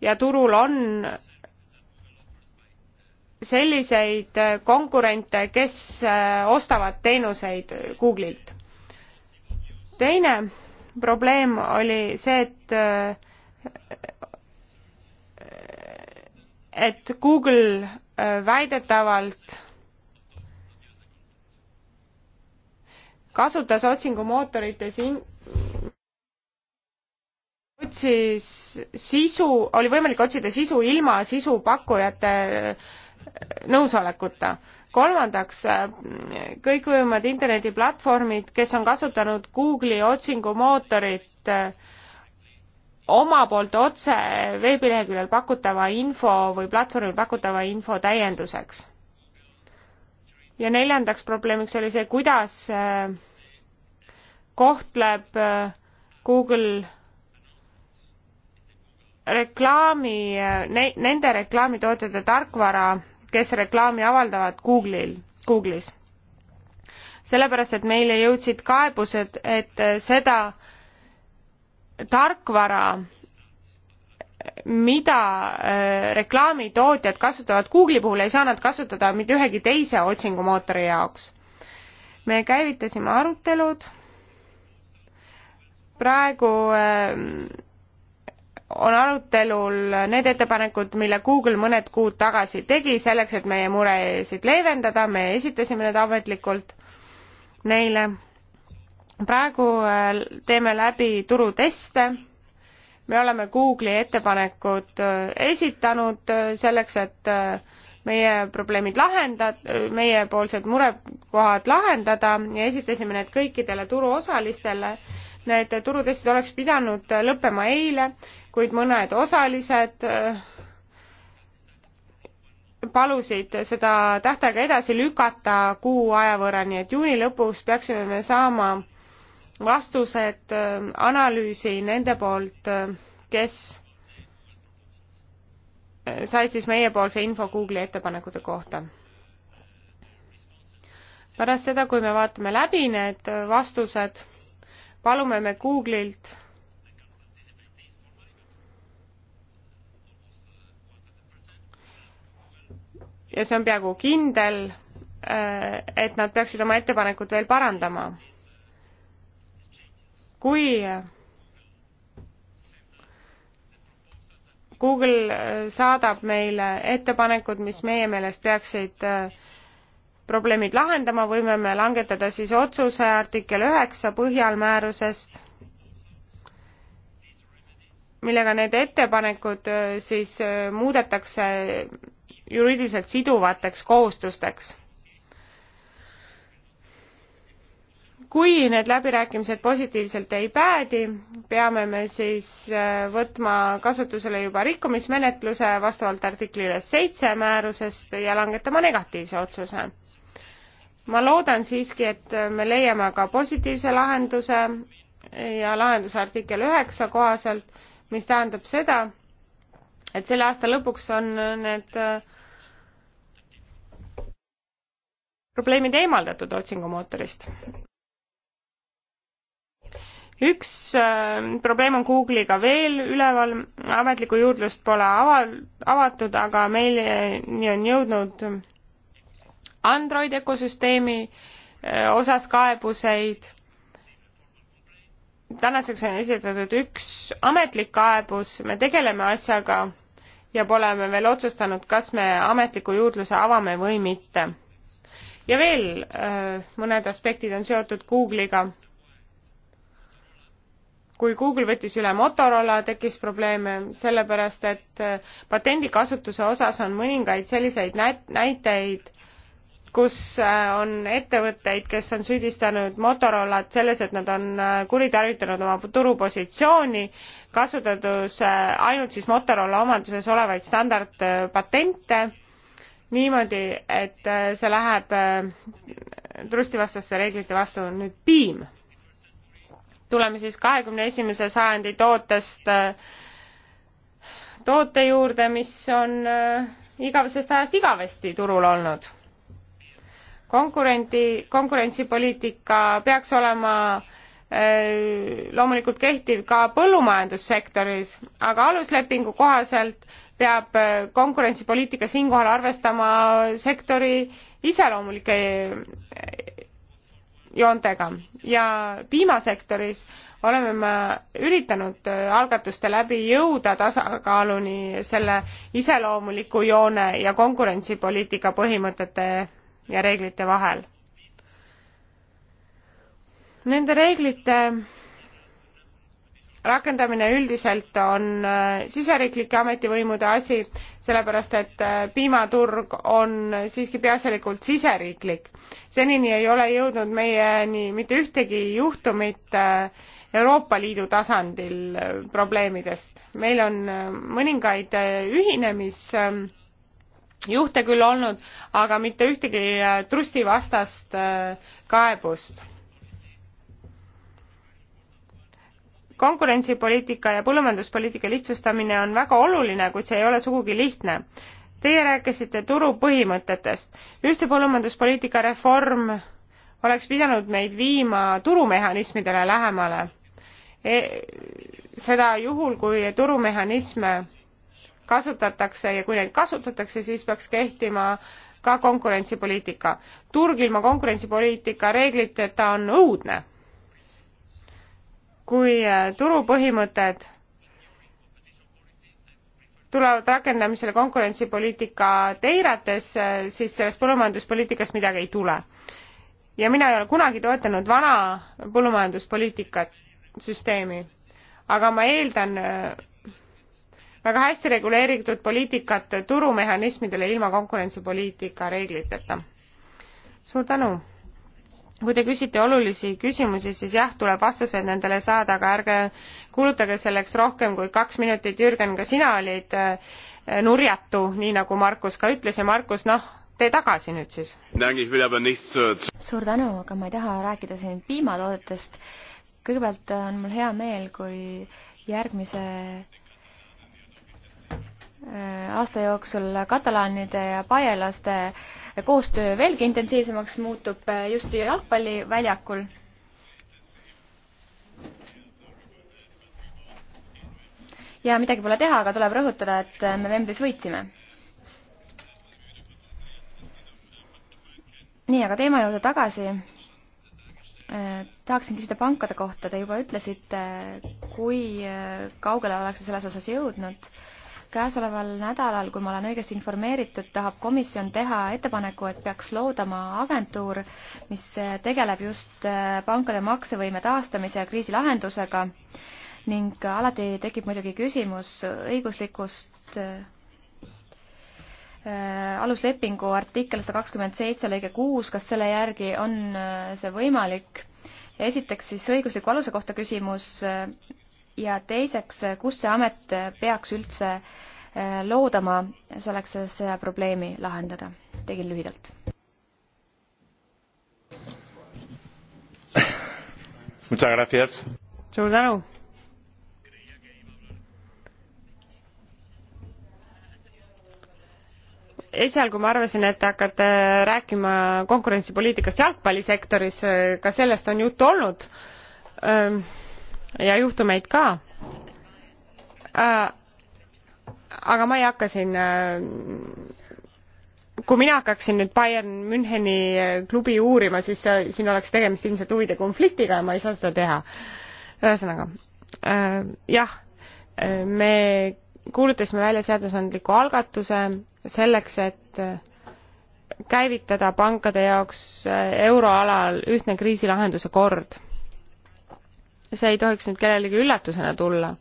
ja turul on selliseid konkurente, kes äh, ostavad teenuseid Google'ilt. teine probleem oli see, et et Google äh, väidetavalt kasutas otsingumootorites in-, otsis sisu, oli võimalik otsida sisu ilma sisupakkujate nõusolekuta. kolmandaks, äh, kõikvõimad internetiplatvormid, kes on kasutanud Google'i otsingumootorit äh, oma poolt otse veebileheküljel pakutava info või platvormil pakutava info täienduseks. ja neljandaks probleemiks oli see, kuidas äh, kohtleb Google reklaami ne,, nende reklaamitootjate tarkvara kes reklaami avaldavad Google'il, Google'is. sellepärast, et meile jõudsid kaebused, et seda tarkvara, mida äh, reklaamitootjad kasutavad Google'i puhul, ei saa nad kasutada mitte ühegi teise otsingumootori jaoks. me käivitasime arutelud, praegu äh, on arutelul need ettepanekud, mille Google mõned kuud tagasi tegi selleks, et meie muresid leevendada, me esitasime need ametlikult neile. praegu äh, teeme läbi turuteste, me oleme Google'i ettepanekud äh, esitanud äh, selleks, et meie probleemid lahendada, meiepoolsed murekohad lahendada ja esitasime need kõikidele turuosalistele Need turutestid oleks pidanud lõppema eile, kuid mõned osalised äh, palusid seda tähtaega edasi lükata kuu aja võrra, nii et juuni lõpus peaksime me saama vastused, äh, analüüsi nende poolt, äh, kes said siis meiepoolse info Google'i ettepanekute kohta. pärast seda, kui me vaatame läbi need vastused palume me Google'ilt ja see on peaaegu kindel, äh, et nad peaksid oma ettepanekut veel parandama. kui äh, Google äh, saadab meile ettepanekud, mis meie meelest peaksid äh, probleemid lahendama, võime me langetada siis otsuse artikkel üheksa põhjal määrusest, millega need ettepanekud äh, siis äh, muudetakse juriidiliselt siduvateks kohustusteks kui need läbirääkimised positiivselt ei päädi, peame me siis äh, võtma kasutusele juba rikkumismenetluse vastavalt artiklile seitse määrusest ja langetama negatiivse otsuse ma loodan siiski, et me leiame ka positiivse lahenduse ja lahenduse artikkel üheksa kohaselt, mis tähendab seda, et selle aasta lõpuks on need äh, probleemid eemaldatud otsingumootorist. üks äh, probleem on Google'iga veel üleval, ametlikku juurdlust pole ava-, avatud, aga meileni on jõudnud Android ökosüsteemi äh, osas kaebuseid. tänaseks on esitatud üks ametlik kaebus, me tegeleme asjaga ja pole me veel otsustanud, kas me ametliku juurdluse avame või mitte. ja veel äh, mõned aspektid on seotud Google'iga. kui Google võttis üle Motorola, tekkis probleeme, sellepärast et äh, patendi kasutuse osas on mõningaid selliseid näiteid, kus äh, on ettevõtteid, kes on süüdistanud Motorolat selles, et nad on äh, kuritarvitanud oma turupositsiooni, kasutades äh, ainult siis Motorola omanduses olevaid standardpatente niimoodi, et see läheb trustivastaste reeglite vastu. nüüd piim. tuleme siis kahekümne esimese sajandi tootest toote juurde, mis on igavesest ajast igavesti turul olnud konkurendi, konkurentsipoliitika peaks olema äh, loomulikult kehtiv ka põllumajandussektoris, aga aluslepingu kohaselt peab äh, konkurentsipoliitika siinkohal arvestama sektori iseloomulike äh, joontega ja piimasektoris oleme me üritanud algatuste läbi jõuda tasakaaluni selle iseloomuliku joone ja konkurentsipoliitika põhimõtete ja reeglite vahel. Nende reeglite rakendamine üldiselt on äh, siseriiklike ametivõimude asi, sellepärast et äh, piimaturg on siiski peaasjalikult siseriiklik. senini ei ole jõudnud meieni mitte ühtegi juhtumit äh, Euroopa Liidu tasandil probleemidest. meil on mõningaid ühinemis- ähm, juhte küll olnud, aga mitte ühtegi äh, trustivastast äh, kaebust. konkurentsipoliitika ja põllumajanduspoliitika lihtsustamine on väga oluline, kuid see ei ole sugugi lihtne. Teie rääkisite turu põhimõtetest. ühtse põllumajanduspoliitika reform oleks pidanud meid viima turumehhanismidele lähemale e. seda juhul, kui turumehhanisme kasutatakse ja kui neid kasutatakse, siis peaks kehtima ka konkurentsipoliitika. turg ilma konkurentsipoliitika reegliteta on õudne. kui äh, turupõhimõtted tulevad rakendamisele konkurentsipoliitikat eirates, äh, siis sellest põllumajanduspoliitikast midagi ei tule. ja mina ei ole kunagi toetanud vana põllumajanduspoliitikat, süsteemi. aga ma eeldan äh, väga hästi reguleeritud poliitikat turumehhanismidele ilma konkurentsipoliitika reegliteta. suur tänu! kui te küsite olulisi küsimusi, siis jah, tuleb vastused nendele saada, aga ärge kulutage selleks rohkem kui kaks minutit. Jürgen, ka sina olid äh, nurjatu, nii nagu Markus ka ütles ja Markus, noh, tee tagasi nüüd siis. suur tänu, aga ma ei taha rääkida siin
piimatoodetest. kõigepealt on mul hea meel, kui järgmise Äh, aasta jooksul katalaanide ja paielaste koostöö veelgi intensiivsemaks muutub äh, just jalgpalliväljakul. ja midagi pole teha, aga tuleb rõhutada, et äh, me Wembleis võitsime. nii, aga teema juurde tagasi tahaksin küsida pankade kohta, te juba ütlesite, kui kaugele ollakse selles osas jõudnud käesoleval nädalal, kui ma olen õigesti informeeritud, tahab komisjon teha ettepaneku, et peaks loodama agentuur, mis tegeleb just äh, pankade maksevõime taastamise ja kriisi lahendusega ning alati tekib muidugi küsimus õiguslikust äh, äh, aluslepingu artikkel sada kakskümmend seitse lõige kuus, kas selle järgi on see võimalik? esiteks siis õigusliku aluse kohta küsimus, ja teiseks, kus see amet peaks üldse äh, loodama selleks, et seda probleemi lahendada?
tegin lühidalt. suur tänu. esialgu ma arvasin, et te hakkate rääkima konkurentsipoliitikast jalgpallisektoris, ka sellest on juttu olnud ja juhtumeid ka äh,. aga ma ei hakka siin äh, kui mina hakkaksin nüüd Bayern Müncheni äh, klubi uurima, siis äh, siin oleks tegemist ilmselt huvide konfliktiga ja ma ei saa seda teha. ühesõnaga äh,, jah, äh, me kuulutasime välja seadusandliku algatuse selleks, et käivitada pankade jaoks euroalal ühtne kriisilahenduse kord see ei tohiks nüüd kellelegi üllatusena tulla,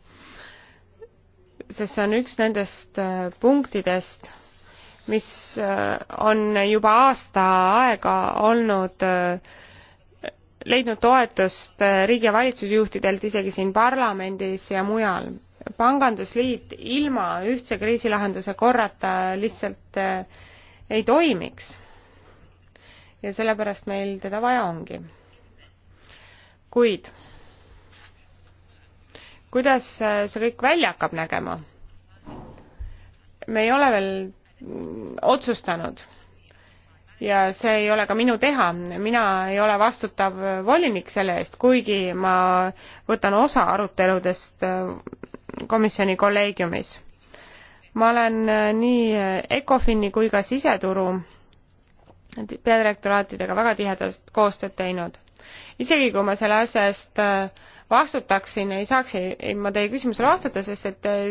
sest see on üks nendest äh, punktidest, mis äh, on juba aasta aega olnud äh, leidnud toetust riigi ja valitsusjuhtidelt isegi siin parlamendis ja mujal. pangandusliit ilma ühtse kriisilahenduse korrata lihtsalt ei toimiks. ja sellepärast meil teda vaja ongi. kuid kuidas see kõik välja hakkab nägema? me ei ole veel otsustanud ja see ei ole ka minu teha, mina ei ole vastutav volinik selle eest, kuigi ma võtan osa aruteludest komisjoni kolleegiumis. ma olen nii Ecofini kui ka siseturu peadirektoraatidega väga tihedast koostööd teinud. isegi kui ma selle asja eest äh, vastutaksin, ei saaksin ma teie küsimusele vastata, sest et äh,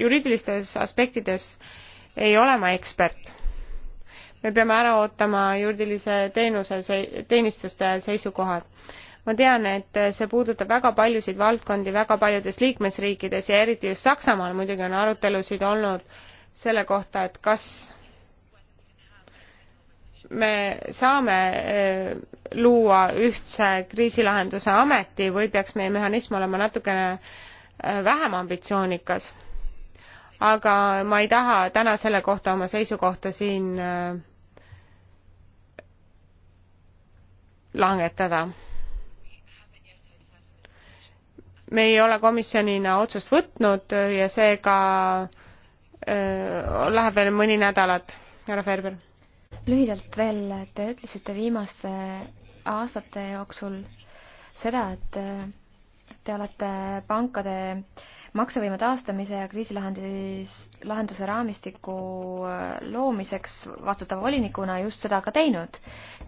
juriidilistes aspektides ei ole ma ekspert. me peame ära ootama juriidilise teenuse, teenistuste seisukohad. ma tean, et see puudutab väga paljusid valdkondi väga paljudes liikmesriikides ja eriti just Saksamaal muidugi on arutelusid olnud selle kohta, et kas me saame eh, luua ühtse kriisilahenduse ameti või peaks meie mehhanism olema natukene eh, vähem ambitsioonikas? aga ma ei taha täna selle kohta oma seisukohta siin eh, langetada. me ei ole komisjonina otsust võtnud ja seega läheb veel mõni nädalat, härra Ferber
lühidalt veel, te ütlesite viimaste aastate jooksul seda, et äh, te olete pankade maksevõime taastamise ja kriisilahendis, lahenduse raamistiku äh, loomiseks vastutava volinikuna just seda ka teinud.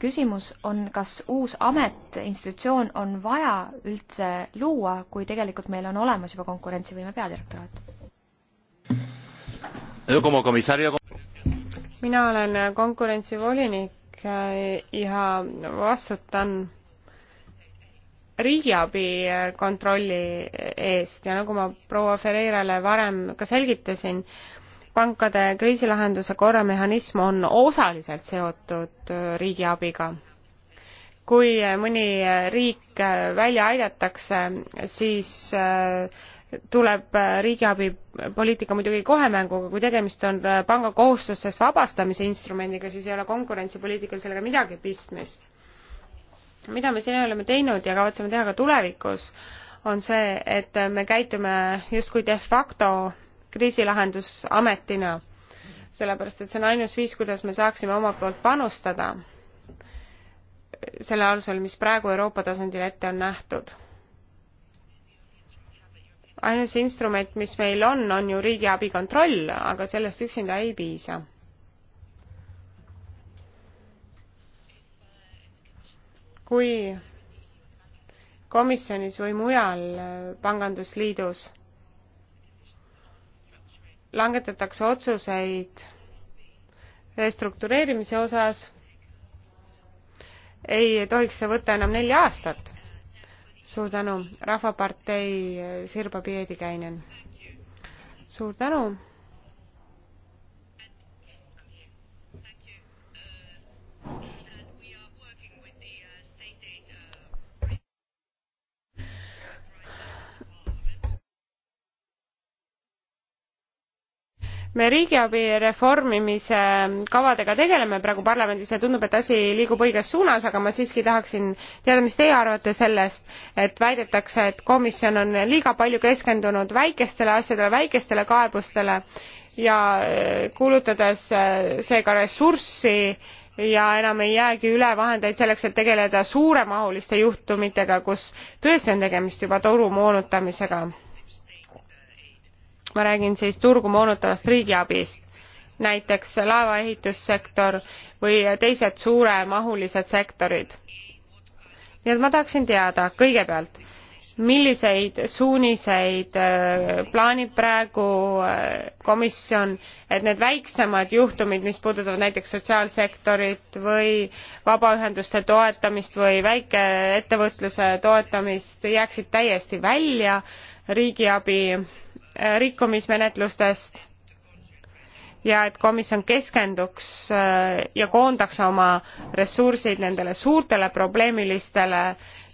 küsimus on, kas uus amet, institutsioon on vaja üldse luua, kui tegelikult meil on olemas juba konkurentsivõime peadirektoraat?
mina olen konkurentsivolinik äh, ja vastutan riigiabi äh, kontrolli äh, eest ja nagu ma proua Ferreirale varem ka selgitasin, pankade kriisilahenduse korramehhanism on osaliselt seotud riigiabiga. kui mõni riik välja aidatakse, siis tuleb äh, riigiabipoliitika muidugi kohe mängu, aga kui tegemist on äh, panga kohustustest vabastamise instrumendiga, siis ei ole konkurentsipoliitikal sellega midagi pistmist. mida me siin oleme teinud ja kavatseme teha ka tulevikus, on see, et me käitume justkui de facto kriisilahendusametina, sellepärast et see on ainus viis, kuidas me saaksime omalt poolt panustada selle alusel, mis praegu Euroopa tasandil ette on nähtud ainus instrument, mis meil on, on ju riigiabi kontroll, aga sellest üksinda ei piisa. kui komisjonis või mujal äh, pangandusliidus langetatakse otsuseid restruktureerimise osas, ei tohiks see võtta enam neli aastat suur tänu, Rahvapartei Sirba Piedikäinen. suur tänu me riigiabi reformimise kavadega tegeleme praegu parlamendis ja tundub et asi liigub õiges suunas aga ma siiski tahaksin teada mis teie arvate sellest et väidetakse et komisjon on liiga palju keskendunud väikestele asjadele väikestele kaebustele ja eh, kulutades eh, seega ressurssi ja enam ei jäägi üle vahendeid selleks et tegeleda suuremahuliste juhtumitega kus tõesti on tegemist juba toru moonutamisega ma räägin siis turgu moonutavast riigiabist näiteks laevaehitussektor või teised suuremahulised sektorid. nii et ma tahaksin teada kõigepealt, milliseid suuniseid äh, plaanib praegu äh, komisjon, et need väiksemad juhtumid, mis puudutavad näiteks sotsiaalsektorit või vabaühenduste toetamist või väikeettevõtluse toetamist, jääksid täiesti välja riigiabi rikkumismenetlustest ja et komisjon keskenduks äh, ja koondaks oma ressursid nendele suurtele probleemilistele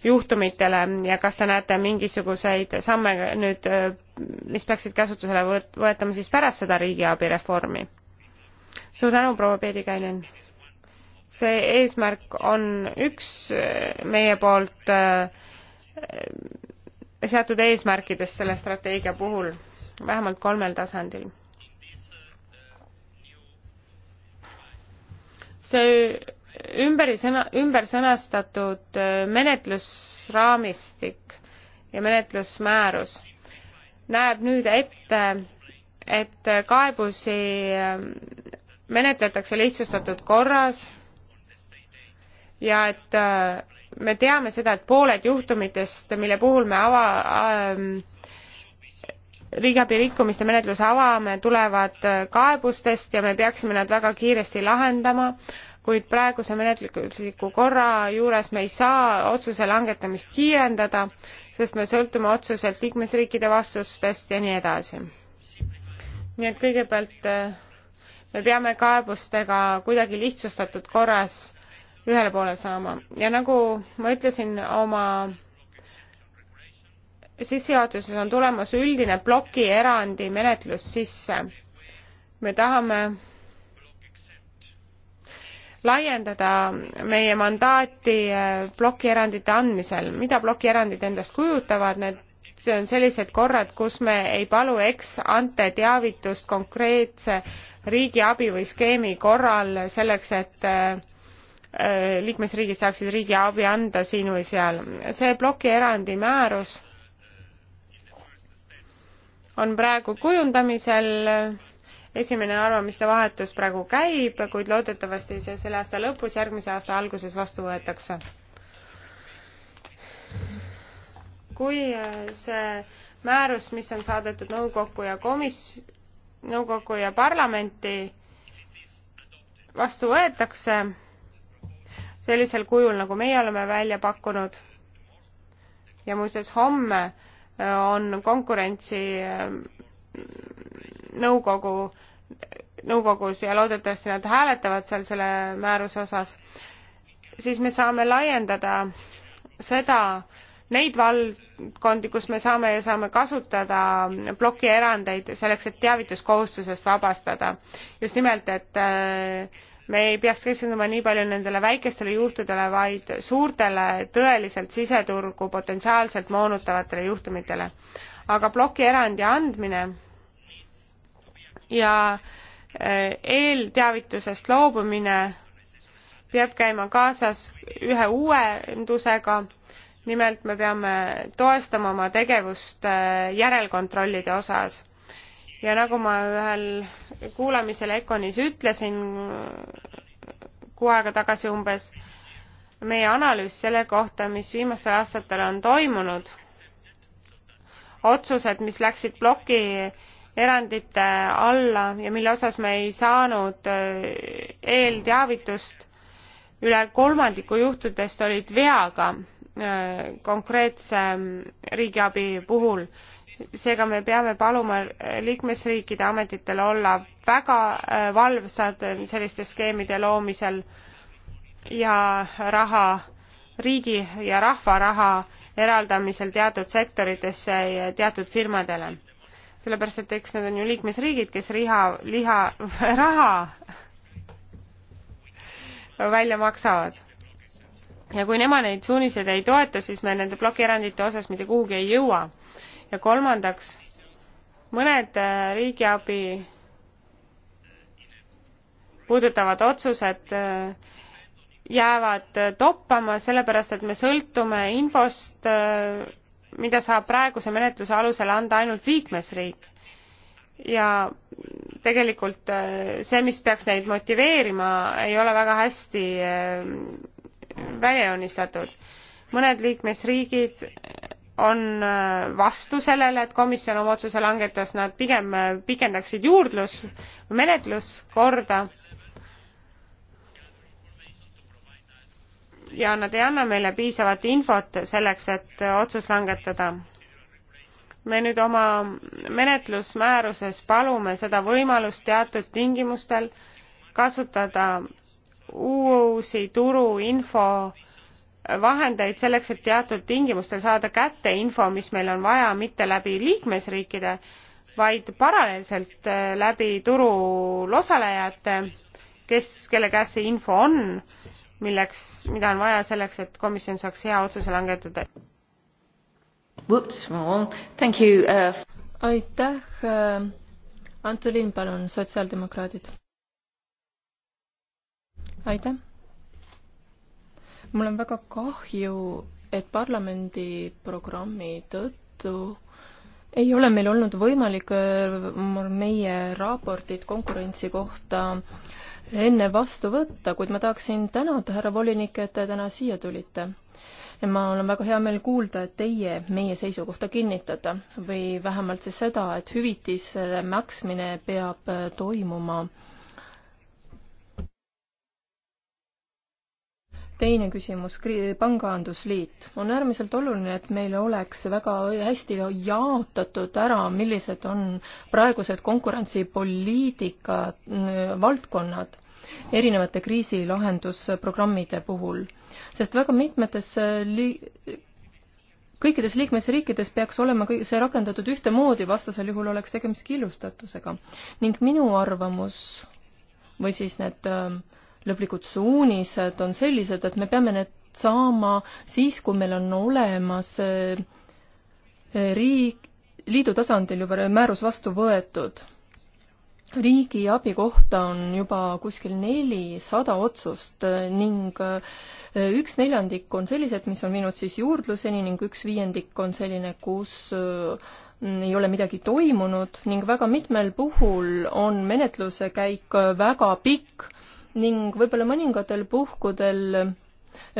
juhtumitele ja kas te näete mingisuguseid samme nüüd, äh, mis peaksid käsutusele võet-, võetama siis pärast seda riigiabi reformi? suur tänu, proua Peedikäinen! see eesmärk on üks äh, meie poolt seatud eesmärkidest selle strateegia puhul vähemalt kolmel tasandil. see ümberisõna, ümber sõnastatud äh, menetlusraamistik ja menetlusmäärus näeb nüüd ette, et kaebusi äh, menetletakse lihtsustatud korras ja et äh, me teame seda, et pooled juhtumitest, mille puhul me ava- äh,, riigiabi rikkumiste menetluse avame, tulevad äh, kaebustest ja me peaksime nad väga kiiresti lahendama, kuid praeguse menetlusliku korra juures me ei saa otsuse langetamist kiirendada, sest me sõltume otseselt liikmesriikide vastustest ja nii edasi. nii et kõigepealt äh, me peame kaebustega kuidagi lihtsustatud korras ühele poole saama ja nagu ma ütlesin oma sissejuhatuses on tulemas üldine plokierandi menetlus sisse. me tahame laiendada meie mandaati eh, plokierandite andmisel. mida plokierandid endast kujutavad, need, see on sellised korrad, kus me ei palu ex ante teavitust konkreetse riigiabi või skeemi korral selleks, et eh, liikmesriigid saaksid riigiabi anda siin või seal. see plokierandi määrus on praegu kujundamisel, esimene arvamuste vahetus praegu käib, kuid loodetavasti see selle aasta lõpus, järgmise aasta alguses vastu võetakse. kui äh, see määrus, mis on saadetud nõukokku ja komis-, nõukokku ja parlamenti vastu võetakse sellisel kujul, nagu meie oleme välja pakkunud, ja muuseas homme äh, on konkurentsi äh, nõukogu, nõukogus ja loodetavasti nad hääletavad seal selle määruse osas, siis me saame laiendada seda, neid valdkondi, kus me saame ja saame kasutada plokierandeid selleks, et teavituskohustusest vabastada. just nimelt, et äh, me ei peaks keskenduma nii palju nendele väikestele juhtudele, vaid suurtele tõeliselt siseturgu potentsiaalselt moonutavatele juhtumitele. aga plokierandi andmine ja eh, eelteavitusest loobumine peab käima kaasas ühe uuendusega, nimelt me peame toestama oma tegevust eh, järelkontrollide osas ja nagu ma ühel kuulamisel Econis ütlesin kuu aega tagasi umbes, meie analüüs selle kohta, mis viimastel aastatel on toimunud, otsused, mis läksid ploki erandite alla ja mille osas me ei saanud äh, eelteavitust, üle kolmandiku juhtudest olid veaga äh, konkreetse mm, riigiabi puhul seega me peame paluma liikmesriikide ametitel olla väga äh, valvsad selliste skeemide loomisel ja raha riigi ja rahva raha eraldamisel teatud sektoritesse ja teatud firmadele sellepärast et eks need on ju liikmesriigid kes riha liha raha välja maksavad ja kui nemad neid suuniseid ei toeta siis me nende blokierandite osas mitte kuhugi ei jõua ja kolmandaks, mõned äh, riigiabi puudutavad otsused äh, jäävad äh, toppama, sellepärast et me sõltume infost, mida saab praeguse menetluse alusel anda ainult liikmesriik. ja tegelikult see, mis peaks neid motiveerima, ei ole väga hästi välja joonistatud. mõned liikmesriigid on äh, vastu sellele, et komisjon oma otsuse langetas, nad pigem äh, pikendaksid juurdlus, menetluskorda. ja nad ei anna meile piisavat infot selleks, et äh, otsus langetada. me nüüd oma menetlusmääruses palume seda võimalust teatud tingimustel kasutada uusi turuinfo vahendeid selleks, et teatud tingimustel saada kätte info, mis meil on vaja, mitte läbi liikmesriikide, vaid paralleelselt äh, läbi turul osalejate, kes, kelle käes see info on, milleks, mida on vaja selleks, et komisjon saaks hea otsuse langetada.
Uh, aitäh, äh, Anto Linn, palun, sotsiaaldemokraadid. aitäh mul on väga kahju, et parlamendi programmi tõttu ei ole meil olnud võimalik äh, meie raportit konkurentsi kohta enne vastu võtta, kuid ma tahaksin tänada, härra volinik, et te täna siia tulite. ma olen väga hea meel kuulda, et teie meie seisukohta kinnitate või vähemalt siis seda, et hüvitise maksmine peab äh, toimuma teine küsimus, pangandusliit. on äärmiselt oluline, et meil oleks väga hästi jaotatud ära, millised on praegused konkurentsipoliitika mm, valdkonnad erinevate kriisilahendusprogrammide puhul. sest väga mitmetes äh, li-, kõikides liikmesriikides peaks olema see rakendatud ühtemoodi, vastasel juhul oleks tegemist killustatusega. ning minu arvamus või siis need äh, lõplikud suunised on sellised, et me peame need saama siis, kui meil on olemas eh, eh, riik, liidu tasandil juba määrus vastu võetud. riigiabi kohta on juba kuskil nelisada otsust eh, ning üks neljandik on sellised, mis on viinud siis juurdluseni ning üks viiendik on selline, kus ei ole midagi toimunud ning väga mitmel puhul on menetluse käik väga pikk ning võib-olla mõningatel puhkudel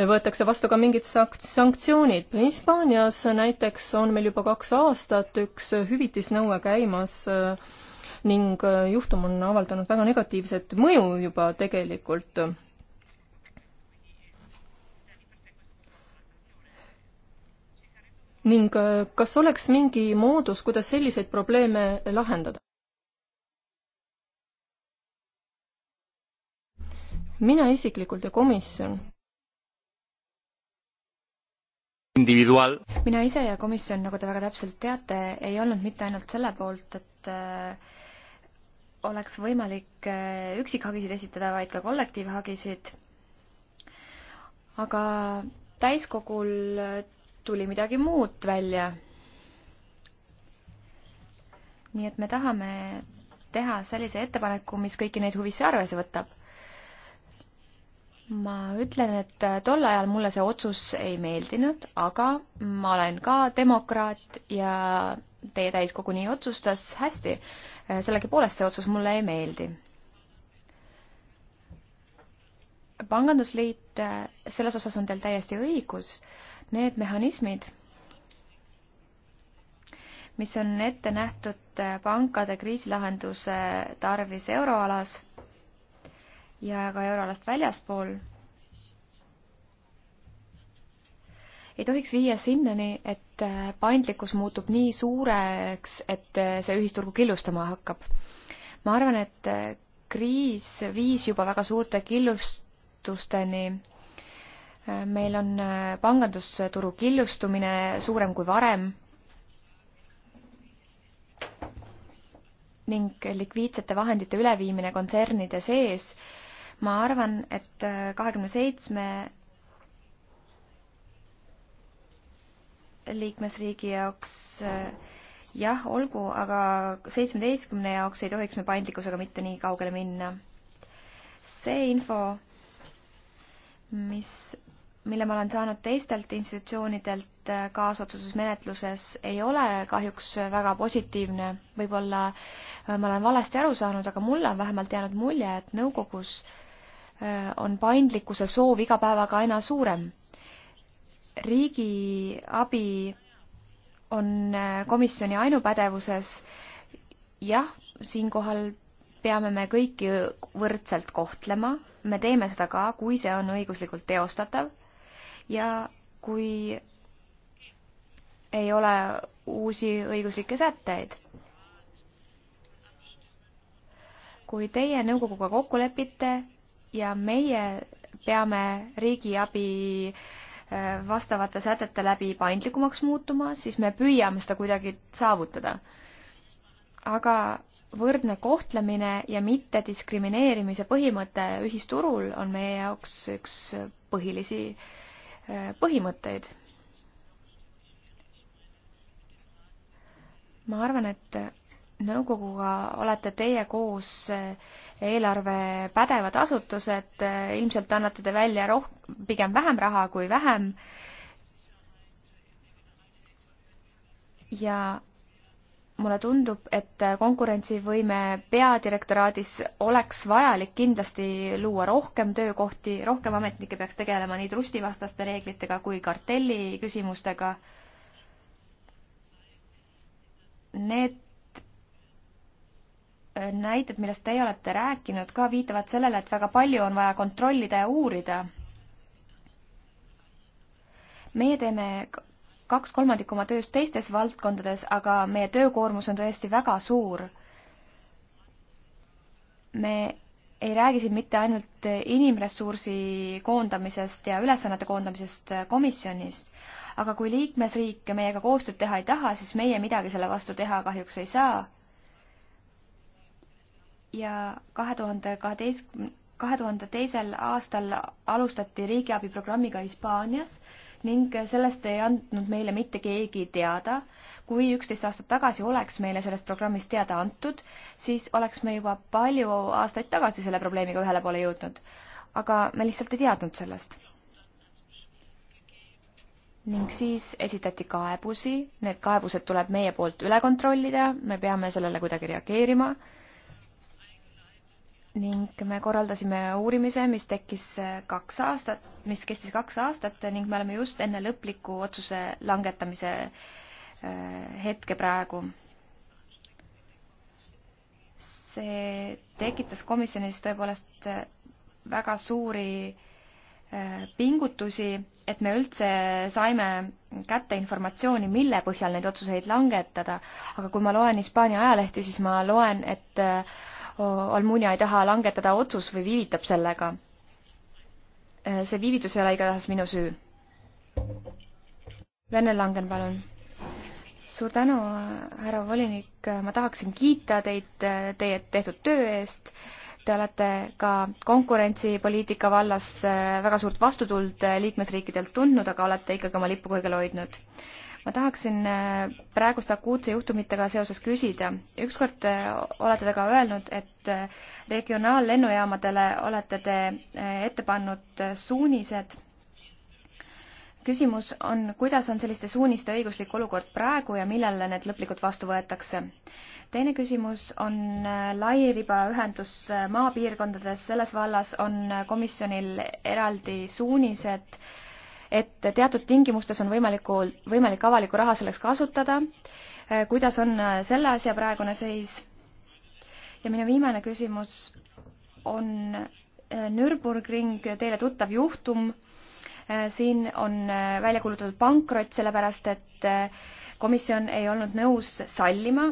võetakse vastu ka mingid sanktsioonid. Hispaanias näiteks on meil juba kaks aastat üks hüvitisnõue käimas äh, ning äh, juhtum on avaldanud väga negatiivset mõju juba tegelikult. ning äh, kas oleks mingi moodus, kuidas selliseid probleeme lahendada? mina isiklikult ja komisjon.
mina ise ja komisjon, nagu te väga täpselt teate, ei olnud mitte ainult selle poolt, et äh, oleks võimalik äh, üksikhagisid esitada, vaid ka kollektiivhagisid. aga täiskogul äh, tuli midagi muud välja. nii et me tahame teha sellise ettepaneku, mis kõiki neid huvisse arvesse võtab ma ütlen, et äh, tol ajal mulle see otsus ei meeldinud, aga ma olen ka demokraat ja teie täiskogu nii otsustas hästi. Äh, sellegipoolest see otsus mulle ei meeldi. pangandusliit, äh, selles osas on teil täiesti õigus. Need mehhanismid, mis on ette nähtud pankade kriisilahenduse tarvis euroalas ja ka euroalast väljaspool, ei tohiks viia sinnani, et äh, paindlikkus muutub nii suureks, et äh, see ühisturgu killustama hakkab. ma arvan, et äh, kriis viis juba väga suurte killustusteni. meil on pangandusturu killustumine suurem kui varem ning likviidsete vahendite üleviimine kontsernide sees äh, ma arvan, et äh, kahekümne seitsme liikmesriigi jaoks äh, jah, olgu, aga seitsmeteistkümne jaoks ei tohiks me paindlikkusega mitte nii kaugele minna. see info, mis, mille ma olen saanud teistelt institutsioonidelt äh, kaasotsustusmenetluses, ei ole kahjuks väga positiivne. võib-olla ma olen valesti aru saanud, aga mulle on vähemalt jäänud mulje, et nõukogus äh, Äh, on paindlikkuse soov iga päevaga aina suurem. riigiabi on äh, komisjoni ainupädevuses. jah, siinkohal peame me kõiki võrdselt kohtlema, me teeme seda ka, kui see on õiguslikult teostatav ja kui ei ole uusi õiguslikke sätteid. kui teie nõukoguga kokku lepite, ja meie peame riigiabi äh, vastavate sätete läbi paindlikumaks muutuma, siis me püüame seda kuidagi saavutada. aga võrdne kohtlemine ja mittediskrimineerimise põhimõte ühisturul on meie jaoks üks põhilisi äh, põhimõtteid. ma arvan, et nõukoguga olete teie koos äh, eelarve pädevad asutused, eh, ilmselt annate te välja roh-, pigem vähem raha kui vähem. ja mulle tundub, et konkurentsivõime peadirektoraadis oleks vajalik kindlasti luua rohkem töökohti, rohkem ametnikke peaks tegelema nii trustivastaste reeglitega kui kartelli küsimustega. Need näited, millest teie olete rääkinud, ka viitavad sellele, et väga palju on vaja kontrollida ja uurida. meie teeme kaks kolmandikku oma tööst teistes valdkondades, aga meie töökoormus on tõesti väga suur. me ei räägi siin mitte ainult inimressursi koondamisest ja ülesannete koondamisest komisjonis, aga kui liikmesriik meiega koostööd teha ei taha, siis meie midagi selle vastu teha kahjuks ei saa ja kahe tuhande kaheteistkümne, kahe tuhande teisel aastal alustati riigiabiprogrammiga Hispaanias ning sellest ei andnud meile mitte keegi teada. kui üksteist aastat tagasi oleks meile sellest programmist teada antud, siis oleks me juba palju aastaid tagasi selle probleemiga ühele poole jõudnud. aga me lihtsalt ei teadnud sellest. ning siis esitati kaebusi, need kaebused tuleb meie poolt üle kontrollida, me peame sellele kuidagi reageerima ning me korraldasime uurimise, mis tekkis äh, kaks aastat, mis kestis kaks aastat ning me oleme just enne lõpliku otsuse langetamise äh, hetke praegu. see tekitas komisjonis tõepoolest äh, väga suuri pingutusi, et me üldse saime kätte informatsiooni, mille põhjal neid otsuseid langetada, aga kui ma loen Hispaania ajalehti, siis ma loen, et Almunia ei taha langetada otsus või viivitab sellega. see viivitus ei ole igatahes minu süü. Vene Langen, palun. suur tänu, härra volinik, ma tahaksin kiita teid teie tehtud töö eest. Te olete ka konkurentsipoliitika vallas väga suurt vastutuld liikmesriikidelt tundnud, aga olete ikkagi oma lippu kõrgel hoidnud ma tahaksin äh, praeguste akuutse juhtumitega seoses küsida. ükskord äh, olete te ka öelnud, et äh, regionaallennujaamadele olete te ette pannud suunised. küsimus on, kuidas on selliste suuniste õiguslik olukord praegu ja millal need lõplikult vastu võetakse? teine küsimus on lairibaühendus maapiirkondades, selles vallas on komisjonil eraldi suunised äh, et teatud tingimustes on võimaliku, võimalik avalikku raha selleks kasutada. Äh, kuidas on äh, selle asja praegune seis? ja minu viimane küsimus on äh, Nürburgring, teile tuttav juhtum. siin on välja kuulutatud pankrot, sellepärast et komisjon ei olnud nõus sallima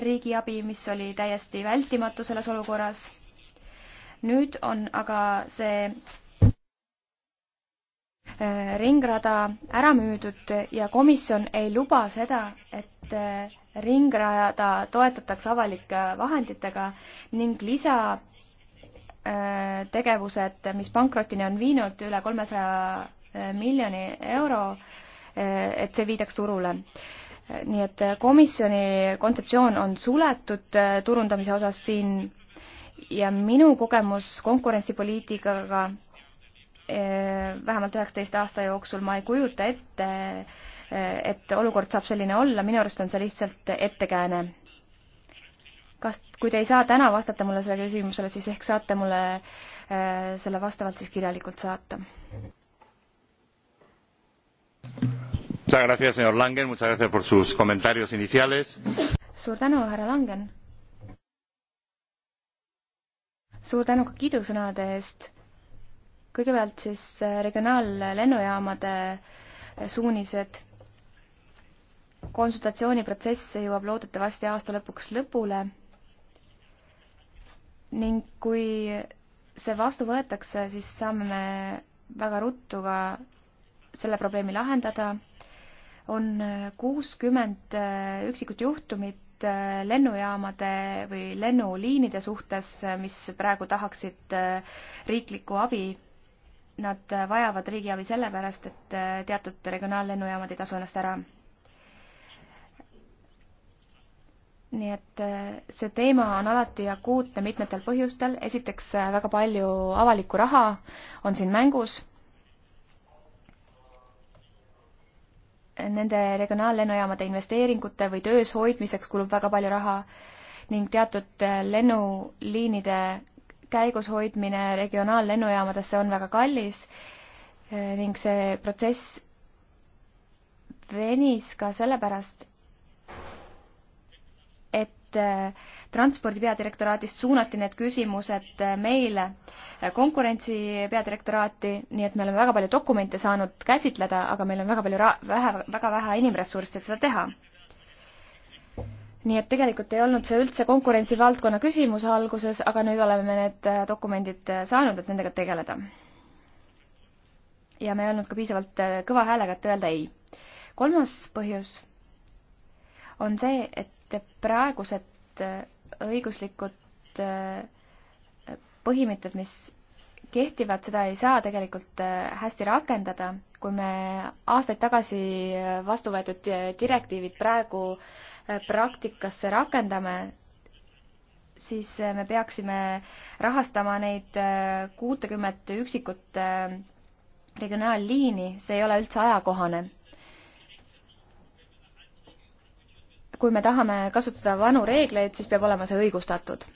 riigiabi, mis oli täiesti vältimatu selles olukorras. nüüd on aga see ringrada ära müüdud ja komisjon ei luba seda, et äh, ringrada toetatakse avalike vahenditega ning lisa äh, tegevused, mis pankrotini on viinud üle kolmesaja äh, miljoni euro, et see viidaks turule. nii et komisjoni kontseptsioon on suletud turundamise osas siin ja minu kogemus konkurentsipoliitikaga Eh, vähemalt üheksateist aasta jooksul, ma ei kujuta ette, eh, et olukord saab selline olla, minu arust on see lihtsalt ettekääne. kas, kui te ei saa täna vastata mulle sellele küsimusele, siis ehk saate mulle eh, selle vastavalt siis kirjalikult saata? suur tänu, härra Langen! suur tänu ka kiidusõnade eest kõigepealt siis äh, regionaallennujaamade äh, suunised. konsultatsiooniprotsess jõuab loodetavasti aasta lõpuks lõpule. ning kui see vastu võetakse, siis saame me väga ruttu ka selle probleemi lahendada. on äh, kuuskümmend üksikut juhtumit lennujaamade või lennuliinide suhtes, mis praegu tahaksid riiklikku abi nad vajavad riigiabi sellepärast, et äh, teatud regionaallennujaamad ei tasu ennast ära. nii et äh, see teema on alati akuutne mitmetel põhjustel, esiteks äh, väga palju avalikku raha on siin mängus. Nende regionaallennujaamade investeeringute või töös hoidmiseks kulub väga palju raha ning teatud lennuliinide käigus hoidmine regionaallennujaamadesse on väga kallis eh, ning see protsess venis ka sellepärast, et eh, transpordi peadirektoraadist suunati need küsimused eh, meile konkurentsi peadirektoraati, nii et me oleme väga palju dokumente saanud käsitleda, aga meil on väga palju, vähe, väga vähe inimressurssi, et seda teha nii et tegelikult ei olnud see üldse konkurentsivaldkonna küsimus alguses, aga nüüd oleme me need äh, dokumendid äh, saanud, et nendega tegeleda. ja me ei olnud ka piisavalt äh, kõva häälega, et öelda ei. kolmas põhjus on see, et praegused õiguslikud põhimõtted, mis kehtivad, seda ei saa tegelikult hästi rakendada, kui me aastaid tagasi vastu võetud direktiivid praegu äh, praktikasse rakendame, siis äh, me peaksime rahastama neid äh, kuutekümmet üksikut äh, regionaalliini, see ei ole üldse ajakohane. kui me tahame kasutada vanu reegleid, siis peab olema see õigustatud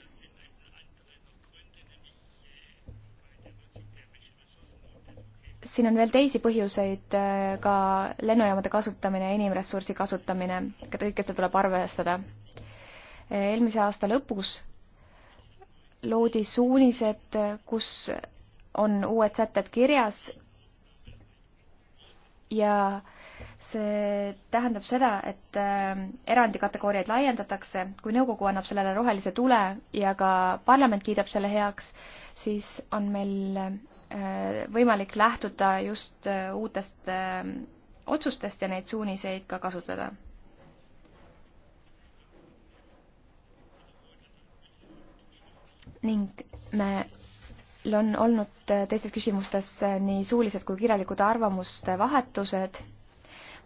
siin on veel teisi põhjuseid, äh, ka lennujaamade kasutamine ja inimressursi kasutamine, kõike seda tuleb arvestada. eelmise aasta lõpus loodi suunised, kus on uued sätted kirjas ja see tähendab seda, et äh, erandikategooriaid laiendatakse, kui nõukogu annab sellele rohelise tule ja ka parlament kiidab selle heaks, siis on meil Äh, võimalik lähtuda just äh, uutest äh, otsustest ja neid suuniseid ka kasutada. ning meil on olnud teistes küsimustes nii suulised kui kirjalikud arvamuste vahetused.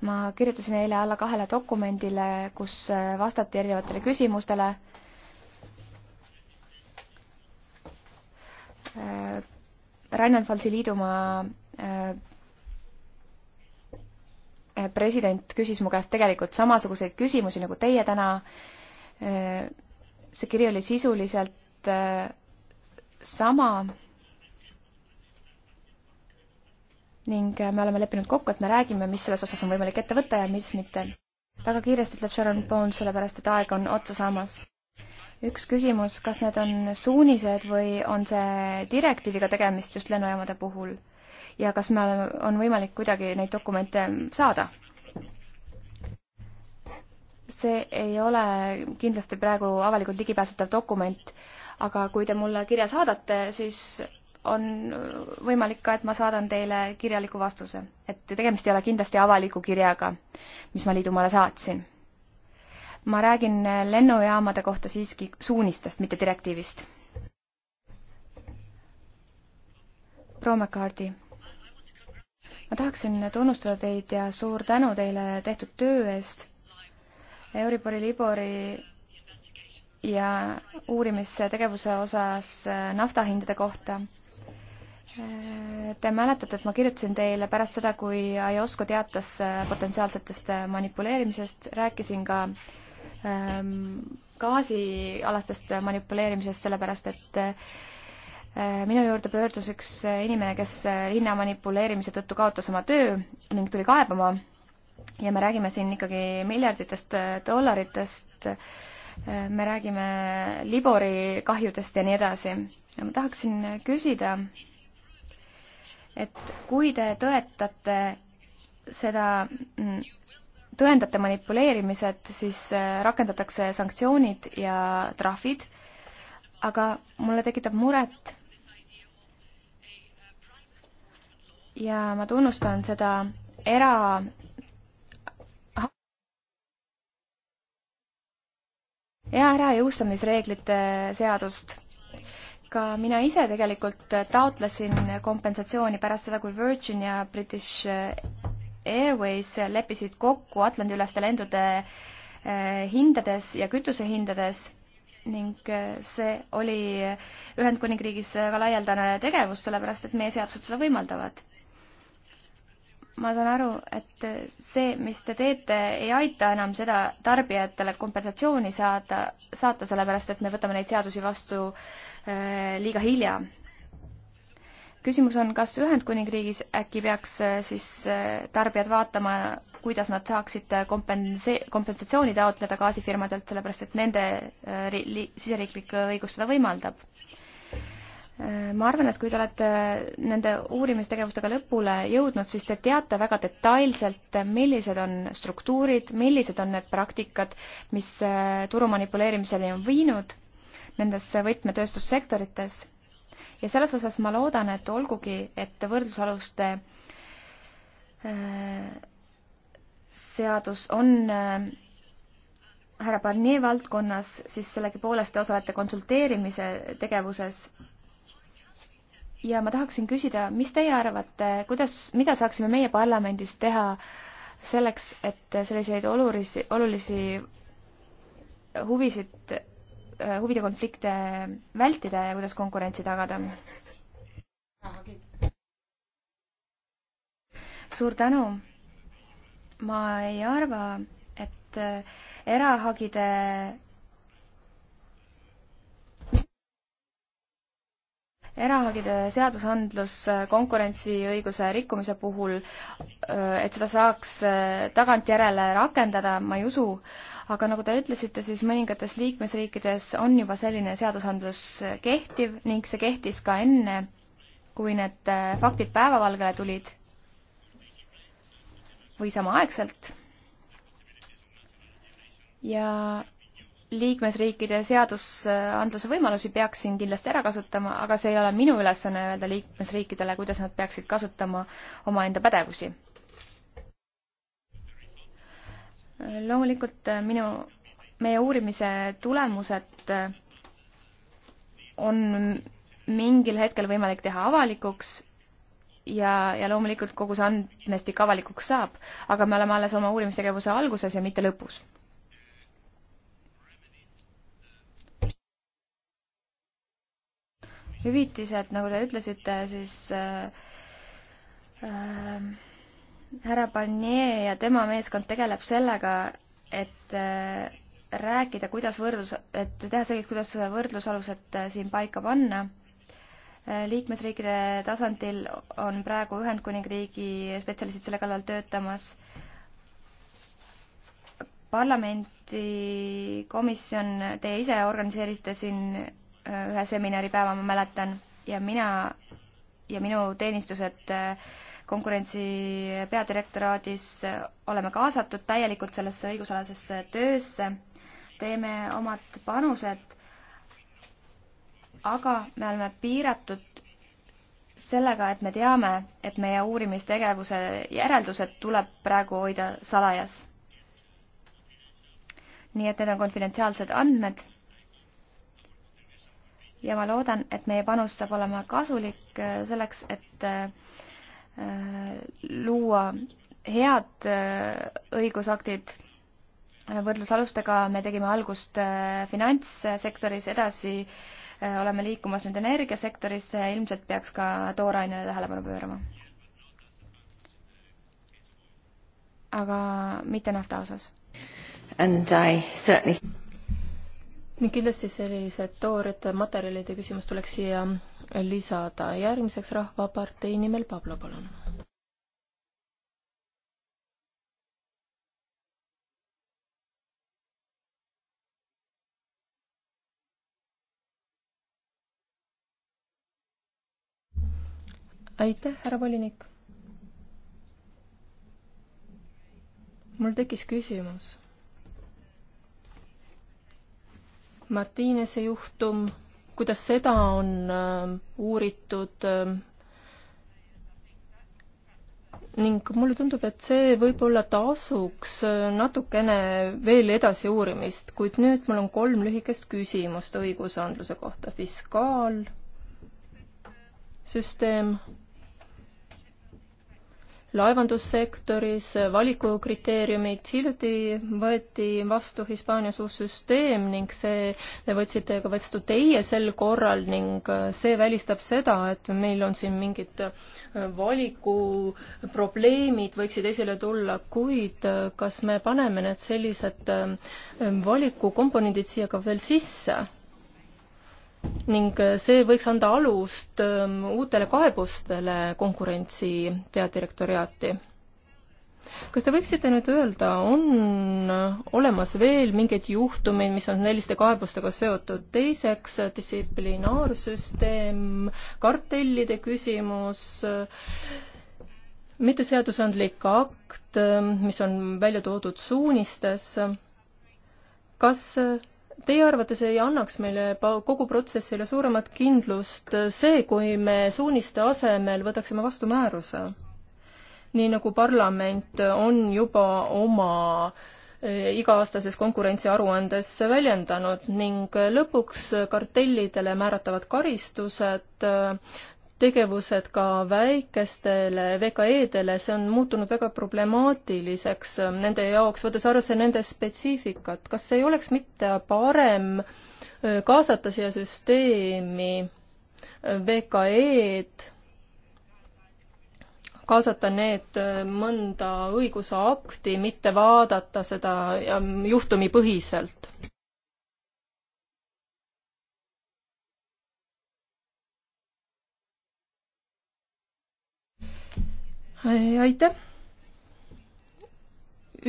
ma kirjutasin eile alla kahele dokumendile, kus vastati erinevatele küsimustele Rheinland-Pfalzi liidumaa äh, äh, president küsis mu käest tegelikult samasuguseid küsimusi nagu teie täna. Äh, see kiri oli sisuliselt sama. ning me oleme leppinud kokku, et me räägime, mis selles osas on võimalik ette võtta ja mis mitte. väga kiiresti ütleb Sharon Bones, sellepärast et aeg on otsa saamas üks küsimus, kas need on suunised või on see direktiiviga tegemist just lennujaamade puhul ja kas me oleme, on võimalik kuidagi neid dokumente saada? see ei ole kindlasti praegu avalikult ligipääsetav dokument, aga kui te mulle kirja saadate, siis on võimalik ka, et ma saadan teile kirjaliku vastuse, et tegemist ei ole kindlasti avaliku kirjaga, mis ma Liidumaale saatsin ma räägin lennujaamade kohta siiski suunistest, mitte direktiivist. proua McCarthy ma tahaksin tunnustada teid ja suur tänu teile tehtud töö eest. Euribori, Libori ja uurimistegevuse osas naftahindade kohta. Te mäletate, et ma kirjutasin teile pärast seda, kui IOSCO teatas potentsiaalsetest manipuleerimisest, rääkisin ka äh, Ähm, gaasialastest manipuleerimisest, sellepärast et äh, minu juurde pöördus üks äh, inimene, kes äh, hinna manipuleerimise tõttu kaotas oma töö ning tuli kaebama ja me räägime siin ikkagi miljarditest dollaritest, me räägime Libori kahjudest ja nii edasi. ja ma tahaksin küsida, et kui te tõetate seda mm, tõendate manipuleerimised, siis äh, rakendatakse sanktsioonid ja trahvid, aga mulle tekitab muret ja ma tunnustan seda era ja ära jõustamisreeglite seadust. ka mina ise tegelikult taotlesin kompensatsiooni pärast seda, kui Virgin ja British Airways leppisid kokku Atlandi-üleste lendude eh, hindades ja kütusehindades ning eh, see oli Ühendkuningriigis väga laialdane tegevus, sellepärast et meie seadused seda võimaldavad. ma saan aru, et see, mis te teete, ei aita enam seda tarbijatele kompensatsiooni saada, saata, sellepärast et me võtame neid seadusi vastu eh, liiga hilja küsimus on, kas Ühendkuningriigis äkki peaks äh, siis äh, tarbijad vaatama, kuidas nad saaksid äh, kompense-, kompensatsiooni taotleda gaasifirmadelt, sellepärast et nende siseriiklik õigus seda võimaldab? ma arvan, et kui te olete nende uurimistegevustega lõpule jõudnud, siis te teate väga detailselt, millised on struktuurid, millised on need praktikad, mis turu manipuleerimiseni on viinud nendes võtmetööstussektorites ja selles osas ma loodan, et olgugi, et võrdlusaluste äh, seadus on äh, härra Barnier valdkonnas, siis sellegipoolest te osalete konsulteerimise tegevuses. ja ma tahaksin küsida, mis teie arvate, kuidas, mida saaksime meie parlamendis teha selleks, et selliseid olulisi, olulisi huvisid Äh, huvide konflikte vältida ja kuidas konkurentsi tagada. suur tänu. ma ei arva, et äh, erahagide erahagide seadusandlus äh, konkurentsiõiguse rikkumise puhul, et seda saaks tagantjärele rakendada, ma ei usu, aga nagu te ütlesite, siis mõningates liikmesriikides on juba selline seadusandlus kehtiv ning see kehtis ka enne, kui need äh, faktid päevavalgele tulid või samaaegselt. ja liikmesriikide seadusandluse võimalusi peaks siin kindlasti ära kasutama, aga see ei ole minu ülesanne öelda liikmesriikidele, kuidas nad peaksid kasutama omaenda pädevusi loomulikult äh, minu, meie uurimise tulemused äh, on mingil hetkel võimalik teha avalikuks ja, ja loomulikult kogu see andmestik avalikuks saab, aga me oleme alles oma uurimistegevuse alguses ja mitte lõpus. hüvitised, nagu te ütlesite, siis äh, äh, härra Barnier ja tema meeskond tegeleb sellega, et äh, rääkida, kuidas võrdlus, et teha selgeks, kuidas võrdlusalused äh, siin paika panna. Äh, liikmesriikide tasandil on praegu Ühendkuningriigi spetsialistid selle kallal töötamas. parlamenti komisjon, teie ise organiseerisite siin ühe seminaripäeva, ma mäletan, ja mina ja minu teenistused äh, konkurentsi peadirektoraadis oleme kaasatud täielikult sellesse õigusalasesse töösse, teeme omad panused, aga me oleme piiratud sellega, et me teame, et meie uurimistegevuse järeldused tuleb praegu hoida salajas. nii et need on konfidentsiaalsed andmed ja ma loodan, et meie panus saab olema kasulik selleks, et Äh, luua head äh, õigusaktid võrdlusalustega, me tegime algust äh, finantssektoris, edasi oleme liikumas nüüd energiasektorisse ja ilmselt peaks ka toorainele tähelepanu pöörama. aga mitte nafta osas.
And I certainly ning kindlasti sellised toored materjalide küsimus tuleks siia lisada. järgmiseks Rahvapartei nimel Pablo, palun. aitäh, härra volinik. mul tekkis küsimus. Martiinese juhtum kuidas seda on äh, uuritud äh, ning mulle tundub, et see võib-olla tasuks äh, natukene veel edasi uurimist, kuid nüüd mul on kolm lühikest küsimust õigusandluse kohta. fiskaalsüsteem laevandussektoris, valikukriteeriumid, hiljuti võeti vastu Hispaanias uus süsteem ning see, te võtsite ka vastu teie sel korral ning äh, see välistab seda, et meil on siin mingid äh, valikuprobleemid võiksid esile tulla, kuid äh, kas me paneme need sellised valikukomponendid siia ka veel sisse? ning äh, see võiks anda alust ähm, uutele kaebustele konkurentsi peadirektoriaati. kas te võiksite nüüd öelda, on äh, olemas veel mingeid juhtumeid, mis on selliste kaebustega seotud? teiseks, äh, distsiplinaarsüsteem, kartellide küsimus, mitteseadusandlik akt, mis on välja toodud suunistes, kas Teie arvates ei annaks meile kogu protsessile suuremat kindlust see, kui me suuniste asemel võtaksime vastu määruse? nii nagu parlament on juba oma e, iga-aastases konkurentsiaruandes väljendanud ning lõpuks kartellidele määratavad karistused tegevused ka väikestele VKE-dele, see on muutunud väga problemaatiliseks ähm, nende jaoks, võttes arvesse nende spetsiifikat. kas ei oleks mitte parem äh, kaasata siia süsteemi äh, VKE-d, kaasata need äh, mõnda õigusakti, mitte vaadata seda ähm, juhtumipõhiselt? aitäh!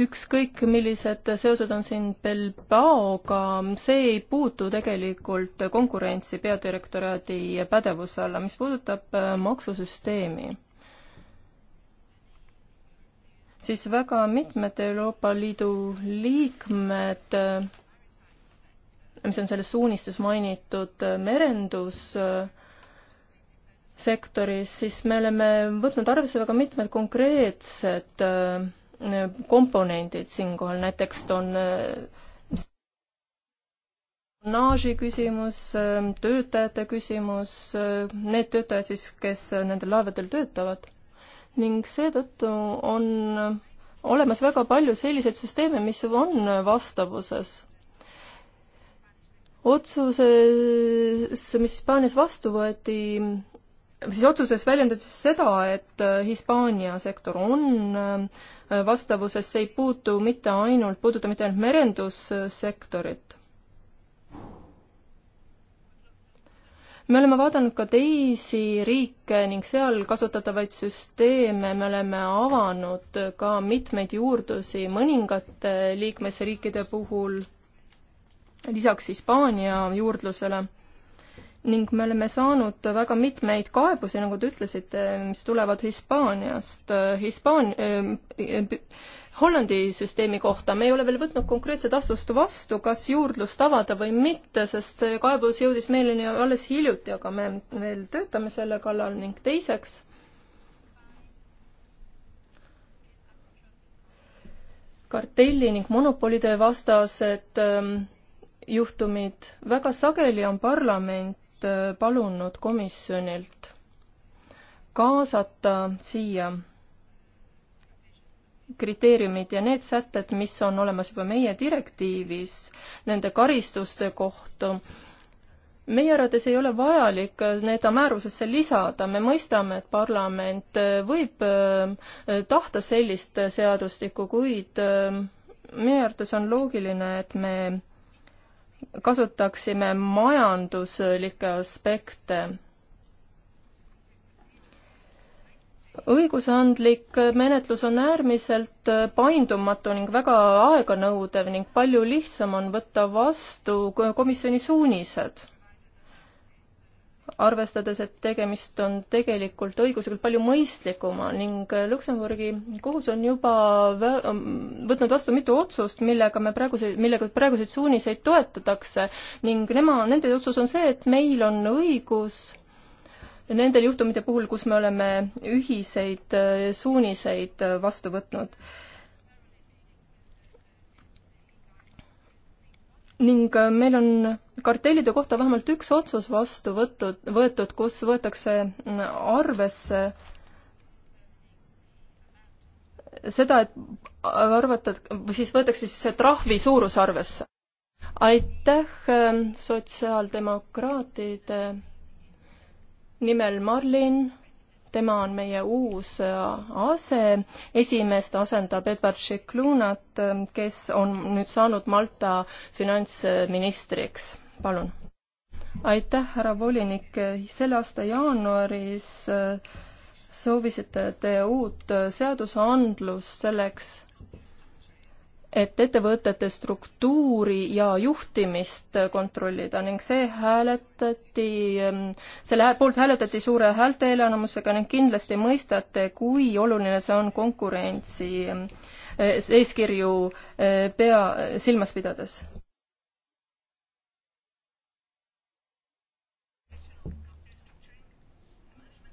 ükskõik, millised seosed on siin Bilbaoga, see ei puutu tegelikult konkurentsi peadirektoraadi pädevuse alla, mis puudutab äh, maksusüsteemi siis väga mitmed Euroopa Liidu liikmed, äh, mis on selles suunistes mainitud, äh, merendus äh, sektoris, siis me oleme võtnud arvesse väga mitmed konkreetsed äh, komponendid siinkohal, näiteks on tonnaaži äh, küsimus, äh, töötajate küsimus, need töötajad siis, kes nendel laevadel töötavad ning seetõttu on olemas väga palju selliseid süsteeme, mis on vastavuses otsuses, mis Hispaanias vastu võeti, siis otsuses väljendati seda, et äh, Hispaania sektor on äh, vastavuses, see ei puutu mitte ainult, puuduta mitte ainult merendussektorit. me oleme vaadanud ka teisi riike ning seal kasutatavaid süsteeme, me oleme avanud ka mitmeid juurdusi mõningate liikmesriikide puhul, lisaks Hispaania juurdlusele ning me oleme saanud väga mitmeid kaebusi, nagu te ütlesite, mis tulevad Hispaaniast, äh, Hispaania, äh, Hollandi süsteemi kohta, me ei ole veel võtnud konkreetset vastust vastu, kas juurdlust avada või mitte, sest see kaebus jõudis meileni alles hiljuti, aga me veel töötame selle kallal ning teiseks kartelli ning monopolide vastased ähm, juhtumid, väga sageli on parlament just äh, palunud komisjonilt kaasata siia kriteeriumid ja need sätted, mis on olemas juba meie direktiivis nende karistuste kohta, meie arvates ei ole vajalik need määrusesse lisada, me mõistame, et parlament äh, võib äh, tahta sellist seadustikku, kuid meie arvates on loogiline, et me kasutaksime majanduslikke aspekte. õigusandlik menetlus on äärmiselt paindumatu ning väga aeganõudev ning palju lihtsam on võtta vastu komisjoni suunised arvestades, et tegemist on tegelikult õiguslikult palju mõistlikuma ning Luksemburgi kohus on juba võtnud vastu mitu otsust, millega me praeguse, millega praeguseid suuniseid toetatakse ning nema, nende otsus on see, et meil on õigus nendel juhtumite puhul, kus me oleme ühiseid suuniseid vastu võtnud ning äh, meil on kartellide kohta vähemalt üks otsus vastu võtud, võetud, kus võetakse mm, arvesse seda, et arvata, või siis võetakse siis see trahvi suurus arvesse. aitäh ähm, sotsiaaldemokraatide nimel, Marlin tema on meie uus äh, ase, esimeest asendab Edward Šiklunat, äh, kes on nüüd saanud Malta finantsministriks. palun. aitäh, härra volinik, selle aasta jaanuaris äh, soovisite te uut seadusandlust selleks, et ettevõtete struktuuri ja juhtimist kontrollida ning see hääletati, selle poolt hääletati suure häälteenamusega ning kindlasti mõistate, kui oluline see on konkurentsi eh, eeskirju eh, pea, silmas pidades.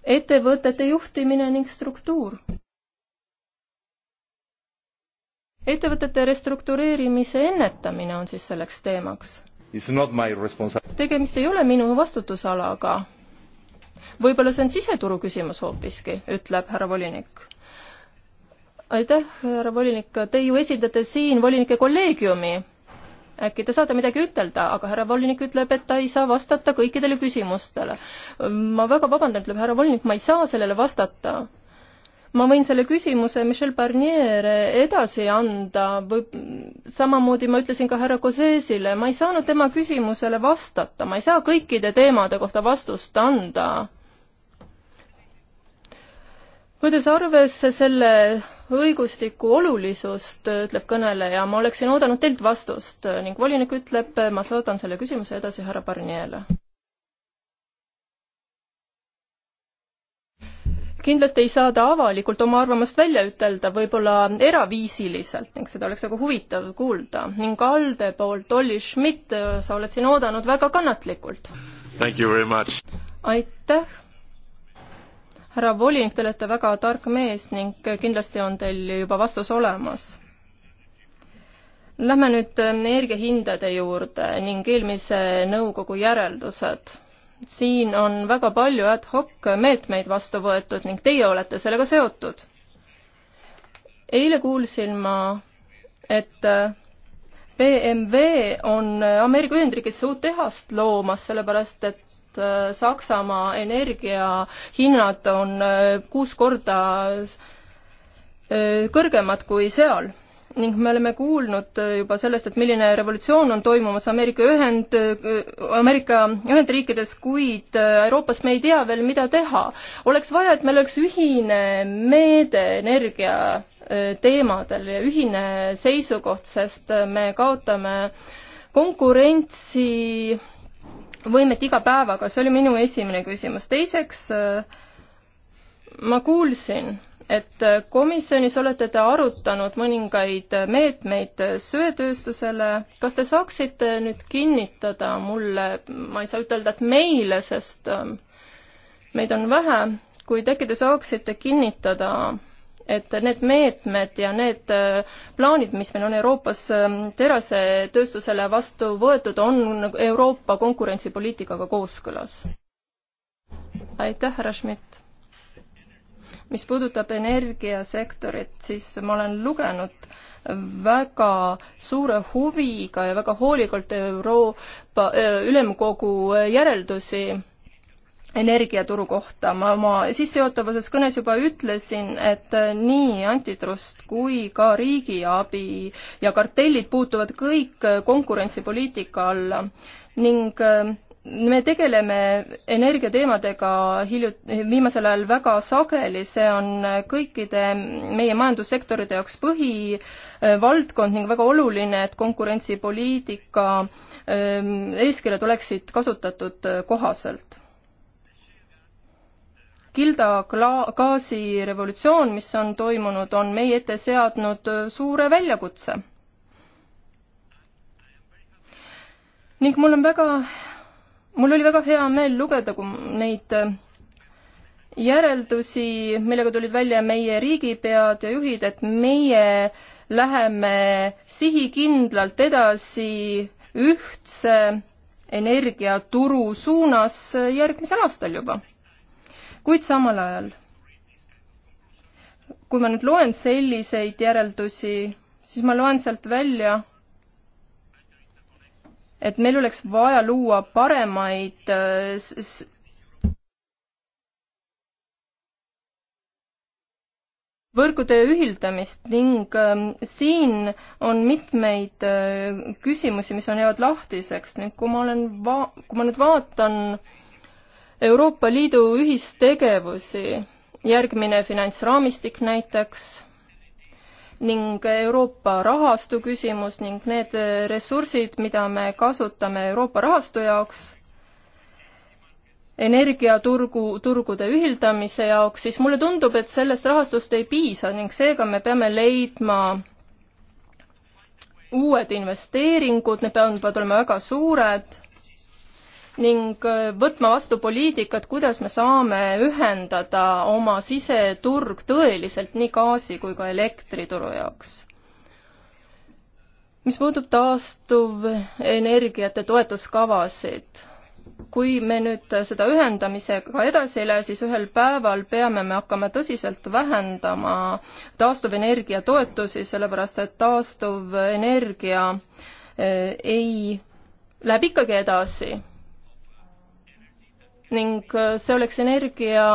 ettevõtete juhtimine ning struktuur ettevõtete restruktureerimise ennetamine on siis selleks teemaks. tegemist ei ole minu vastutusalaga. võib-olla see on siseturu küsimus hoopiski, ütleb härra volinik. aitäh, härra volinik, te ju esindate siin volinike kolleegiumi. äkki te saate midagi ütelda, aga härra volinik ütleb, et ta ei saa vastata kõikidele küsimustele. ma väga vabandan, ütleb härra volinik, ma ei saa sellele vastata ma võin selle küsimuse Michel Barnier edasi anda või samamoodi ma ütlesin ka härra Kozesile, ma ei saanud tema küsimusele vastata, ma ei saa kõikide teemade kohta vastust anda. võttes arvesse selle õigustiku olulisust, ütleb kõneleja, ma oleksin oodanud teilt vastust ning volinik ütleb, ma saadan selle küsimuse edasi härra Barnierile. kindlasti ei saa ta avalikult oma arvamust välja ütelda, võib-olla eraviisiliselt ning seda oleks väga huvitav kuulda. ning ALDE poolt, Olli Schmidt, sa oled siin oodanud väga kannatlikult. aitäh! härra volinik, te olete väga tark mees ning kindlasti on teil juba vastus olemas Lähme nüüd energiahindade juurde ning eelmise nõukogu järeldused siin on väga palju ad hoc meetmeid vastu võetud ning teie olete sellega seotud. eile kuulsin ma, et BMW on Ameerika Ühendriigisse uut tehast loomas, sellepärast et Saksamaa energiahinnad on kuus korda kõrgemad kui seal ning me oleme kuulnud äh, juba sellest, et milline revolutsioon on toimumas Ameerika Ühend, äh, Ameerika Ühendriikides, kuid äh, Euroopas me ei tea veel, mida teha. oleks vaja, et meil oleks ühine meede energia teemadel ja ühine seisukoht, sest me kaotame konkurentsi võimet iga päevaga, see oli minu esimene küsimus. teiseks, ma kuulsin et komisjonis olete te arutanud mõningaid meetmeid söetööstusele. kas te saaksite nüüd kinnitada mulle, ma ei saa ütelda, et meile, sest ähm, meid on vähe, kuid äkki te saaksite kinnitada, et need meetmed ja need äh, plaanid, mis meil on Euroopas ähm, terasetööstusele vastu võetud, on Euroopa konkurentsipoliitikaga kooskõlas? aitäh, härra Schmidt mis puudutab energiasektorit, siis ma olen lugenud väga suure huviga ja väga hoolikalt Euroopa äh, Ülemkogu järeldusi energiaturu kohta. ma oma sissejuhatavases kõnes juba ütlesin, et nii antitrust kui ka riigiabi ja kartellid puutuvad kõik konkurentsipoliitika alla ning äh, me tegeleme energiateemadega hilju-, viimasel ajal väga sageli, see on kõikide meie majandussektorite jaoks põhivaldkond ning väga oluline, et konkurentsipoliitika ähm, eeskirjad oleksid kasutatud kohaselt. Gilda kla-, gaasirevolutsioon, mis on toimunud, on meie ette seadnud suure väljakutse. ning mul on väga mul oli väga hea meel lugeda neid äh, järeldusi, millega tulid välja meie riigipead ja juhid, et meie läheme sihikindlalt edasi ühtse energiaturu suunas järgmisel aastal juba. kuid samal ajal, kui ma nüüd loen selliseid järeldusi, siis ma loen sealt välja et meil oleks vaja luua paremaid äh, võrgutöö ühildamist ning ähm, siin on mitmeid äh, küsimusi, mis on jäävad lahtiseks ning kui ma olen va-, kui ma nüüd vaatan Euroopa Liidu ühistegevusi, järgmine finantsraamistik näiteks ning Euroopa rahastu küsimus ning need ressursid, mida me kasutame Euroopa rahastu jaoks, energiaturgu, turgude ühildamise jaoks, siis mulle tundub, et sellest rahastust ei piisa ning seega me peame leidma uued investeeringud, need peavad olema väga suured ning äh, võtma vastu poliitikat, kuidas me saame ühendada oma siseturg tõeliselt nii gaasi kui ka elektrituru jaoks. mis puudutab taastuvenergiate toetuskavasid, kui me nüüd seda ühendamisega edasi ei lähe, siis ühel päeval peame me hakkama tõsiselt vähendama taastuvenergia toetusi, sellepärast et taastuvenergia äh, ei, läheb ikkagi edasi ning äh, see oleks energia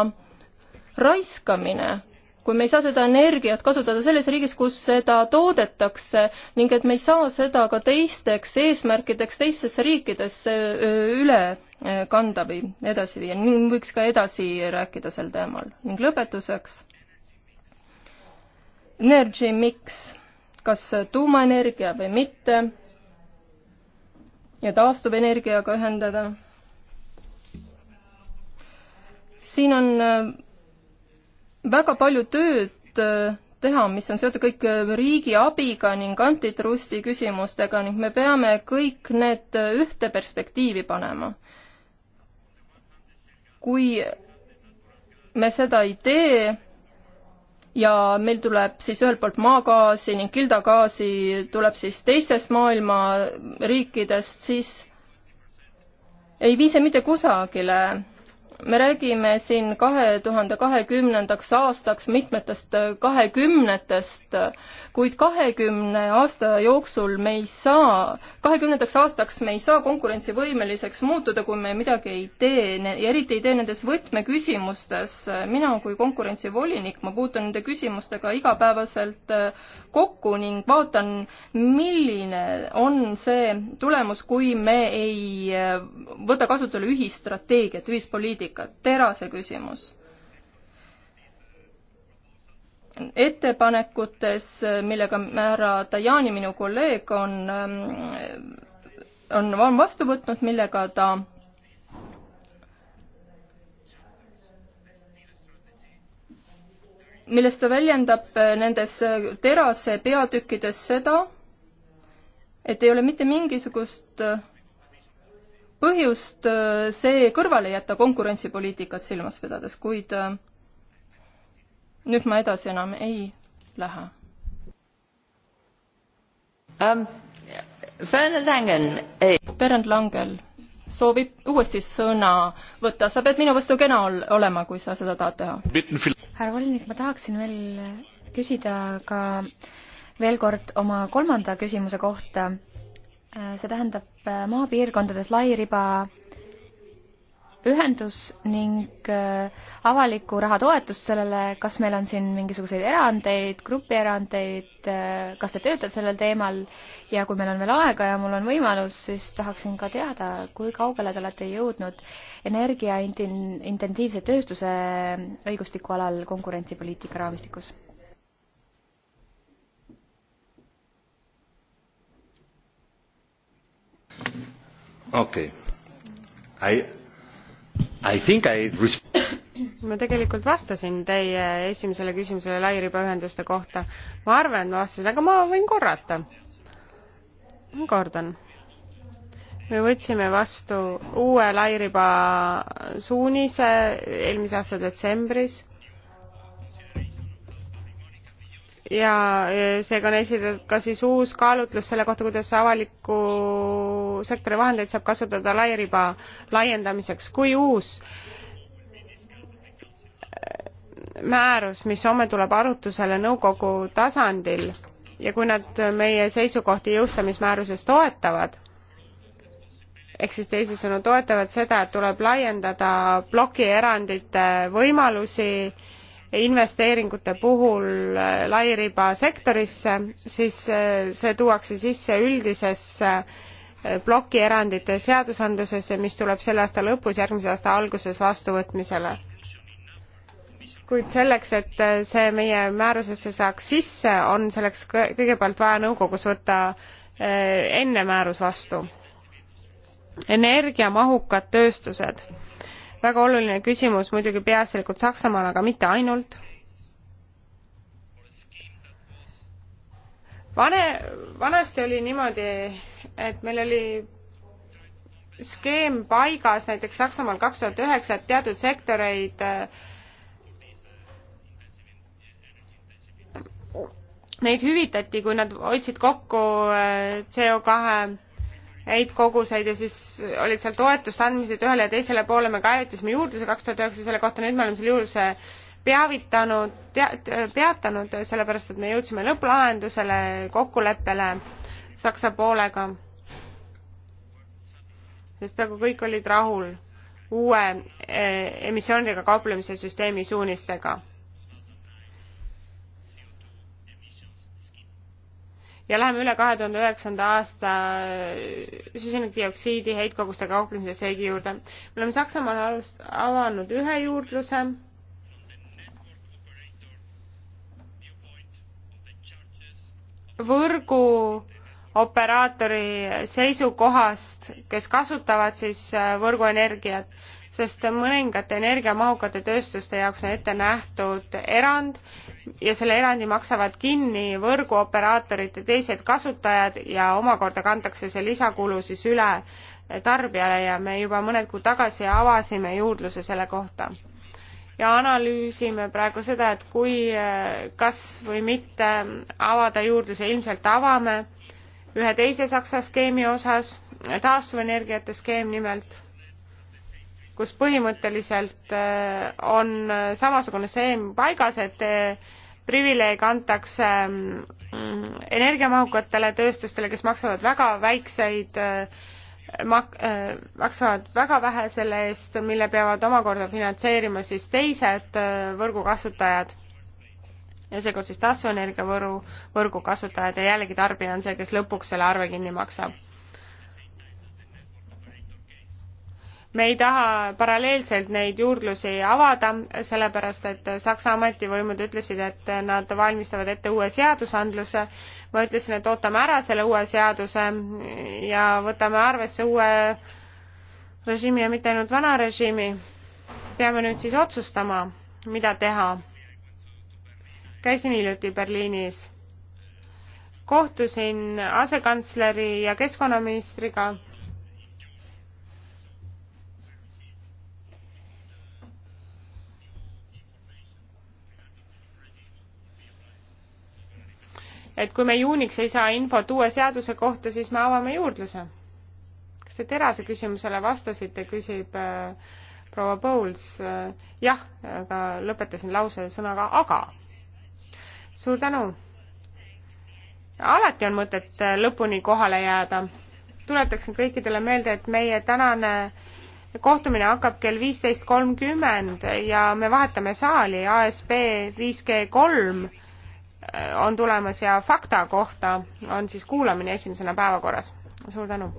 raiskamine, kui me ei saa seda energiat kasutada selles riigis, kus seda toodetakse ning et me ei saa seda ka teisteks eesmärkideks teistesse riikidesse üle äh, kanda või edasi viia, võiks ka edasi rääkida sel teemal. ning lõpetuseks, energy mix, kas tuumaenergia või mitte ja taastuvenergiaga ühendada siin on äh, väga palju tööd äh, teha, mis on seotud kõik äh, riigi abiga ning antitrusti küsimustega ning me peame kõik need ühte perspektiivi panema. kui me seda ei tee ja meil tuleb siis ühelt poolt maagaasi ning kildagaasi tuleb siis teistest maailma riikidest, siis ei vii see mitte kusagile me räägime siin kahe tuhande kahekümnendaks aastaks mitmetest äh, kahekümnetest, kuid kahekümne aasta jooksul me ei saa, kahekümnendaks aastaks me ei saa konkurentsivõimeliseks muutuda, kui me midagi ei tee ja eriti ei tee nendes võtmeküsimustes. mina kui konkurentsivolinik, ma puutun nende küsimustega igapäevaselt äh, kokku ning vaatan, milline on see tulemus, kui me ei äh, võta kasutusele ühistrateegiat, ühispoliitikat poliitikat. terase küsimus. ettepanekutes, millega härra Tajani, minu kolleeg, on, on, on vastu võtnud, millega ta milles ta väljendab nendes terase peatükkides seda, et ei ole mitte mingisugust põhjust äh, see kõrvale jätta konkurentsipoliitikat silmas pidades, kuid äh, nüüd ma edasi enam ei lähe um,. Bernd Langel soovib uuesti sõna võtta, sa pead minu vastu kena ol-, olema, kui sa seda tahad
teha.
härra volinik, ma tahaksin veel küsida ka veel kord oma kolmanda küsimuse
kohta Äh, see tähendab äh, maapiirkondades lairiba ühendus ning äh, avaliku raha toetust sellele, kas meil on siin mingisuguseid erandeid, grupierandeid, kas te töötate sellel teemal ja kui meil on veel aega ja mul on võimalus, siis tahaksin ka teada, kui kaugele te olete jõudnud energiaintensiivse tööstuse õigustiku alal konkurentsipoliitika raamistikus
okei okay., I, I think I
ma tegelikult vastasin teie esimesele küsimusele lairibaühenduste kohta. ma arvan, ma vastasin, aga ma võin korrata. ma kordan. me võtsime vastu uue lairiba suunise eelmise aasta detsembris ja seega on esitatud ka siis uus kaalutlus selle kohta, kuidas avaliku sektori vahendeid saab kasutada lairiba laiendamiseks. kui uus äh, määrus, mis homme tuleb arutusele nõukogu tasandil ja kui nad meie seisukohti jõustamismääruses toetavad, ehk siis teisisõnu toetavad seda, et tuleb laiendada plokierandite võimalusi investeeringute puhul äh, lairibasektorisse, siis äh, see tuuakse sisse üldisesse äh, plokierandite seadusandlusesse, mis tuleb selle aasta lõpus, järgmise aasta alguses vastuvõtmisele. kuid selleks, et see meie määrusesse saaks sisse, on selleks kõigepealt vaja nõukogus võtta enne määrus vastu. energiamahukad tööstused väga oluline küsimus muidugi peaasjalikult Saksamaal, aga mitte ainult. vane, vanasti oli niimoodi, et meil oli skeem paigas näiteks Saksamaal kaks tuhat üheksa, et teatud sektoreid äh, neid hüvitati, kui nad hoidsid kokku äh, CO kahe heitkoguseid ja siis olid seal toetuste andmised ühele ja teisele poole, me ka ajutasime juurdluse kaks tuhat üheksa selle kohta, nüüd me oleme selle juurdluse peavitanud, peatanud, sellepärast et me jõudsime lõpplahendusele, kokkuleppele Saksa poolega. sest peaaegu kõik olid rahul uue eh, emissioonidega kauplemise süsteemi suunistega ja läheme üle kahe tuhande üheksanda aasta süsinikdioksiidi heitkogustega kauplemise seegi juurde. me oleme Saksamaal alust-, avanud ühe juurdluse võrguoperaatori seisukohast, kes kasutavad siis äh, võrguenergiat sest mõningate energiamahukate tööstuste jaoks on ette nähtud erand ja selle erandi maksavad kinni võrguoperaatorid ja teised kasutajad ja omakorda kantakse see lisakulu siis üle tarbijale ja me juba mõned kuud tagasi avasime juurdluse selle kohta. ja analüüsime praegu seda, et kui, kas või mitte avada juurdluse, ilmselt avame ühe teise Saksa skeemi osas, taastuvenergiate skeem nimelt kus põhimõtteliselt äh, on äh, samasugune seem paigas, et äh, privileeg antakse mm, energiamahukatele tööstustele, kes maksavad väga väikseid mak-, maksavad väga vähe selle eest, mille peavad omakorda finantseerima siis teised võrgukasutajad. ja seekord siis taastuvenergia võru, võrgukasutajad ja jällegi tarbija on see, kes lõpuks selle arve kinni maksab me ei taha paralleelselt neid juurdlusi avada, sellepärast et Saksa ametivõimud ütlesid, et nad valmistavad ette uue seadusandluse. ma ütlesin, et ootame ära selle uue seaduse ja võtame arvesse uue režiimi ja mitte ainult vana režiimi. peame nüüd siis otsustama, mida teha. käisin hiljuti Berliinis, kohtusin asekantsleri ja keskkonnaministriga et kui me juuniks ei saa infot uue seaduse kohta, siis me avame juurdluse. kas te terase küsimusele vastasite, küsib äh, proua Bowles äh,. jah, aga lõpetasin lause sõnaga aga. suur tänu. alati on mõtet äh, lõpuni kohale jääda. tuletaksin kõikidele meelde, et meie tänane kohtumine hakkab kell viisteist kolmkümmend ja me vahetame saali ASB 5G kolm on tulemas ja fakta kohta on siis kuulamine esimesena päevakorras. suur tänu!